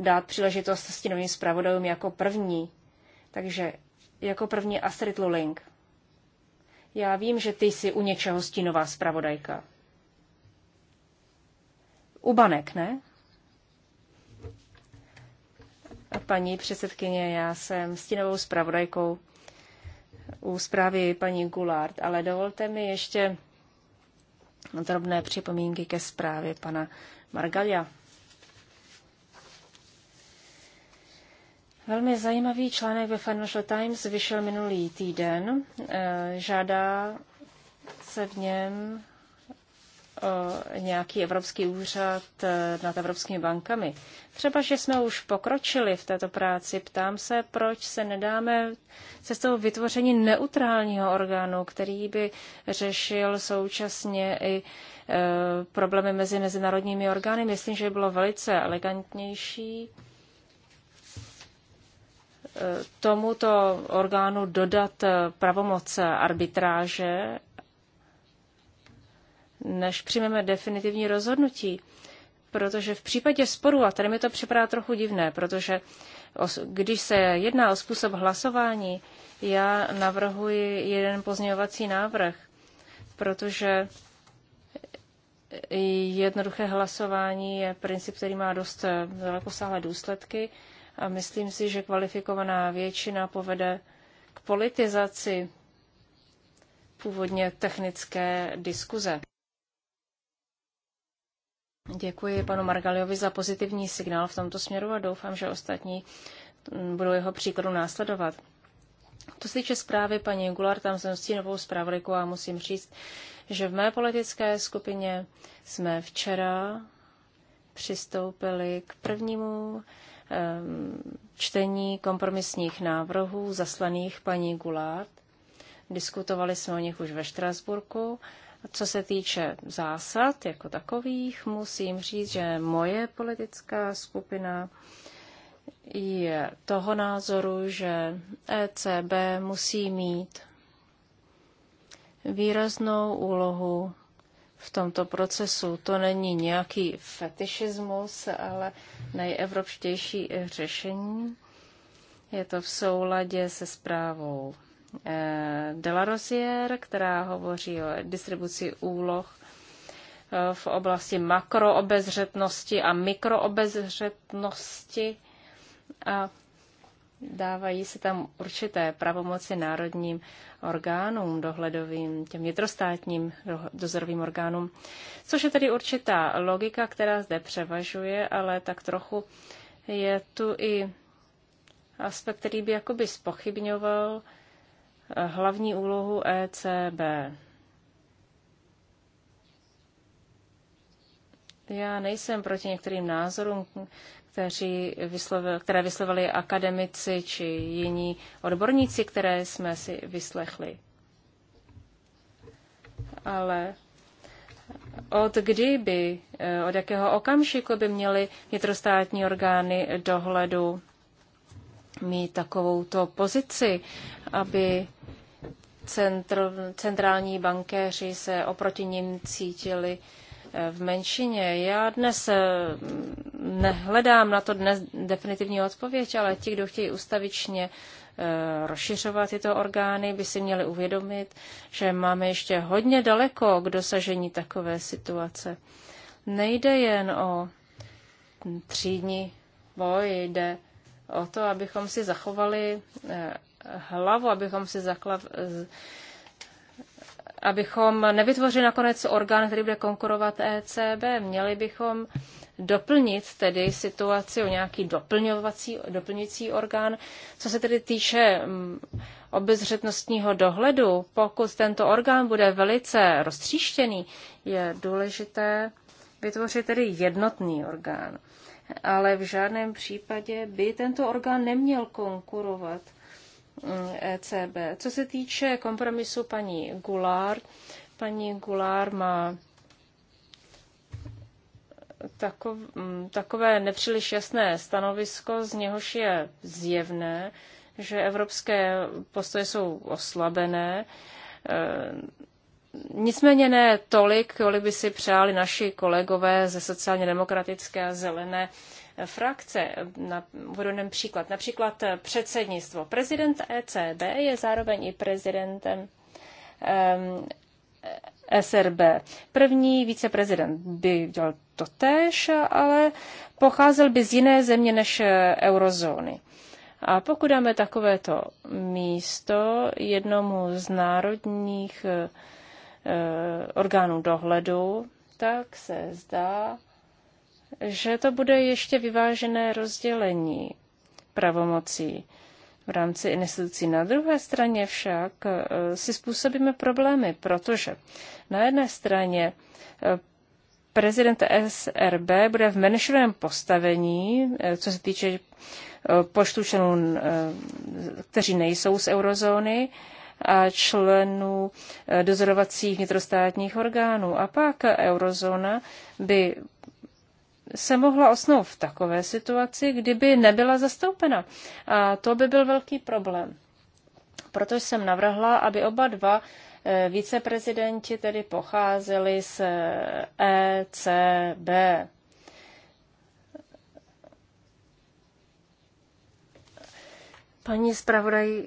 dát příležitost stínovým zpravodajům jako první. Takže jako první Astrid Luling. Já vím, že ty jsi u něčeho stínová zpravodajka. Ubanek, ne? paní předsedkyně. Já jsem stínovou zpravodajkou u zprávy paní Gulard, ale dovolte mi ještě drobné připomínky ke zprávě pana Margalia. Velmi zajímavý článek ve Financial Times vyšel minulý týden. Eh, žádá se v něm Eh, nějaký evropský úřad eh, nad evropskými bankami. Třeba, že jsme už pokročili v této práci, ptám se, proč se nedáme toho vytvoření neutrálního orgánu, který by řešil současně i e, problémy mezi mezinárodními orgány. Myslím, že by bylo velice elegantnější tomuto orgánu dodat pravomoc arbitráže než přijmeme definitivní rozhodnutí. Protože v případě sporu, a tady mi to připadá trochu divné, protože když se jedná o způsob hlasování, já navrhuji jeden pozměňovací návrh, protože jednoduché hlasování je princip, který má dost dalekosáhlé eh, důsledky a myslím si, že kvalifikovaná většina povede k politizaci původně technické diskuze. Děkuji panu Margaliovi za pozitivní signál v tomto směru a doufám, že ostatní budou jeho příkladu následovat. To se týče zprávy paní Gular, tam jsem s novou zpravodajku a musím říct, že v mé politické skupině jsme včera přistoupili k prvnímu ehm, čtení kompromisních návrhů zaslaných paní Gulát. Diskutovali jsme o nich už ve Štrasburku co se týče zásad jako takových, musím říct, že moje politická skupina je toho názoru, že ECB musí mít výraznou úlohu v tomto procesu. To není nějaký fetišismus, ale nejevropštější řešení. Je to v souladě se zprávou Eh, Delarosier, která hovoří o distribuci úloh eh, v oblasti makroobezřetnosti a mikroobezřetnosti a dávají se tam určité pravomoci národním orgánům dohledovým, těm vnitrostátním dozorovým orgánům, což je tedy určitá logika, která zde převažuje, ale tak trochu je tu i aspekt, který by jakoby spochybňoval hlavní úlohu ECB. Já nejsem proti některým názorům, kteří vyslovil, které vyslovili akademici či jiní odborníci, které jsme si vyslechli. Ale od kdy by, eh, od jakého okamžiku by měly vnitrostátní orgány dohledu mít takovouto pozici, aby centr, centrální bankéři se oproti ním cítili eh, v menšině. Já dnes eh, nehledám na to dnes definitivní odpověď, ale ti, kdo chtějí ustavičně eh, rozšiřovat tyto orgány, by si měli uvědomit, že máme ještě hodně daleko k dosažení takové situace. Nejde jen o třídní boj, jde o to, abychom si zachovali eh, hlavu, abychom si zaklav, eh, abychom nevytvořili nakonec orgán, který bude konkurovat ECB. Měli bychom doplnit tedy situaci o nějaký doplňovací, doplňující orgán. Co se tedy týče mm, obezřetnostního dohledu, pokud tento orgán bude velice roztříštěný, je důležité vytvořit tedy jednotný orgán ale v žádném případě by tento orgán neměl konkurovat mm, ECB. Co se týče kompromisu paní Gulár, paní Gulár má mm, takové nepříliš jasné stanovisko, z něhož je zjevné, že evropské postoje jsou oslabené Nicméně ne tolik, kolik by si přáli naši kolegové ze sociálně demokratické a zelené frakce. Na, uvedu příklad. Například předsednictvo. Prezident ECB je zároveň i prezidentem um, ehm, SRB. První viceprezident by dělal to tež, ale pocházel by z jiné země než eurozóny. A pokud dáme takovéto místo jednomu z národních uh, Eh, orgánů dohledu, tak se zdá, že to bude ještě vyvážené rozdělení pravomocí. V rámci institucí na druhé straně však eh, si způsobíme problémy, protože na jedné straně eh, prezident SRB bude v menšovém postavení, co se týče počtu členů, kteří nejsou z eurozóny, a členů e, dozorovacích vnitrostátních orgánů. A pak eurozóna by se mohla osnout v takové situaci, kdyby nebyla zastoupena. A to by byl velký problém. Proto jsem navrhla, aby oba dva e, viceprezidenti tedy pocházeli z ECB. E Paní zpravodaj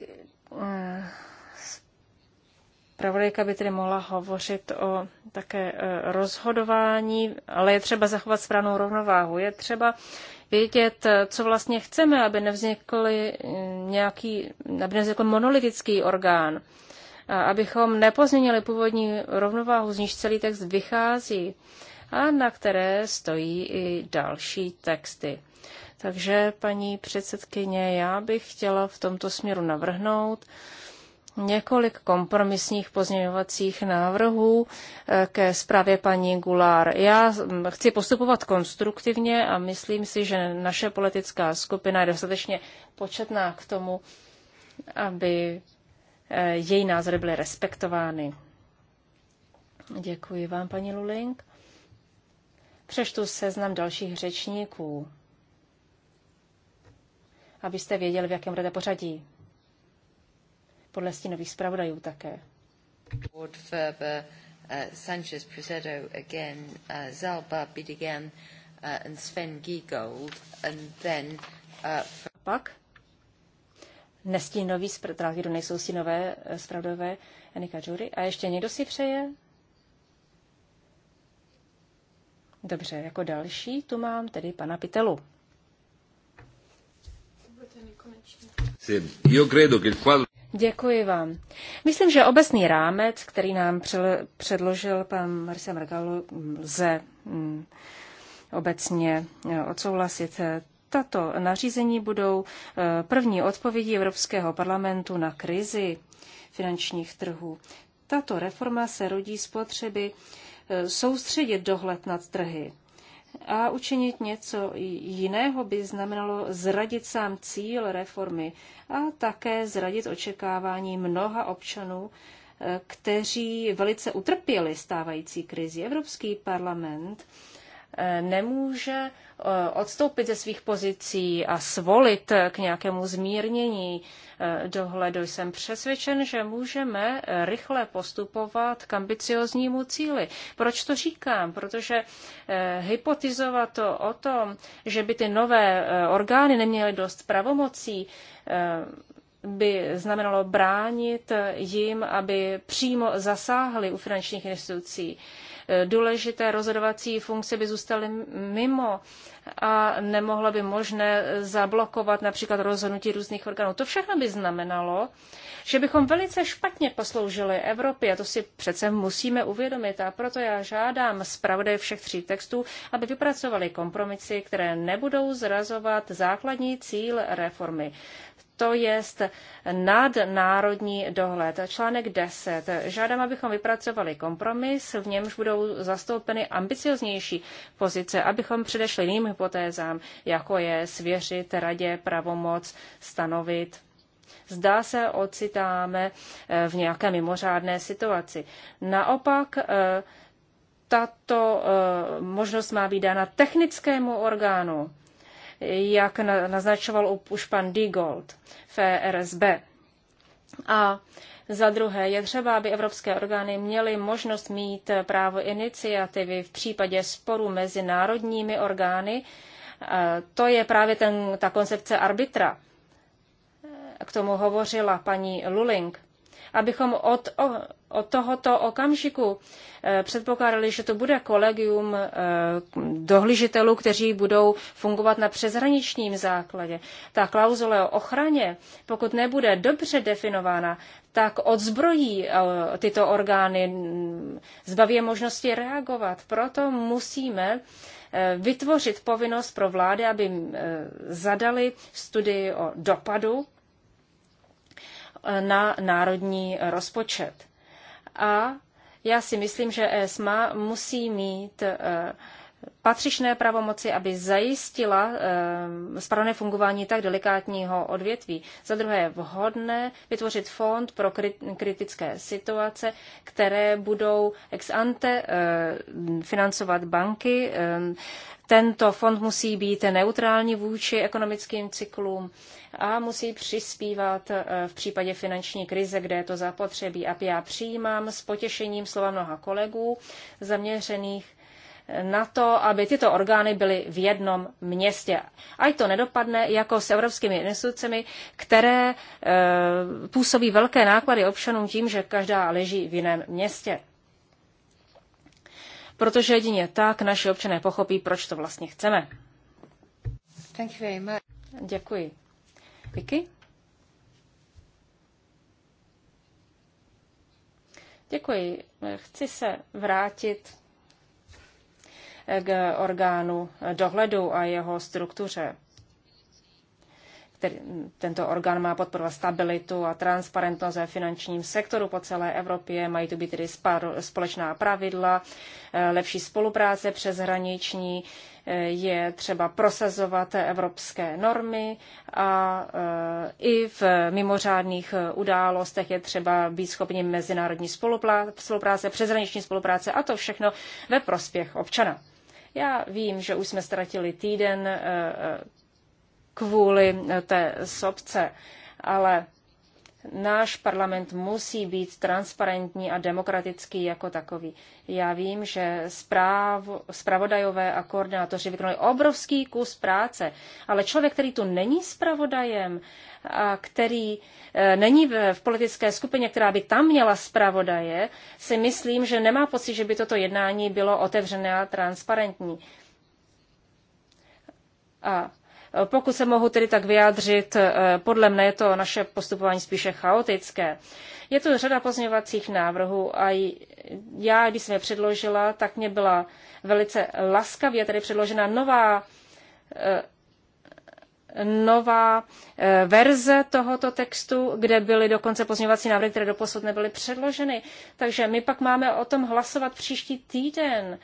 Pravodajka by tedy mohla hovořit o také e, rozhodování, ale je třeba zachovat správnou rovnováhu. Je třeba vědět, e, co vlastně chceme, aby nevznikl e, nějaký, aby nevznikl monolitický orgán. A abychom nepozměnili původní rovnováhu, z níž celý text vychází a na které stojí i další texty. Takže, paní předsedkyně, já bych chtěla v tomto směru navrhnout, několik kompromisních pozměňovacích návrhů eh, ke zprávě paní Gulár. Já mm, chci postupovat konstruktivně a myslím si, že naše politická skupina je dostatečně početná k tomu, aby eh, její názory byly respektovány. Děkuji vám, paní Luling. Přeštu seznam dalších řečníků, abyste věděli, v jakém budete pořadí podle stínových zpravodajů také. Ferber, uh, Sanchez uh, Zalba uh, Sven Giegold, pak nestínový, zpravodaj, kdo nejsou stínové, eh, zpravodajové, Enika Jury. A ještě někdo si přeje? Dobře, jako další tu mám tedy pana Pitelu. Děkuji vám. Myslím, že obecný rámec, který nám předložil pan Marcia Mrgalu, lze mm, obecně eh, odsouhlasit. Tato nařízení budou eh, první odpovědí Evropského parlamentu na krizi finančních trhů. Tato reforma se rodí z potřeby eh, soustředit dohled nad trhy a učinit něco jiného by znamenalo zradit sám cíl reformy a také zradit očekávání mnoha občanů, eh, kteří velice utrpěli stávající krizi. Evropský parlament Eh, nemůže eh, odstoupit ze svých pozicí a svolit k nějakému zmírnění eh, dohledu. Jsem přesvědčen, že můžeme rychle postupovat k ambicioznímu cíli. Proč to říkám? Protože hypotizovat to o tom, že by ty nové orgány neměly dost pravomocí, by znamenalo bránit jim, aby přímo zasáhli u finančních institucí důležité rozhodovací funkce by zůstaly mimo a nemohlo by možné zablokovat například rozhodnutí různých orgánů. To všechno by znamenalo, že bychom velice špatně posloužili Evropě a to si přece musíme uvědomit a proto já žádám zpravodaje všech tří textů, aby vypracovali kompromisy, které nebudou zrazovat základní cíl reformy to je nadnárodní dohled. Článek 10. Žádám, abychom vypracovali kompromis, v němž budou zastoupeny ambicioznější pozice, abychom předešli jiným hypotézám, jako je svěřit radě pravomoc stanovit Zdá se, ocitáme eh, v nějaké mimořádné situaci. Naopak, eh, tato eh, možnost má být dána technickému orgánu, jak naznačoval už pan Digold v RSB. A za druhé je třeba, aby evropské orgány měly možnost mít právo iniciativy v případě sporu mezi národními orgány. E, to je právě ten, ta koncepce arbitra. E, k tomu hovořila paní Luling abychom od, od tohoto okamžiku eh, předpokládali, že to bude kolegium eh, dohlížitelů, kteří budou fungovat na přezhraničním základě. Ta klauzule o ochraně, pokud nebude dobře definována, tak odzbrojí eh, tyto orgány, mm, zbaví je možnosti reagovat. Proto musíme vytvořit povinnost pro vlády, aby zadali studii o dopadu na národní rozpočet. A já si myslím, že ESMA musí mít patřičné pravomoci, aby zajistila eh, správné fungování tak delikátního odvětví. Za druhé je vhodné vytvořit fond pro kritické situace, které budou ex ante eh, financovat banky. Eh, tento fond musí být neutrální vůči ekonomickým cyklům a musí přispívat v případě finanční krize, kde je to zapotřebí. A já přijímám s potěšením slova mnoha kolegů zaměřených na to, aby tyto orgány byly v jednom městě. Ať to nedopadne jako s evropskými institucemi, které e, působí velké náklady občanům tím, že každá leží v jiném městě. Protože jedině tak naši občané pochopí, proč to vlastně chceme. Thank you very much. Děkuji. Vicky? Děkuji. Chci se vrátit k orgánu dohledu a jeho struktuře. Který, tento orgán má podporovat stabilitu a transparentnost ve finančním sektoru po celé Evropě. Mají tu být tedy společná pravidla, eh, lepší spolupráce přeshraniční, eh, je třeba prosazovat evropské normy a eh, i v mimořádných událostech je třeba být schopni mezinárodní spolupráce, přeshraniční spolupráce a to všechno ve prospěch občana. Já vím, že už jsme ztratili týden eh, eh, kvůli té sobce, ale náš parlament musí být transparentní a demokratický jako takový. Já vím, že zpráv, spravodajové a koordinátoři vykonali obrovský kus práce, ale člověk, který tu není spravodajem, a který e, není v, v politické skupině, která by tam měla spravodaje, si myslím, že nemá pocit, že by toto jednání bylo otevřené a transparentní. A pokud se mohu tedy tak vyjádřit, eh, podle mne je to naše postupování spíše chaotické. Je tu řada pozměňovacích návrhů a já, když jsem je předložila, tak mě byla velice laskavě tedy předložena nová eh, nová eh, verze tohoto textu, kde byly dokonce pozměňovací návrhy, které doposud nebyly předloženy. Takže my pak máme o tom hlasovat příští týden.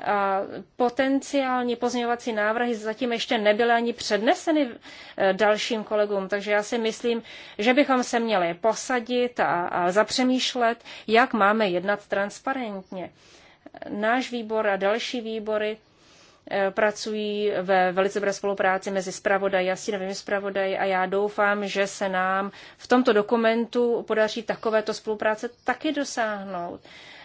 Potenciálně potenciální pozměňovací návrhy zatím ještě nebyly ani předneseny eh, dalším kolegům, takže já si myslím, že bychom se měli posadit a, a zapřemýšlet, jak máme jednat transparentně. Náš výbor a další výbory eh, pracují ve velice dobré spolupráci mezi zpravodaji a stínovými zpravodaji a já doufám, že se nám v tomto dokumentu podaří takovéto spolupráce taky dosáhnout.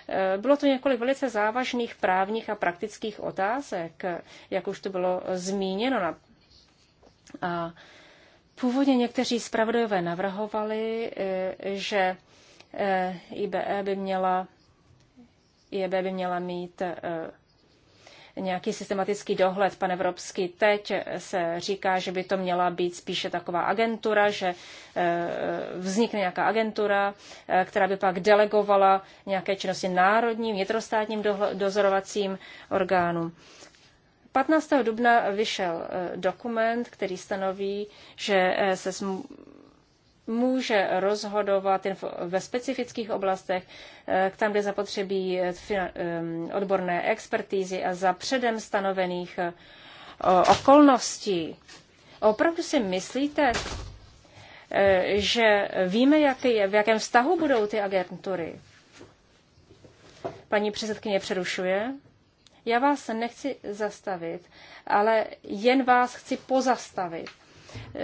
Eh, bylo to několik velice závažných právních a praktických otázek, jak už to bylo zmíněno. A původně někteří zpravodajové navrhovali, eh, že eh, IBE by měla, IBE by měla mít nějaký systematický dohled panevropský. Teď se říká, že by to měla být spíše taková agentura, že eh, vznikne nějaká agentura, eh, která by pak delegovala nějaké činnosti národním, vnitrostátním dozorovacím orgánům. 15. dubna vyšel eh, dokument, který stanoví, že se může rozhodovat ve specifických oblastech, eh, tam, kde zapotřebí eh, ehm, odborné expertízy a za předem stanovených eh, okolností. Opravdu si myslíte, že víme, jaký, v jakém vztahu budou ty agentury? Paní předsedkyně přerušuje. Já vás nechci zastavit, ale jen vás chci pozastavit.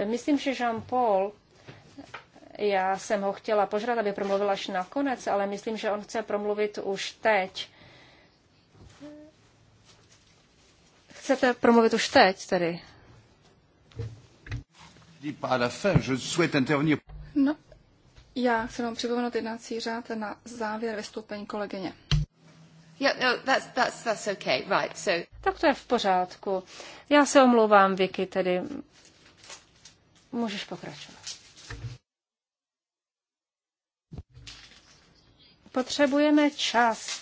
Myslím, že Jean-Paul já jsem ho chtěla požádat, aby promluvil až nakonec, ale myslím, že on chce promluvit už teď. Chcete promluvit už teď tedy? No, já chci vám připomenout jednací řád na závěr vystoupení kolegyně. Yeah, no, that's, that's, that's okay. right, so... Tak to je v pořádku. Já se omlouvám, Vicky, tedy můžeš pokračovat. Potřebujeme čas,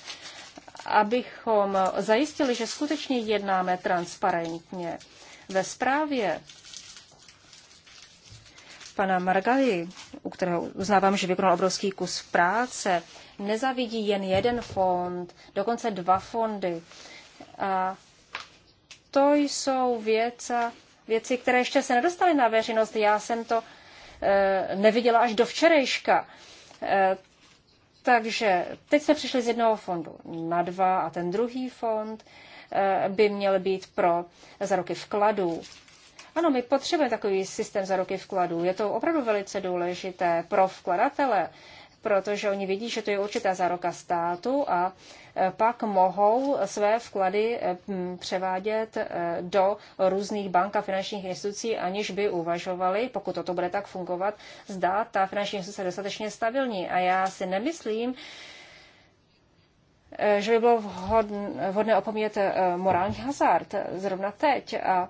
abychom zajistili, že skutečně jednáme transparentně. Ve zprávě pana Margali, u kterého uznávám, že vykonal obrovský kus práce, nezavidí jen jeden fond, dokonce dva fondy. A to jsou věce, věci, které ještě se nedostaly na veřejnost. Já jsem to e, neviděla až do včerejška. E, takže teď jsme přišli z jednoho fondu na dva a ten druhý fond eh, by měl být pro roky vkladů. Ano, my potřebujeme takový systém roky vkladů. Je to opravdu velice důležité pro vkladatele, protože oni vidí, že to je určitá zároka státu a e, pak mohou své vklady e, převádět e, do různých bank a finančních institucí, aniž by uvažovali, pokud toto bude tak fungovat, zda ta finanční instituce je dostatečně stabilní. A já si nemyslím, že by bylo vhodné opomíjet morální hazard zrovna teď. A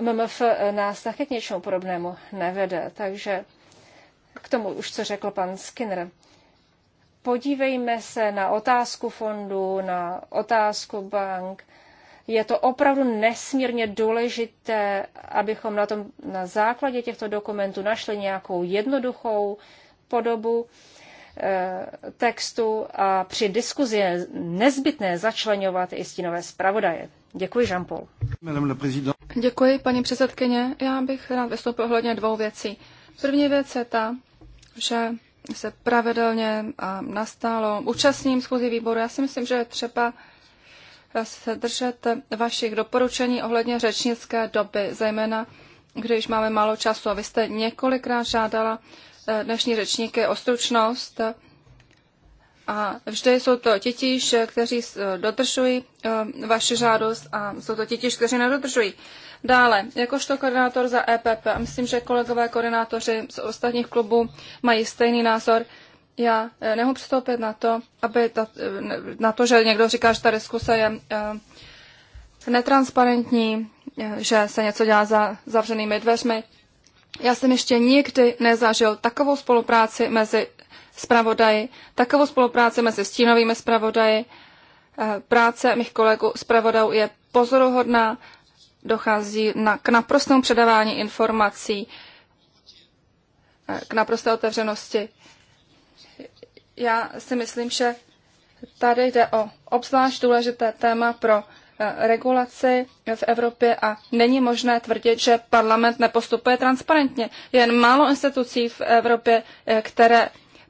MMF nás také k něčemu podobnému nevede. Takže k tomu už, co řekl pan Skinner. Podívejme se na otázku fondů, na otázku bank. Je to opravdu nesmírně důležité, abychom na, tom, na základě těchto dokumentů našli nějakou jednoduchou podobu eh, textu a při diskuzi je nezbytné začlenovat i stínové zpravodaje. Děkuji, Jean-Paul. Děkuji, paní předsedkyně. Já bych rád vystoupil hledně dvou věcí. První věc je ta, že se pravidelně a nastálo účastním schůzí výboru. Já si myslím, že je třeba eh, se držet vašich doporučení ohledně řečnické doby, zejména když máme málo času. A vy jste několikrát žádala eh, dnešní řečníky o stručnost a vždy jsou to tětiž, kteří eh, dodržují eh, vaši žádost a jsou to tětiž, kteří nedodržují. Dále, jakožto koordinátor za EPP, a myslím, že kolegové koordinátoři z ostatních klubů mají stejný názor, já eh, nemohu přistoupit na to, aby ta, na to, že někdo říká, že ta diskuse je netransparentní, že se něco dělá za zavřenými dveřmi. Já jsem ještě nikdy nezažil takovou spolupráci mezi zpravodaji, takovou spolupráci mezi stínovými zpravodaji. Eh, práce mých kolegů zpravodajů je pozoruhodná, dochází na, k naprostému předávání informací, eh, k naprosté otevřenosti. Já si myslím, že tady jde o obzvlášť důležité téma pro eh, regulaci v Evropě a není možné tvrdit, že parlament nepostupuje transparentně. Jen málo institucí v Evropě, které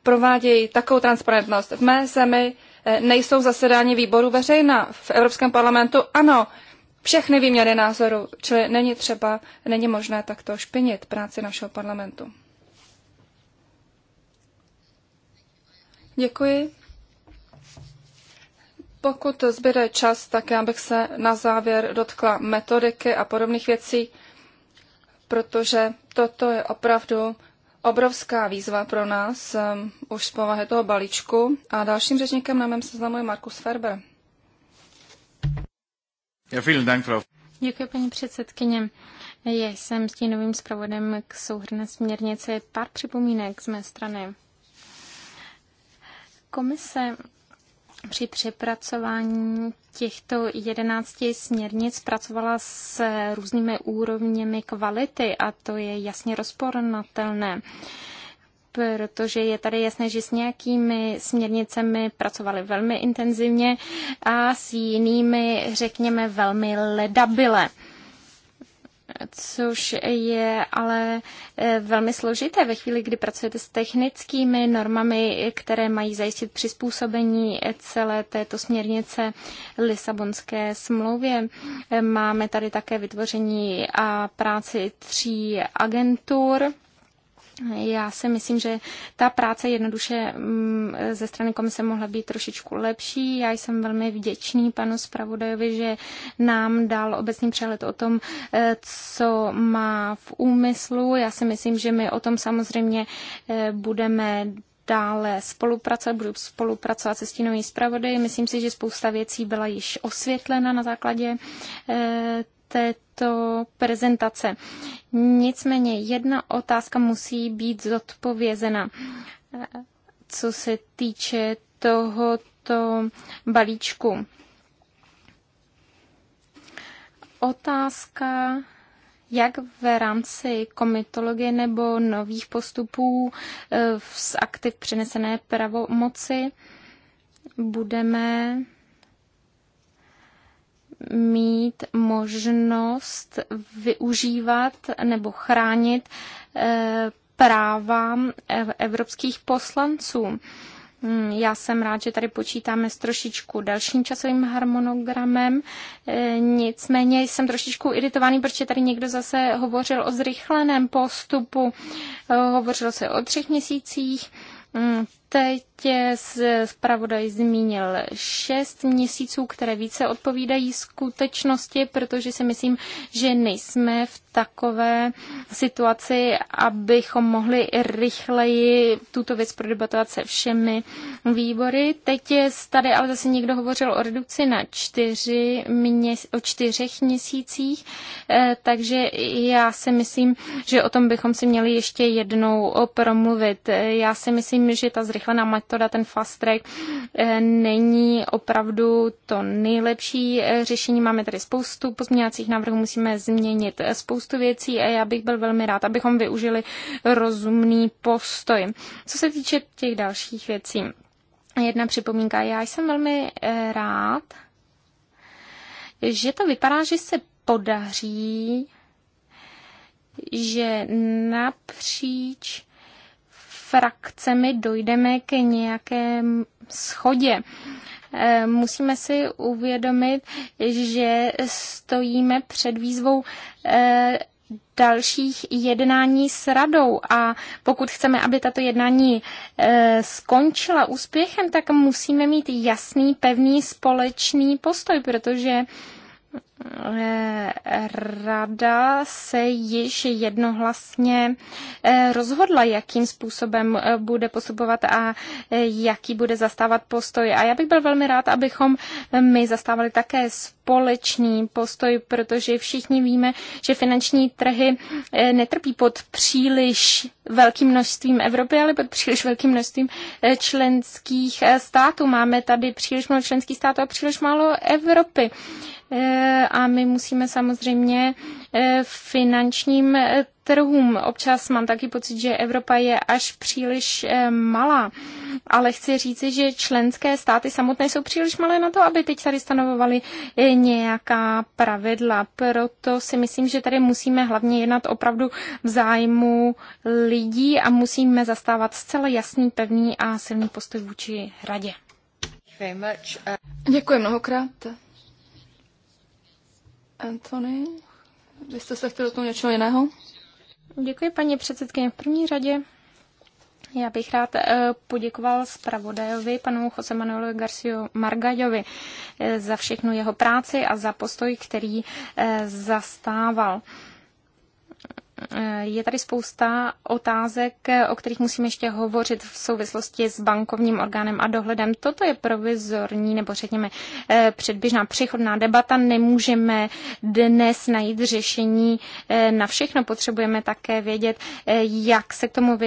provádějí takovou transparentnost. V mé zemi eh, nejsou zasedání výboru veřejná. V Evropském parlamentu ano, všechny výměny názoru, čili není třeba, není možné takto špinit práci našeho parlamentu. Děkuji. Pokud zbyde čas, tak já bych se na závěr dotkla metodiky a podobných věcí, protože toto je opravdu obrovská výzva pro nás um, už z povahy toho balíčku. A dalším řečníkem na mém seznamu je Markus Ferber. Ja, Dank, Frau. Děkuji, paní předsedkyně. Já jsem novým zpravodem k souhrné směrnice. Pár připomínek z mé strany. Komise při přepracování těchto jedenácti směrnic pracovala s různými úrovněmi kvality a to je jasně rozpornatelné protože je tady jasné, že s nějakými směrnicemi pracovali velmi intenzivně a s jinými, řekněme, velmi ledabile což je ale eh, velmi složité ve chvíli, kdy pracujete s technickými normami, které mají zajistit přizpůsobení celé této směrnice Lisabonské smlouvě. Eh, máme tady také vytvoření a práci tří agentur já si myslím, že ta práce jednoduše mm, ze strany komise mohla být trošičku lepší. Já jsem velmi vděčný panu zpravodajovi, že nám dal obecný přehled o tom, eh, co má v úmyslu. Já si myslím, že my o tom samozřejmě eh, budeme dále spolupracovat, budu spolupracovat se stínovým zpravodajem. Myslím si, že spousta věcí byla již osvětlena na základě eh, této prezentace. Nicméně jedna otázka musí být zodpovězena, co se týče tohoto balíčku. Otázka jak v rámci komitologie nebo nových postupů eh, z aktiv přenesené pravomoci budeme mít možnost využívat nebo chránit eh, práva eh, evropských poslanců. Hmm, já jsem rád, že tady počítáme s trošičku dalším časovým harmonogramem. Eh, nicméně jsem trošičku iritovaný, protože tady někdo zase hovořil o zrychleném postupu. Hovořilo se o třech měsících. Hmm, Teď zpravodaj zmínil šest měsíců, které více odpovídají skutečnosti, protože si myslím, že nejsme v takové situaci, abychom mohli rychleji tuto věc prodebatovat se všemi výbory. Teď je tady ale zase někdo hovořil o redukci na čtyři měs- o čtyřech měsících, eh, takže já si myslím, že o tom bychom si měli ještě jednou promluvit. Eh, já si myslím, že ta zrychlení na metoda, ten fast track, eh, není opravdu to nejlepší eh, řešení. Máme tady spoustu pozměňovacích návrhů, musíme změnit eh, spoustu věcí a já bych byl velmi rád, abychom využili rozumný postoj. Co se týče těch dalších věcí, jedna připomínka. Já jsem velmi rád, že to vypadá, že se podaří, že napříč frakcemi dojdeme k nějaké schodě. Eh, musíme si uvědomit, že stojíme před výzvou eh, dalších jednání s radou a pokud chceme, aby tato jednání eh, skončila úspěchem, tak musíme mít jasný, pevný společný postoj, protože Eh, rada se již jednohlasně eh, rozhodla, jakým způsobem eh, bude postupovat a jaký bude zastávat postoj. A já bych byl velmi rád, abychom my zastávali také společný postoj, protože všichni víme, že finanční trhy netrpí pod příliš velkým množstvím Evropy, ale pod příliš velkým množstvím členských států. Máme tady příliš mnoho členských států a příliš málo Evropy. A a my musíme samozřejmě eh, finančním eh, trhům. Občas mám taky pocit, že Evropa je až příliš eh, malá, ale chci říci, že členské státy samotné jsou příliš malé na to, aby teď tady stanovovaly nějaká pravidla. Proto si myslím, že tady musíme hlavně jednat opravdu v zájmu lidí a musíme zastávat zcela jasný, pevný a silný postoj vůči radě. Děkuji mnohokrát. Anthony, vy jste se chtěl toho něčeho jiného? Děkuji, paní předsedkyně. V první řadě já bych rád eh, poděkoval zpravodajovi, panu Jose Manuelu Garciu Margaďovi, eh, za všechnu jeho práci a za postoj, který eh, zastával. Eh, je tady spousta otázek, o kterých musíme ještě hovořit v souvislosti s bankovním orgánem a dohledem. Toto je provizorní nebo řekněme eh, předběžná přechodná debata. Nemůžeme dnes najít řešení eh, na všechno. Potřebujeme také vědět, jak se k tomu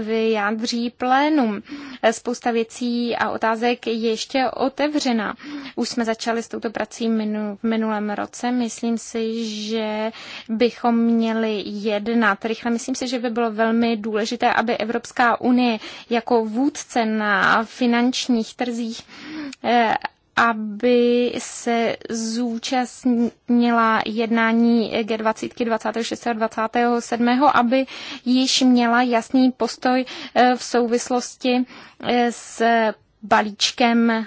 vyjádří plénum. Spousta věcí a otázek je ještě otevřena. Už jsme začali s touto prací v minulém roce. Myslím si, že bychom měli je jednat rychle. Myslím si, že by bylo velmi důležité, aby Evropská unie jako vůdce na finančních trzích eh, aby se zúčastnila jednání G20 26. a 27. aby již měla jasný postoj eh, v souvislosti eh, s balíčkem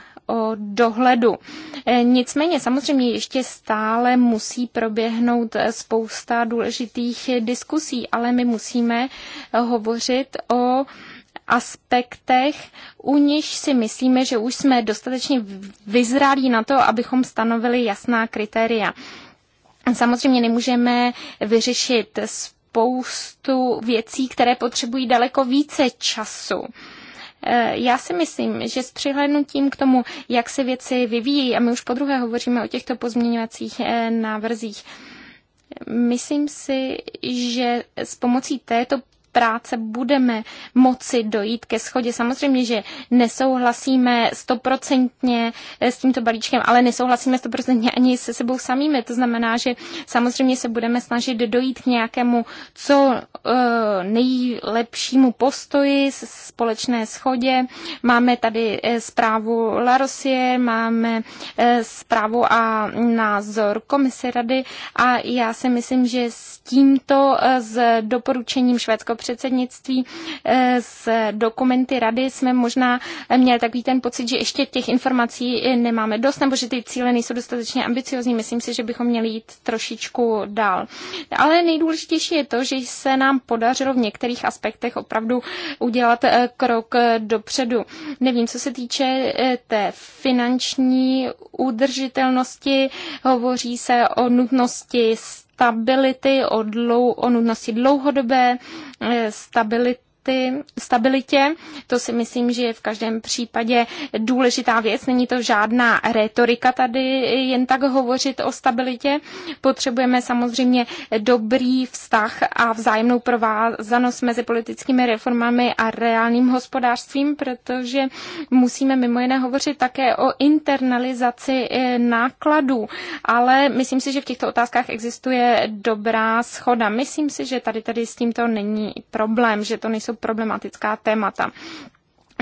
dohledu. E, nicméně samozřejmě ještě stále musí proběhnout spousta důležitých diskusí, ale my musíme hovořit o aspektech, u nich si myslíme, že už jsme dostatečně vyzrálí na to, abychom stanovili jasná kritéria. Samozřejmě nemůžeme vyřešit spoustu věcí, které potřebují daleko více času. Eh, já si myslím, že s přihlednutím k tomu, jak se věci vyvíjí, a my už po druhé hovoříme o těchto pozměňovacích eh, návrzích, Myslím si, že s pomocí této práce budeme moci dojít ke schodě. Samozřejmě, že nesouhlasíme stoprocentně s tímto balíčkem, ale nesouhlasíme stoprocentně ani se sebou samými. To znamená, že samozřejmě se budeme snažit dojít k nějakému co eh, nejlepšímu postoji, společné schodě. Máme tady eh, zprávu Larosie, máme eh, zprávu a názor komise rady a já si myslím, že s tímto s doporučením Švédsko předsednictví eh, s dokumenty rady jsme možná měli takový ten pocit, že ještě těch informací eh, nemáme dost, nebo že ty cíle nejsou dostatečně ambiciozní. Myslím si, že bychom měli jít trošičku dál. Ale nejdůležitější je to, že se nám podařilo v některých aspektech opravdu udělat eh, krok dopředu. Nevím, co se týče té finanční udržitelnosti, hovoří se o nutnosti stability, o, dlou, o nutnosti dlouhodobé eh, stability stability, stabilitě. To si myslím, že je v každém případě důležitá věc. Není to žádná retorika tady jen tak hovořit o stabilitě. Potřebujeme samozřejmě dobrý vztah a vzájemnou provázanost mezi politickými reformami a reálným hospodářstvím, protože musíme mimo jiné hovořit také o internalizaci eh, nákladů, ale myslím si, že v těchto otázkách existuje dobrá schoda. Myslím si, že tady tady s tímto není problém, že to nejsou problematická témata.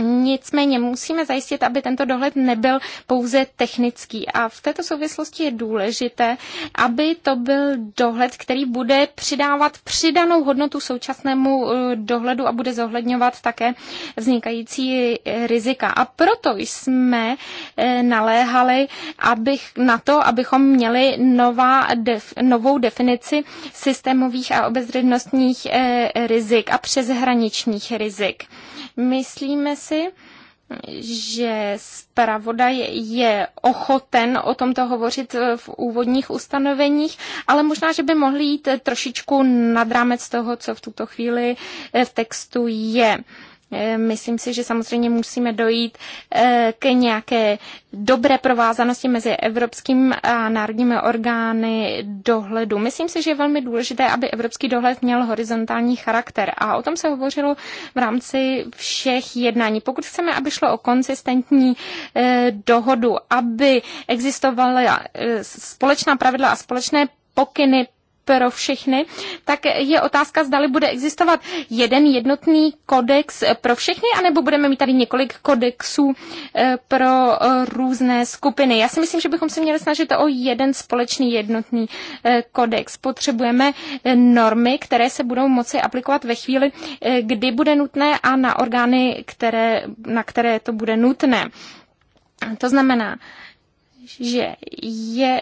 Nicméně musíme zajistit, aby tento dohled nebyl pouze technický. A v této souvislosti je důležité, aby to byl dohled, který bude přidávat přidanou hodnotu současnému eh, dohledu a bude zohledňovat také vznikající rizika. A proto jsme eh, naléhali abych, na to, abychom měli nová, def, novou definici systémových a obezřednostních eh, rizik a přeshraničních rizik. Myslíme si, že zpravodaj je ochoten o tomto hovořit eh, v úvodních ustanoveních, ale možná, že by mohli jít trošičku nad rámec toho, co v tuto chvíli eh, v textu je. Eh, myslím si, že samozřejmě musíme dojít eh, k nějaké dobré provázanosti mezi evropským a národními orgány dohledu. Myslím si, že je velmi důležité, aby evropský dohled měl horizontální charakter a o tom se hovořilo v rámci všech jednání. Pokud chceme, aby šlo o konsistentní eh, dohodu, aby existovala společná pravidla a společné pokyny pro všechny, tak je otázka, zdali bude existovat jeden jednotný kodex pro všechny, anebo budeme mít tady několik kodexů eh, pro eh, různé skupiny. Já si myslím, že bychom se měli snažit o jeden společný jednotný eh, kodex. Potřebujeme normy, které se budou moci aplikovat ve chvíli, kdy bude nutné a na orgány, které, na které to bude nutné. To znamená, že je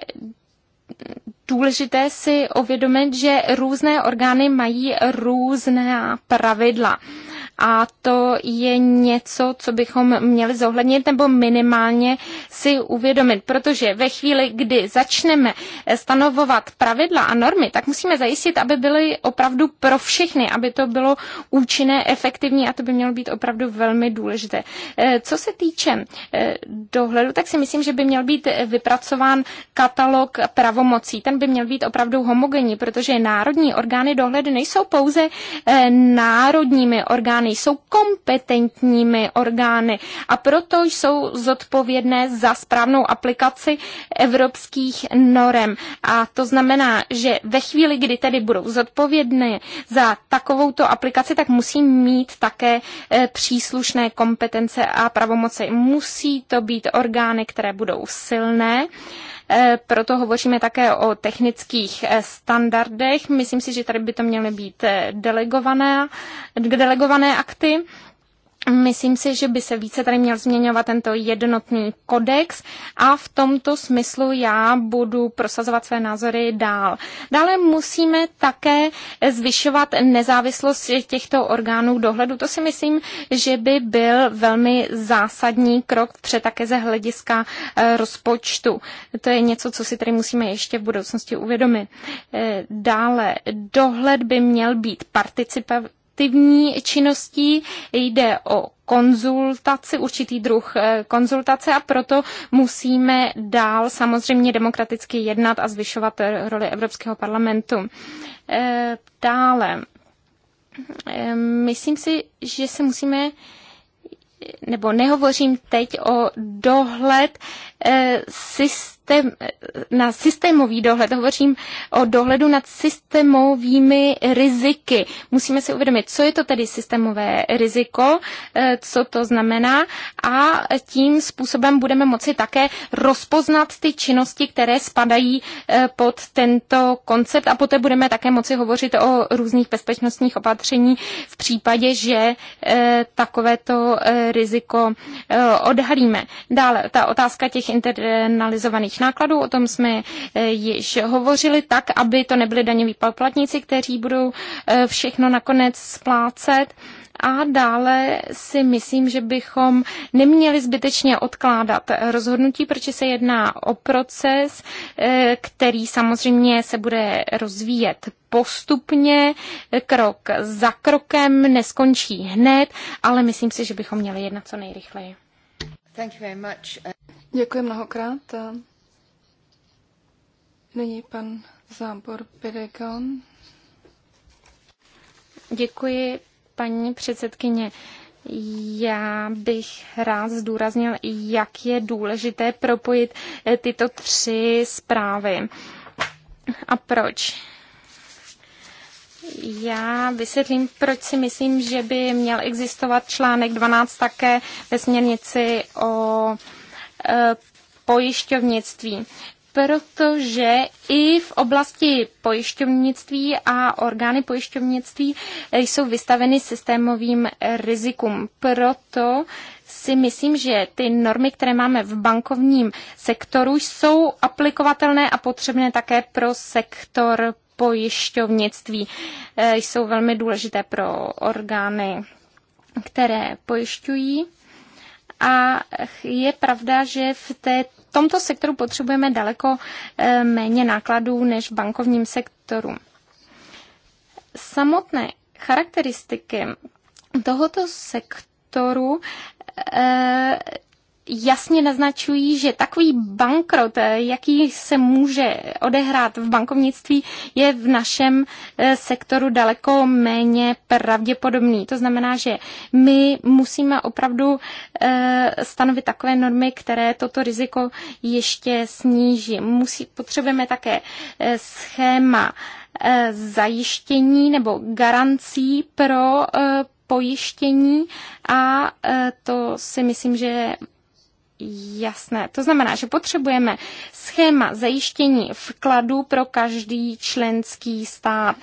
důležité si uvědomit, že různé orgány mají různá pravidla. Uh, a to je něco, co bychom měli zohlednit nebo minimálně si uvědomit, protože ve chvíli, kdy začneme stanovovat pravidla a normy, tak musíme zajistit, aby byly opravdu pro všechny, aby to bylo účinné, efektivní a to by mělo být opravdu velmi důležité. Eh, co se týče eh, dohledu, tak si myslím, že by měl být vypracován katalog pravomocí. Ten by měl být opravdu homogenní, protože národní orgány dohledu nejsou pouze eh, národními orgány orgány jsou kompetentními orgány a proto jsou zodpovědné za správnou aplikaci evropských norem. A to znamená, že ve chvíli, kdy tedy budou zodpovědné za takovouto aplikaci, tak musí mít také e, příslušné kompetence a pravomoci. Musí to být orgány, které budou silné Eh, proto hovoříme také o technických eh, standardech. Myslím si, že tady by to měly být eh, delegované, delegované akty. Myslím si, že by se více tady měl změňovat tento jednotný kodex a v tomto smyslu já budu prosazovat své názory dál. Dále musíme také zvyšovat nezávislost těchto orgánů dohledu. To si myslím, že by byl velmi zásadní krok před také ze hlediska eh, rozpočtu. To je něco, co si tady musíme ještě v budoucnosti uvědomit. Eh, dále dohled by měl být participativní aktivní činností, jde o konzultaci, určitý druh eh, konzultace a proto musíme dál samozřejmě demokraticky jednat a zvyšovat eh, roli Evropského parlamentu. Eh, dále, myslím si, že se musíme nebo nehovořím teď o dohled systému, systém, na systémový dohled. Hovořím o dohledu nad systémovými riziky. Musíme si uvědomit, co je to tedy systémové riziko, eh, co to znamená a tím způsobem budeme moci také rozpoznat ty činnosti, které spadají eh, pod tento koncept a poté budeme také moci hovořit o různých bezpečnostních opatření v případě, že eh, takovéto riziko odhalíme. Dále ta otázka těch internalizovaných daňových nákladů, o tom jsme eh, již hovořili, tak, aby to nebyli daňoví poplatníci, kteří budou eh, všechno nakonec splácet. A dále si myslím, že bychom neměli zbytečně odkládat rozhodnutí, protože se jedná o proces, eh, který samozřejmě se bude rozvíjet postupně, krok za krokem, neskončí hned, ale myslím si, že bychom měli jednat co nejrychleji. Děkuji mnohokrát. Nyní pan Zábor Pidegon. Děkuji, paní předsedkyně. Já bych rád zdůraznil, jak je důležité propojit eh, tyto tři zprávy. A proč? Já vysvětlím, proč si myslím, že by měl existovat článek 12 také ve směrnici o eh, pojišťovnictví protože i v oblasti pojišťovnictví a orgány pojišťovnictví jsou vystaveny systémovým rizikům. Proto si myslím, že ty normy, které máme v bankovním sektoru, jsou aplikovatelné a potřebné také pro sektor pojišťovnictví. E, jsou velmi důležité pro orgány, které pojišťují. A je pravda, že v této tomto sektoru potřebujeme daleko eh, méně nákladů než v bankovním sektoru. Samotné charakteristiky tohoto sektoru eh, jasně naznačují, že takový bankrot, eh, jaký se může odehrát v bankovnictví, je v našem eh, sektoru daleko méně pravděpodobný. To znamená, že my musíme opravdu eh, stanovit takové normy, které toto riziko ještě sníží. Musí, potřebujeme také schéma zajištění nebo garancí pro pojištění a to si myslím, že je jasné. To znamená, že potřebujeme schéma zajištění vkladů pro každý členský stát.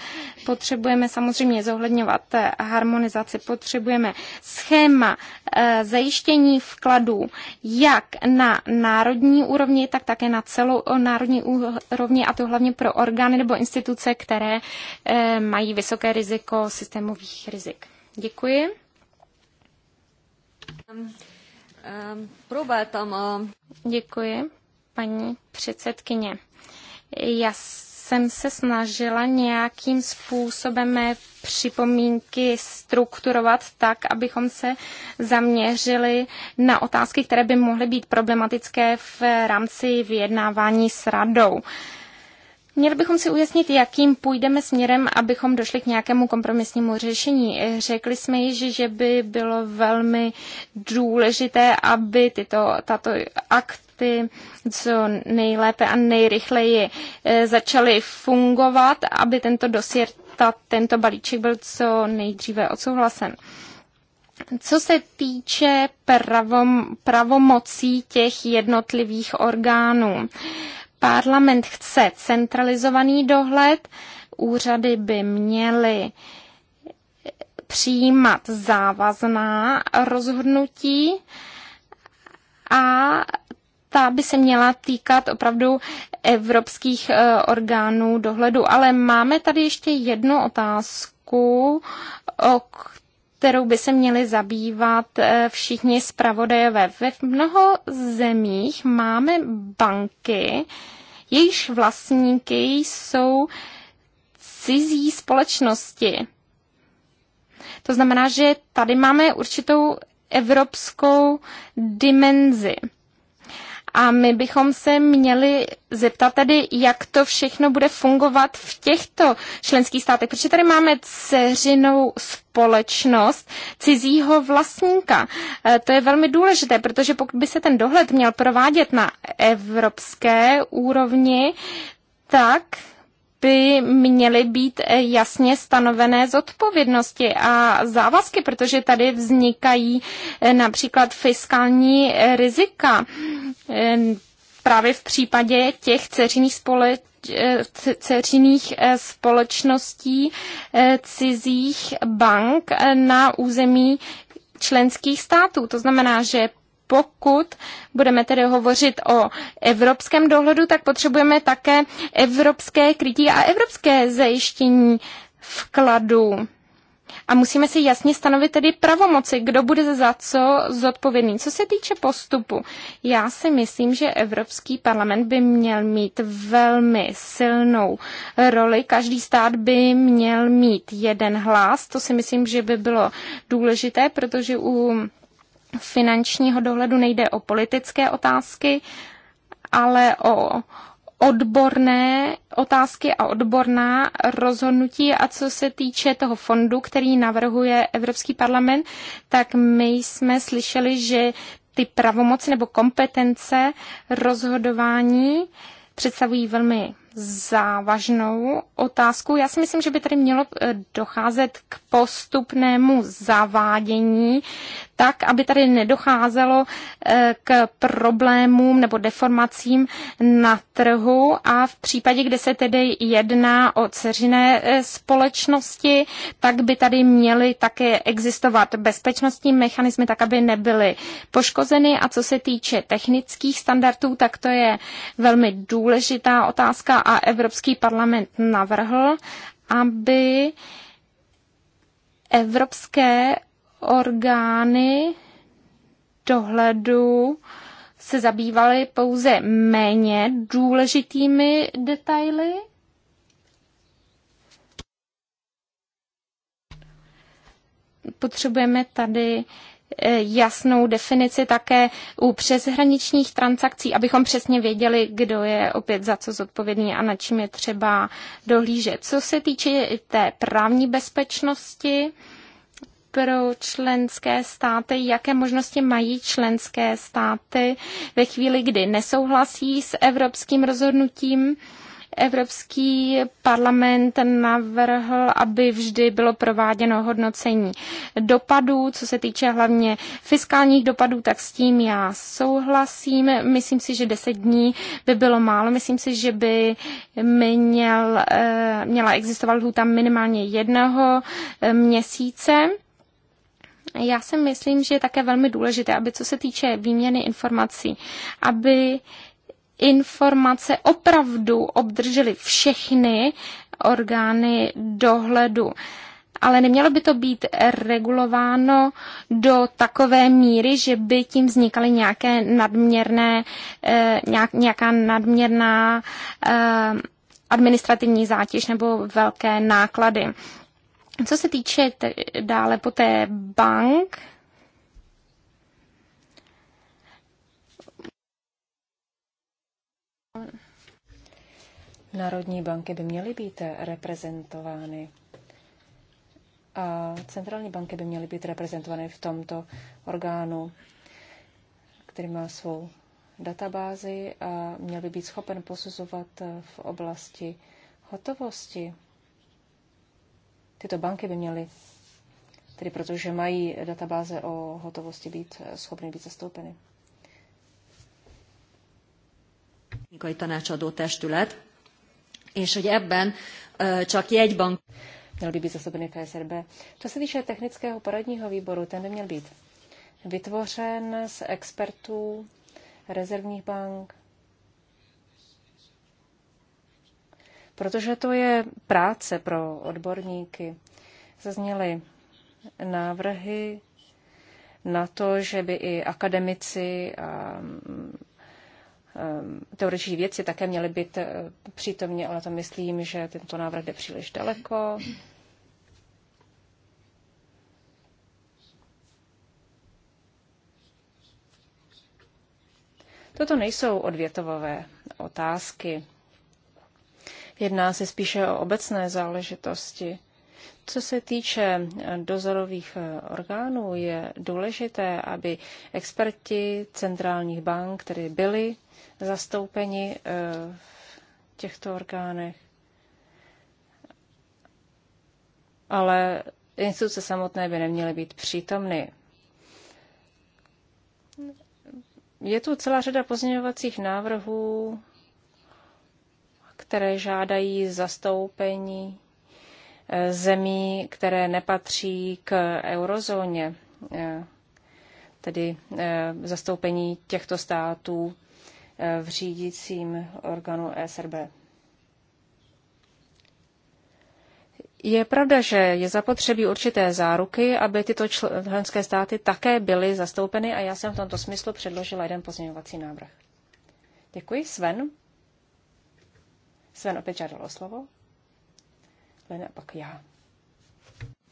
Potřebujeme samozřejmě zohledňovat eh, harmonizaci, potřebujeme schéma eh, zajištění vkladů jak na národní úrovni, tak také na celou národní úrovni a to hlavně pro orgány nebo instituce, které eh, mají vysoké riziko systémových rizik. Děkuji. Um, Ehm, Děkuji, paní předsedkyně. Já jsem se snažila nějakým způsobem mé připomínky strukturovat tak, abychom se zaměřili na otázky, které by mohly být problematické v rámci vyjednávání s radou. Uh, Měli bychom si ujasnit, jakým půjdeme směrem, abychom došli k nějakému kompromisnímu řešení. Řekli jsme již, že by bylo velmi důležité, aby tyto, tato akty co nejlépe a nejrychleji eh, začaly fungovat, aby tento dosier, ta, tento balíček byl co nejdříve odsouhlasen. Co se týče pravom, pravomocí těch jednotlivých orgánů, eh, Parlament chce centralizovaný dohled, úřady by měly přijímat závazná rozhodnutí a ta by se měla týkat opravdu evropských e, orgánů dohledu. Ale máme tady ještě jednu otázku, o kterou by se měli zabývat eh, všichni zpravodajové. Ve mnoho zemích máme banky, jejíž vlastníky jsou cizí společnosti. To znamená, že tady máme určitou evropskou dimenzi. A my bychom se měli zeptat tedy, jak to všechno bude fungovat v těchto členských státech, protože tady máme ceřinou společnost cizího vlastníka. E, to je velmi důležité, protože pokud by se ten dohled měl provádět na evropské úrovni, tak by měly být eh, jasně stanovené zodpovědnosti a závazky, protože tady vznikají eh, například fiskální eh, rizika ehm, právě v případě těch ceřiných společností ceřiných společností cizích bank na území členských států. To znamená, že pokud budeme tedy hovořit o evropském dohledu, tak potřebujeme také evropské krytí a evropské zajištění vkladů. A musíme si jasně stanovit tedy pravomoci, kdo bude za co zodpovědný. Co se týče postupu, já si myslím, že Evropský parlament by měl mít velmi silnou roli. Každý stát by měl mít jeden hlas. To si myslím, že by bylo důležité, protože u finančního dohledu nejde o politické otázky, ale o odborné otázky a odborná rozhodnutí. A co se týče toho fondu, který navrhuje Evropský parlament, tak my jsme slyšeli, že ty pravomoci nebo kompetence rozhodování představují velmi závažnou otázku. Já si myslím, že by tady mělo eh, docházet k postupnému zavádění, tak, aby tady nedocházelo eh, k problémům nebo deformacím na trhu a v případě, kde se tedy jedná o ceřiné eh, společnosti, tak by tady měly také existovat bezpečnostní mechanismy, tak aby nebyly poškozeny. A co se týče technických standardů, tak to je velmi důležitá otázka a Evropský parlament navrhl, aby evropské orgány dohledu se zabývaly pouze méně důležitými detaily. Potřebujeme tady Eh, jasnou definici také u přeshraničních transakcí, abychom přesně věděli, kdo je opět za co zodpovědný a na čím je třeba dohlížet. Co se týče té právní bezpečnosti, pro členské státy, jaké možnosti mají členské státy ve chvíli, kdy nesouhlasí s evropským rozhodnutím Evropský parlament navrhl, aby vždy bylo prováděno hodnocení dopadů, co se týče hlavně fiskálních dopadů, tak s tím já souhlasím. Myslím si, že 10 dní by bylo málo. Myslím si, že by měl, eh, měla existovat lhůta minimálně jednoho eh, měsíce. Já si myslím, že je také velmi důležité, aby co se týče výměny informací, aby informace opravdu obdržely všechny orgány dohledu ale nemělo by to být regulováno do takové míry, že by tím vznikaly nějaké nadměrné, eh, nějaká nadměrná eh, administrativní zátěž nebo velké náklady. Co se týče dále poté bank, Národní banky by měly být reprezentovány a centrální banky by měly být reprezentovány v tomto orgánu, který má svou databázi a měl by být schopen posuzovat v oblasti hotovosti. Tyto banky by měly, tedy protože mají databáze o hotovosti, být schopny být zastoupeny. technikai tanácsadó testület, és hogy ebben csak jegybank... Měl by být zasobený KSRB. Co se týče technického poradního výboru, ten by měl být vytvořen z expertů rezervních bank, protože to je práce pro odborníky. Zazněly návrhy na to, že by i akademici a Ehm, teoretičtí věci také měly být eh, přítomně, ale to myslím, že tento návrh jde příliš daleko. Toto nejsou odvětovové otázky. Jedná se spíše o obecné záležitosti. Co se týče eh, dozorových eh, orgánů, je důležité, aby experti centrálních bank, které byli zastoupeni eh, v těchto orgánech. Ale instituce samotné by neměly být přítomny. Je tu celá řada pozměňovacích návrhů, které žádají zastoupení eh, zemí, které nepatří k eurozóně, eh, tedy zastoupení těchto států v řídícím orgánu ESRB. Je pravda, že je zapotřebí určité záruky, aby tyto členské státy také byly zastoupeny a já jsem v tomto smyslu předložila jeden pozměňovací návrh. Děkuji. Sven? Sven opět žádal o slovo. Lena, pak já.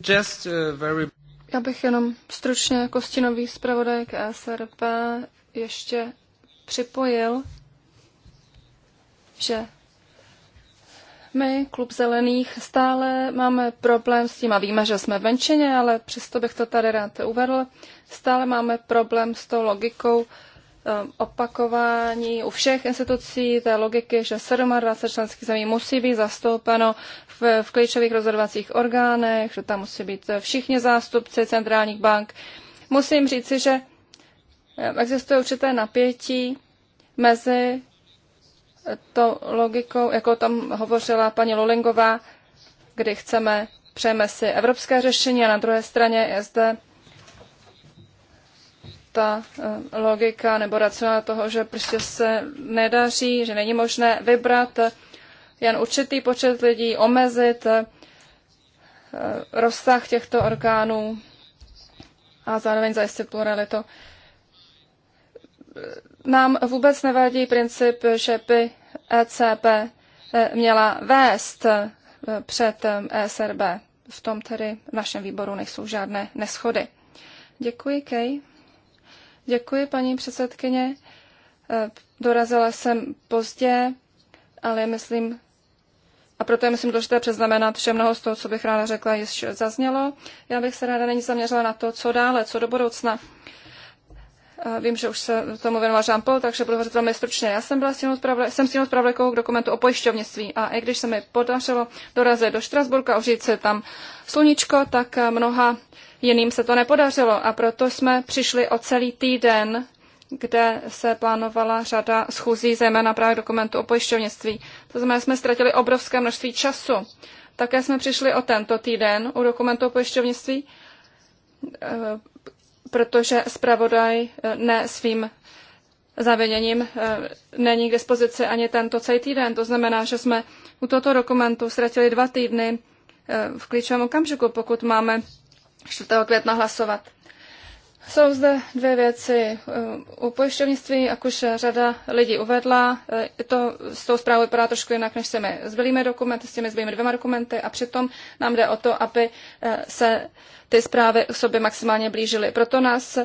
Just, uh, very... Já bych jenom stručně kostinový jako zpravodaj k ESRP ještě připojil, že my, Klub Zelených, stále máme problém s tím, a víme, že jsme venčeně, ale přesto bych to tady rád uvedl, stále máme problém s tou logikou eh, opakování u všech institucí té logiky, že 27 členských zemí musí být zastoupeno v, v klíčových rozhodovacích orgánech, že tam musí být všichni zástupci centrálních bank. Musím říci, že existuje určité napětí mezi to logikou, jako tam hovořila paní Lolingová, kdy chceme, přejeme si evropské řešení a na druhé straně je zde ta eh, logika nebo racionál toho, že prostě se nedaří, že není možné vybrat eh, jen určitý počet lidí, omezit eh, rozsah těchto orgánů a zároveň zajistit pluralitu nám vůbec nevadí princip, že by ECB eh, měla vést eh, před ESRB. Eh, e v tom tedy v našem výboru nejsou žádné neschody. Děkuji, Kej. Děkuji, paní předsedkyně. Dorazila jsem pozdě, ale myslím, a proto je myslím důležité přeznamenat, že mnoho z toho, co bych ráda řekla, již zaznělo. Já bych se ráda není zaměřila na to, co dále, co do budoucna. Vím, že už se tomu věnoval Jean Paul, takže budu hovořit velmi stručně. Já jsem byla jsem tím zpravodajkou k dokumentu o pojišťovnictví a i když se mi podařilo dorazit do Štrasburka a užít si tam sluníčko, tak mnoha jiným se to nepodařilo a proto jsme přišli o celý týden kde se plánovala řada schůzí, zejména právě dokumentu o pojišťovnictví. To znamená, jsme ztratili obrovské množství času. Také jsme přišli o tento týden u dokumentu o pojišťovnictví, protože zpravodaj eh, ne svým eh, zaviněním eh, není k dispozici ani tento celý týden. To znamená, že jsme u tohoto dokumentu ztratili dva týdny v klíčovém okamžiku, pokud máme 4. května hlasovat. Jsou zde dvě věci. Eh, u pojišťovnictví, jak už řada lidí uvedla, eh, to s tou zprávou vypadá trošku jinak než s těmi zbylými dokumenty, s těmi zbylými dvěma dokumenty a přitom nám jde o to, aby eh, se ty zprávy k sobě maximálně blížily. Proto nás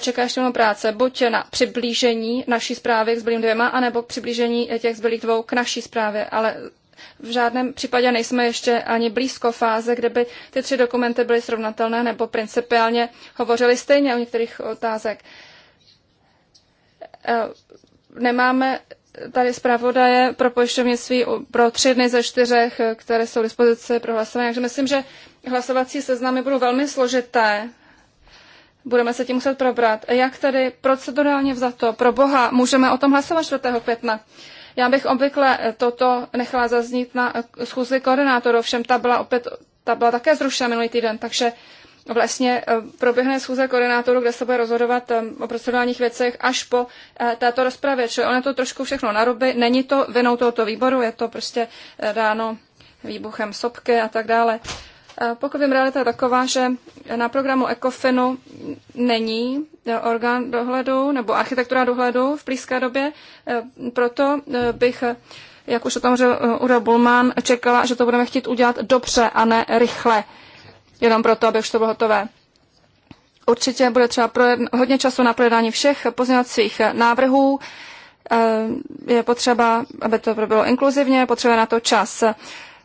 čeká ještě mnoho práce, buď na přiblížení naší zprávy k zbylým dvěma, anebo k přiblížení těch zbylých dvou k naší zprávě, ale v žádném případě nejsme ještě ani blízko fáze, kde by ty tři dokumenty byly srovnatelné nebo principiálně hovořily stejně o některých otázek. Eh, nemáme tady zpravodaje pro pojišťovnictví pro tři dny ze čtyřech, eh, které jsou k dispozici pro hlasování. Takže myslím, že hlasovací seznamy budou velmi složité. Budeme se tím muset probrat. Jak tady procedurálně vzato, pro boha, můžeme o tom hlasovat 4. května? Já bych obvykle eh, toto nechala zaznít na eh, schůzi koordinátorů, ovšem ta byla opět ta byla také zrušena minulý týden, takže vlastně eh, proběhne schůze koordinátorů, kde se bude rozhodovat o procedurálních věcech až po této rozpravě. Čili ono je to trošku všechno naruby, není to vinou tohoto výboru, je to prostě dáno výbuchem sopky a tak dále. Eh, pokud vím, realita je taková, že na programu ECOFINu není eh, orgán dohledu nebo architektura dohledu v blízké době, eh, proto bych, jak už o tom řekl Bulman, čekala, že to budeme chtít udělat dobře a ne rychle, jenom proto, aby už to bylo hotové. Určitě bude třeba projedn- hodně času na projednání všech pozměňovacích návrhů. Je potřeba, aby to bylo inkluzivně, Potřebuje na to čas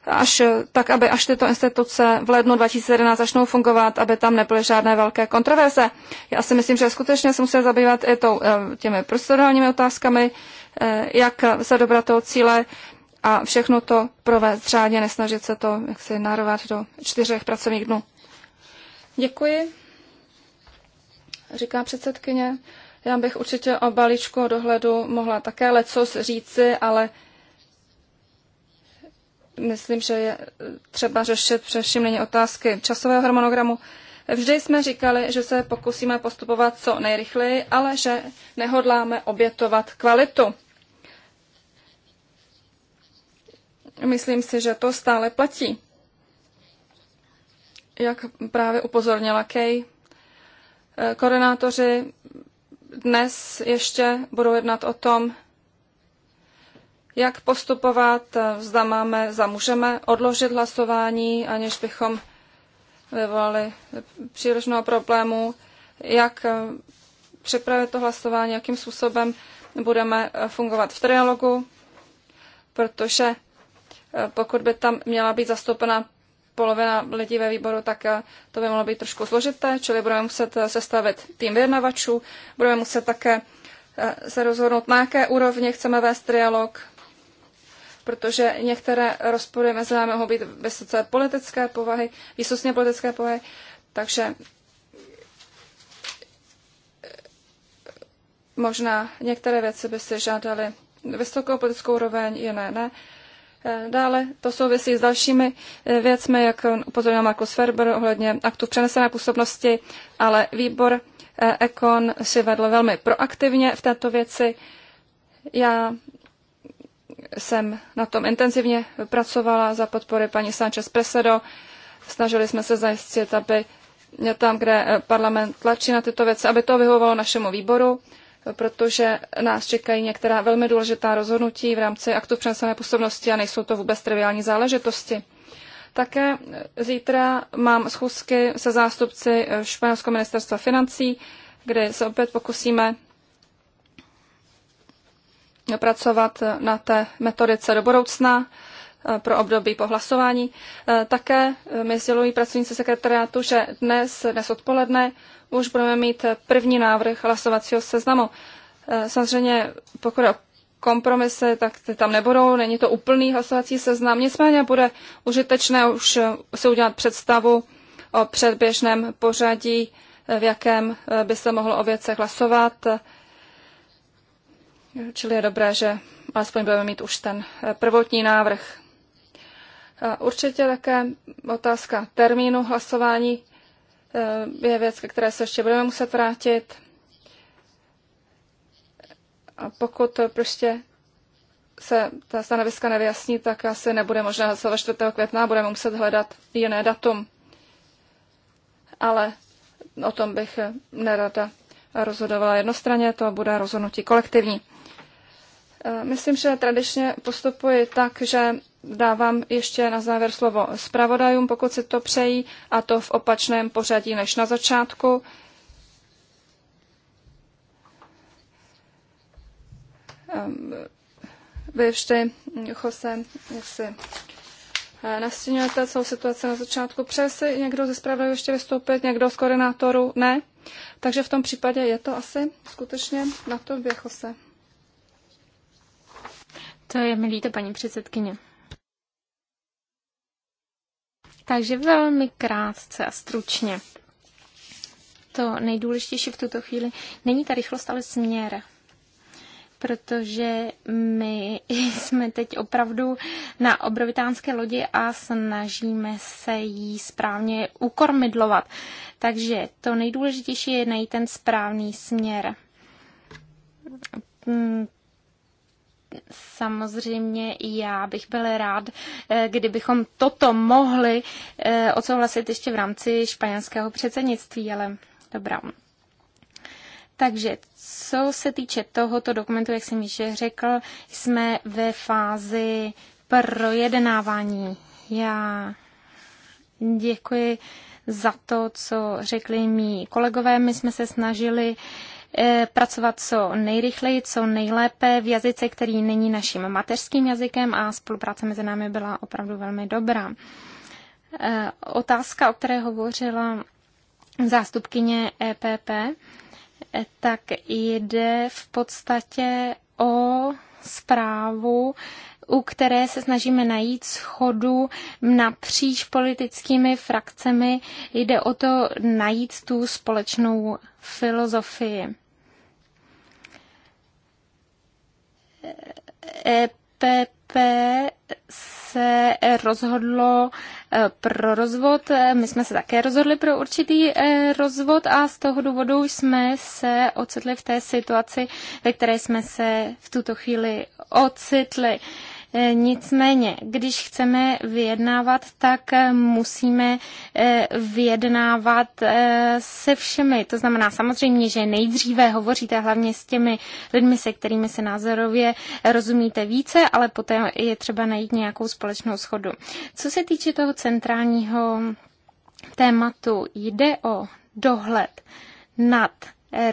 až, tak aby až tyto instituce v lednu 2011 začnou fungovat, aby tam nebyly žádné velké kontroverze. Já si myslím, že skutečně se musíme zabývat i tou, eh, těmi procedurálními otázkami, eh, jak se dobrat toho cíle a všechno to provést řádně, nesnažit se to jak si do čtyřech pracovních dnů. Děkuji, říká předsedkyně. Já bych určitě o balíčku dohledu mohla také lecos říci, ale myslím, že je třeba řešit především není otázky časového harmonogramu. Vždy jsme říkali, že se pokusíme postupovat co nejrychleji, ale že nehodláme obětovat kvalitu. Myslím si, že to stále platí. Jak právě upozornila Kay, eh, koordinátoři dnes ještě budou jednat o tom, jak postupovat, zda máme, zda můžeme odložit hlasování, aniž bychom vyvolali příliš mnoho problémů, jak připravit to hlasování, jakým způsobem budeme fungovat v trialogu, protože pokud by tam měla být zastoupena polovina lidí ve výboru, tak to by mohlo být trošku složité, čili budeme muset sestavit tým vyjednavačů, budeme muset také se rozhodnout, na jaké úrovni chceme vést trialog, protože některé rozpory mezi námi mohou být vysoce politické povahy, výsostně politické povahy, takže eh, možná některé věci by si žádaly vysokou politickou roveň, jiné ne. Eh, dále to souvisí s dalšími eh, věcmi, jak upozornil Markus Ferber ohledně aktu přenesené působnosti, ale výbor Ekon si vedl velmi proaktivně v této věci. Já jsem na tom intenzivně pracovala za podpory paní Sánchez Presedo. Snažili jsme se zajistit, aby tam, kde eh, parlament tlačí na tyto věci, aby to vyhovovalo našemu výboru, protože nás čekají některá velmi důležitá rozhodnutí v rámci aktu přenesené působnosti a nejsou to vůbec triviální záležitosti. Také eh, zítra mám schůzky se zástupci eh, Španělského ministerstva financí, kde se opět pokusíme pracovat na té metodice do budoucna eh, pro období po hlasování. Eh, také eh, mi sdělují pracovníci sekretariátu, že dnes, dnes odpoledne už budeme mít první návrh hlasovacího seznamu. Samozřejmě pokud je kompromisy, tak ty tam nebudou, není to úplný hlasovací seznam, nicméně bude užitečné už si udělat představu o předběžném pořadí, v jakém by se mohlo o věcech hlasovat Čili je dobré, že alespoň budeme mít už ten eh, prvotní návrh. Určitě také otázka termínu hlasování eh, je věc, ke které se ještě budeme muset vrátit. A pokud prostě se ta stanoviska nevyjasní, tak asi nebude možné hlasovat 4. května, budeme muset hledat jiné datum. Ale o tom bych nerada rozhodovala jednostranně, to bude rozhodnutí kolektivní. Eh, myslím, že tradičně postupuji tak, že dávám ještě na závěr slovo zpravodajům, pokud si to přejí, a to v opačném pořadí než na začátku. Ehm, vy vždy, Jose, jak si eh, nastínujete celou situaci na začátku. Přeje si někdo ze zpravodajů ještě vystoupit, někdo z koordinátorů? Ne? Takže v tom případě je to asi skutečně na to Jose. To je milý to paní předsedkyně. Takže velmi krátce a stručně. To nejdůležitější v tuto chvíli není ta rychlost, ale směr protože my jsme teď opravdu na obrovitánské lodi a snažíme se jí správně ukormidlovat. Takže to nejdůležitější je najít ten správný směr samozřejmě já bych byl rád, eh, kdybychom toto mohli eh, odsouhlasit ještě v rámci španělského předsednictví, ale dobrá. Takže co se týče tohoto dokumentu, jak jsem již řekl, jsme ve fázi projednávání. Já děkuji za to, co řekli mý kolegové. My jsme se snažili Eh, pracovat co nejrychleji, co nejlépe v jazyce, který není naším mateřským jazykem a spolupráce mezi námi byla opravdu velmi dobrá. Eh, otázka, o které hovořila zástupkyně EPP, eh, tak jde v podstatě o zprávu u které se snažíme najít schodu napříč politickými frakcemi. Jde o to najít tu společnou filozofii. EPP se rozhodlo e, pro rozvod. My jsme se také rozhodli pro určitý e, rozvod a z toho důvodu jsme se ocitli v té situaci, ve které jsme se v tuto chvíli ocitli. E, nicméně, když chceme vyjednávat, tak e, musíme e, vyjednávat se všemi. To znamená samozřejmě, že nejdříve hovoříte hlavně s těmi lidmi, se kterými se názorově rozumíte více, ale poté je třeba najít nějakou společnou schodu. Co se týče toho centrálního tématu, jde o dohled nad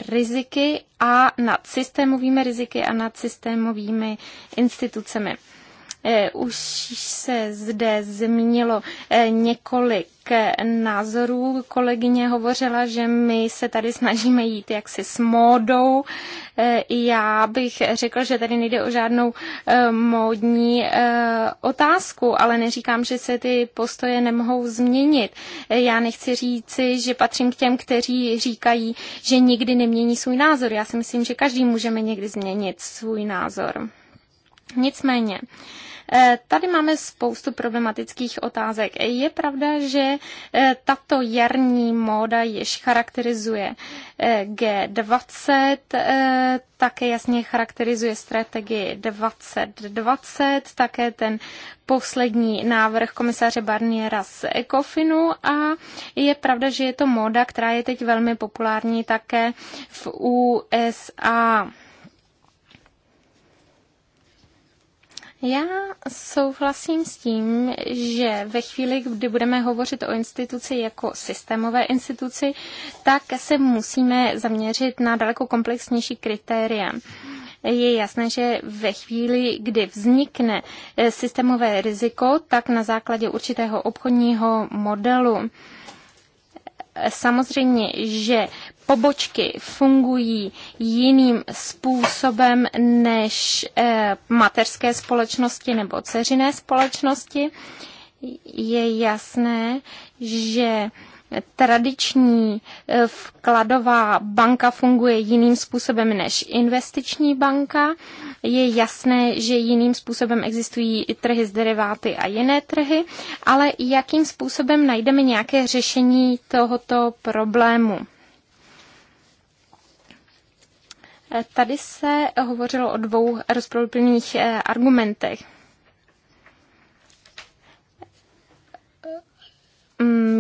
riziky a nad systémovými riziky a nad systémovými institucemi. Eh, už se zde zmínilo eh, několik eh, názorů. Kolegyně hovořila, že my se tady snažíme jít jaksi s módou. Já bych řekla, že tady nejde o žádnou módní otázku, ale neříkám, že se ty postoje nemohou změnit. Já nechci říci, že patřím k těm, kteří říkají, že nikdy nemění svůj názor. Já si myslím, že každý můžeme někdy změnit svůj názor. Nicméně, Eh, tady máme spoustu problematických otázek. Je pravda, že eh, tato jarní móda již charakterizuje eh, G20, také jasně charakterizuje strategii 2020, také ten poslední návrh komisaře Barniera z Ecofinu a je pravda, že je to móda, která je teď velmi populární také v USA. Já souhlasím s tím, že ve chvíli, kdy budeme hovořit o instituci jako systémové instituci, tak se musíme zaměřit na daleko komplexnější kritéria je jasné, že ve chvíli, kdy vznikne eh, systémové riziko, tak na základě určitého obchodního modelu Samozřejmě, že pobočky fungují jiným způsobem než eh, mateřské společnosti nebo ceřiné společnosti, je jasné, že tradiční eh, vkladová banka funguje jiným způsobem než investiční banka. Je jasné, že jiným způsobem existují i trhy s deriváty a jiné trhy, ale jakým způsobem najdeme nějaké řešení tohoto problému? Tady se hovořilo o dvou rozproduplných eh, argumentech.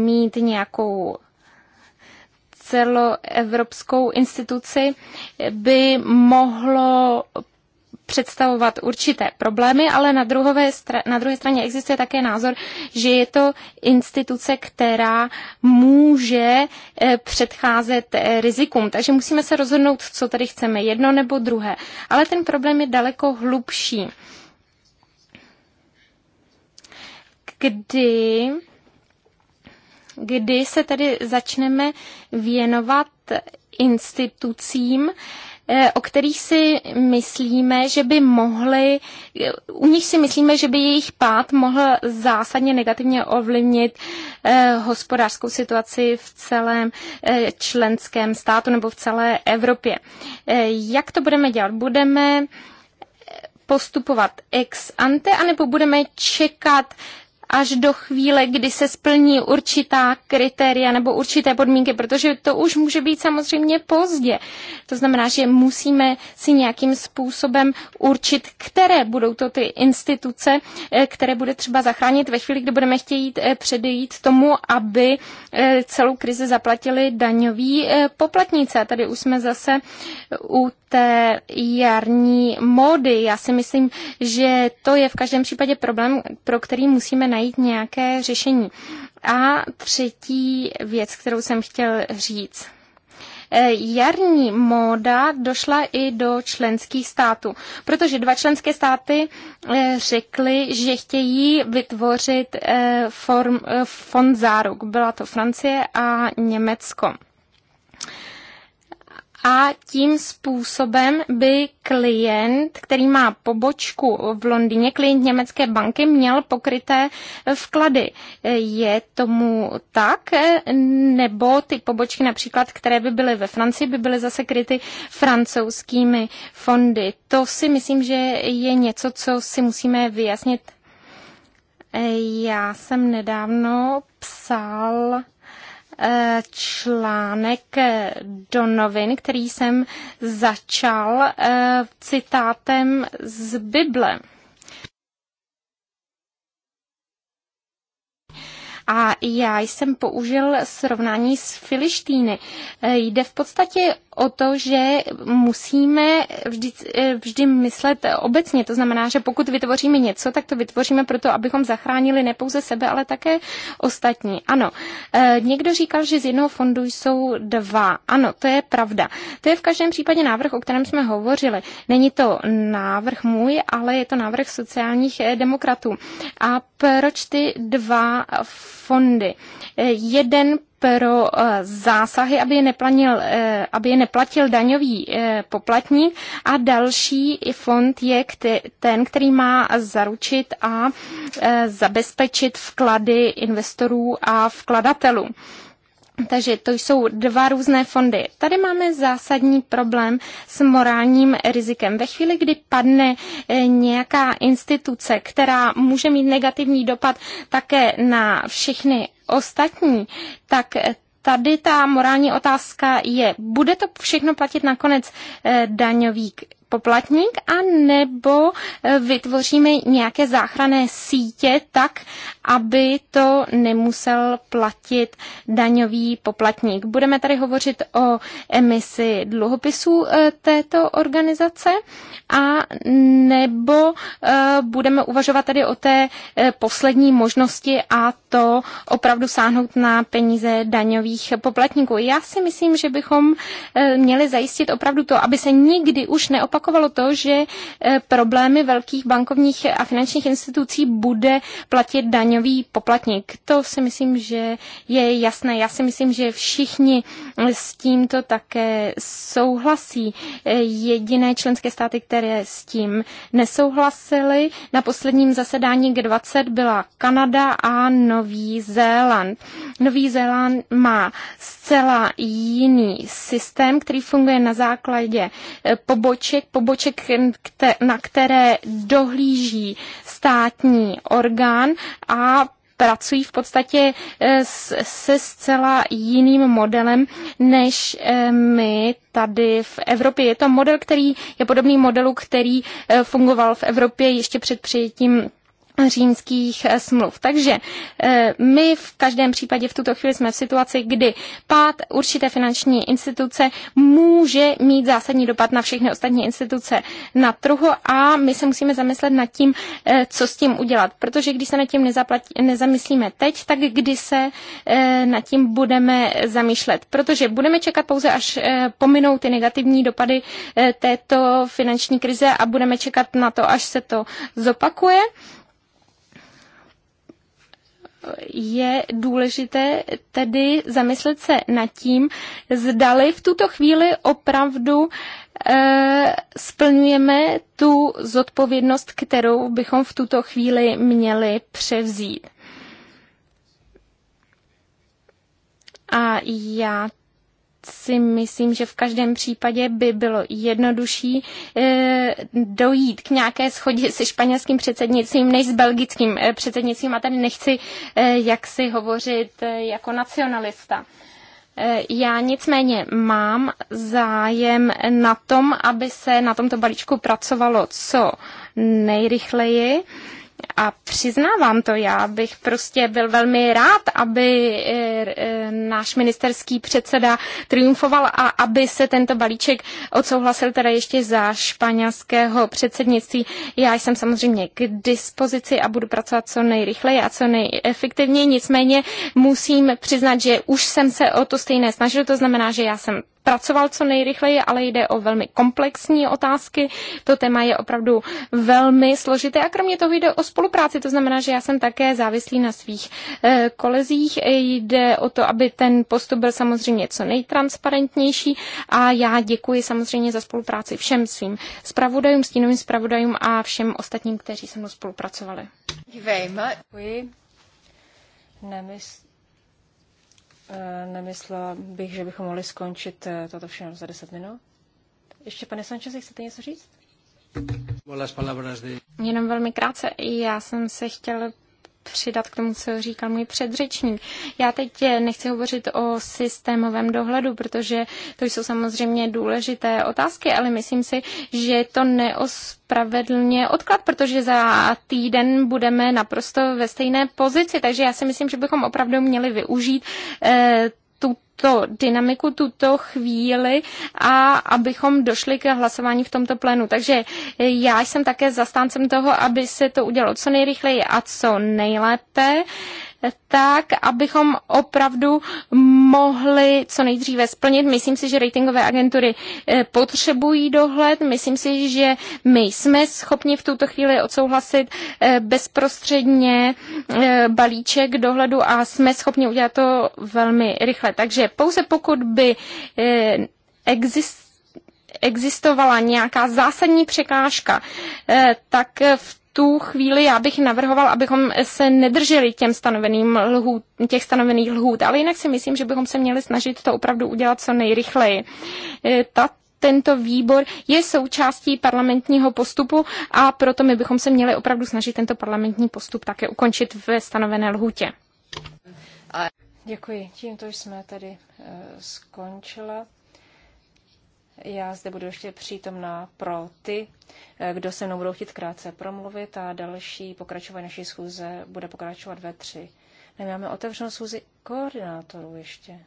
Mít nějakou celoevropskou instituci by mohlo představovat určité problémy, ale na, druhové na druhé straně existuje také názor, že je to instituce, která může eh, předcházet eh, rizikům. Takže musíme se rozhodnout, co tady chceme, jedno nebo druhé. Ale ten problém je daleko hlubší. Kdy kdy se tedy začneme věnovat institucím, Eh, o kterých si myslíme, že by mohly, eh, u nich si myslíme, že by jejich pád mohl zásadně negativně ovlivnit eh, hospodářskou situaci v celém členském státu nebo v celé Evropě. Jak to budeme dělat? Budeme postupovat ex ante, anebo budeme čekat až do chvíle, kdy se splní určitá kritéria nebo určité podmínky, protože to už může být samozřejmě pozdě. To znamená, že musíme si nějakým způsobem určit, které budou to ty instituce, eh, které bude třeba zachránit ve chvíli, kdy budeme chtějít eh, předejít tomu, aby eh, celou krizi zaplatili daňoví poplatníci. A tady už jsme zase u té jarní módy. Já si myslím, že to je v každém případě problém, pro který musíme najít nějaké řešení. A třetí věc, kterou jsem chtěl říct. E, jarní móda došla i do členských států, protože dva členské státy e, řekly, že chtějí vytvořit e, form, fond záruk. Byla to Francie a Německo a tím způsobem by klient, který má pobočku v Londýně, klient německé banky, měl pokryté eh, vklady. Eh, je tomu tak? Eh, nebo ty pobočky například, které by byly ve Francii, by byly zase kryty francouzskými fondy? To si myslím, že je něco, co si musíme vyjasnit. Já jsem nedávno psal Eh, článek eh, do novin, který jsem začal eh, citátem z Bible. A já jsem použil srovnání s Filištíny. Jde v podstatě o to, že musíme vždy, vždy myslet obecně. To znamená, že pokud vytvoříme něco, tak to vytvoříme proto, abychom zachránili ne pouze sebe, ale také ostatní. Ano, e, někdo říkal, že z jednoho fondu jsou dva. Ano, to je pravda. To je v každém případě návrh, o kterém jsme hovořili. Není to návrh můj, ale je to návrh sociálních e, demokratů. A proč ty dva fondy? E, jeden pro eh, zásahy, aby je, neplanil, eh, aby je neplatil daňový eh, poplatník a další fond je ten, který má zaručit a zabezpečit vklady investorů a vkladatelů. Takže to jsou dva různé fondy. Tady máme zásadní problém s morálním rizikem. Ve chvíli, kdy padne eh, nějaká instituce, která může mít negativní dopad také na všechny ostatní, tak eh, tady ta morální otázka je, bude to všechno platit nakonec eh, daňový poplatník, a nebo e, vytvoříme nějaké záchranné sítě tak, aby to nemusel platit daňový poplatník. Budeme tady hovořit o emisi dluhopisů e, této organizace a nebo e, budeme uvažovat tady o té poslední možnosti a to opravdu sáhnout na peníze daňových poplatníků. Já si myslím, že bychom eh, měli zajistit opravdu to, aby se nikdy už neopakovalo to, že eh, problémy velkých bankovních a finančních institucí bude platit daňový poplatník. To si myslím, že je jasné. Já si myslím, že všichni s tímto také souhlasí. Eh, jediné členské státy, které s tím nesouhlasily, na posledním zasedání G20 byla Kanada a Nový Nový Zéland. Nový Zéland má zcela jiný systém, který funguje na základě eh, poboček, poboček, na které dohlíží státní orgán a pracují v podstatě eh, se zcela jiným modelem, než eh, my tady v Evropě. Je to model, který je podobný modelu, který fungoval v Evropě ještě před přijetím římských eh, smluv. Takže eh, my v každém případě v tuto chvíli jsme v situaci, kdy pád určité finanční instituce může mít zásadní dopad na všechny ostatní instituce na trhu a my se musíme zamyslet nad tím, eh, co s tím udělat. Protože když se nad tím nezaplatí, nezamyslíme teď, tak kdy se nad tím budeme zamýšlet. Protože budeme čekat pouze, až pominou ty negativní dopady této finanční krize a budeme čekat na to, až se to zopakuje je důležité tedy zamyslet se nad tím, zdali v tuto chvíli opravdu eh, splňujeme tu zodpovědnost, kterou bychom v tuto chvíli měli převzít. A já si myslím, že v každém případě by bylo jednodušší eh, dojít k nějaké schodě se španělským předsednictvím než s belgickým eh, předsednictvím. A tady nechci eh, jak si hovořit jako nacionalista. Já nicméně mám zájem na tom, aby se na tomto balíčku pracovalo co nejrychleji. A přiznávám to, já bych prostě byl velmi rád, aby eh, eh, náš ministerský předseda triumfoval a aby se tento balíček odsouhlasil teda ještě za španělského předsednictví. Já jsem samozřejmě k dispozici a budu pracovat co nejrychleji a co nejefektivněji, nicméně musím přiznat, že už jsem se o to stejné snažil, to znamená, že já jsem pracoval co nejrychleji, ale jde o velmi komplexní otázky. To téma je opravdu velmi složité a kromě toho jde o spolupráci, to znamená, že já jsem také závislý na svých eh, kolezích. Jde o to, aby ten postup byl samozřejmě co nejtransparentnější a já děkuji samozřejmě za spolupráci všem svým zpravodajům, stínovým zpravodajům a všem ostatním, kteří se mnou spolupracovali. Děkuji. Nemysl... Eh, nemyslela bych, že bychom mohli skončit eh, toto všechno za 10 minut. Ještě, pane Sanchez, chcete něco říct? Jenom velmi krátce. Já jsem se chtěl přidat k tomu, co říkal můj předřečník. Já teď eh, nechci hovořit o systémovém dohledu, protože to jsou samozřejmě důležité otázky, ale myslím si, že to neospravedlně odklad, protože za týden budeme naprosto ve stejné pozici, takže já si myslím, že bychom opravdu měli využít eh, tuto dynamiku, tuto chvíli a abychom došli k hlasování v tomto plénu. Takže já jsem také zastáncem toho, aby se to udělalo co nejrychleji a co nejlépe tak, abychom opravdu mohli co nejdříve splnit. Myslím si, že ratingové agentury eh, potřebují dohled. Myslím si, že my jsme schopni v tuto chvíli odsouhlasit eh, bezprostředně eh, balíček dohledu a jsme schopni udělat to velmi rychle. Takže pouze pokud by existovala nějaká zásadní překážka, tak v tu chvíli já bych navrhoval, abychom se nedrželi těm stanoveným lhůt, těch stanovených lhůt, ale jinak si myslím, že bychom se měli snažit to opravdu udělat co nejrychleji. E, ta tento výbor je součástí parlamentního postupu a proto my bychom se měli opravdu snažit tento parlamentní postup také ukončit ve stanovené lhůtě. Děkuji. Tímto jsme tedy e, skončila já zde budu ještě přítomná pro ty, eh, kdo se mnou budou chtít krátce promluvit a další pokračování naší schůze bude pokračovat ve tři. Nemáme otevřenou schůzi koordinátorů ještě.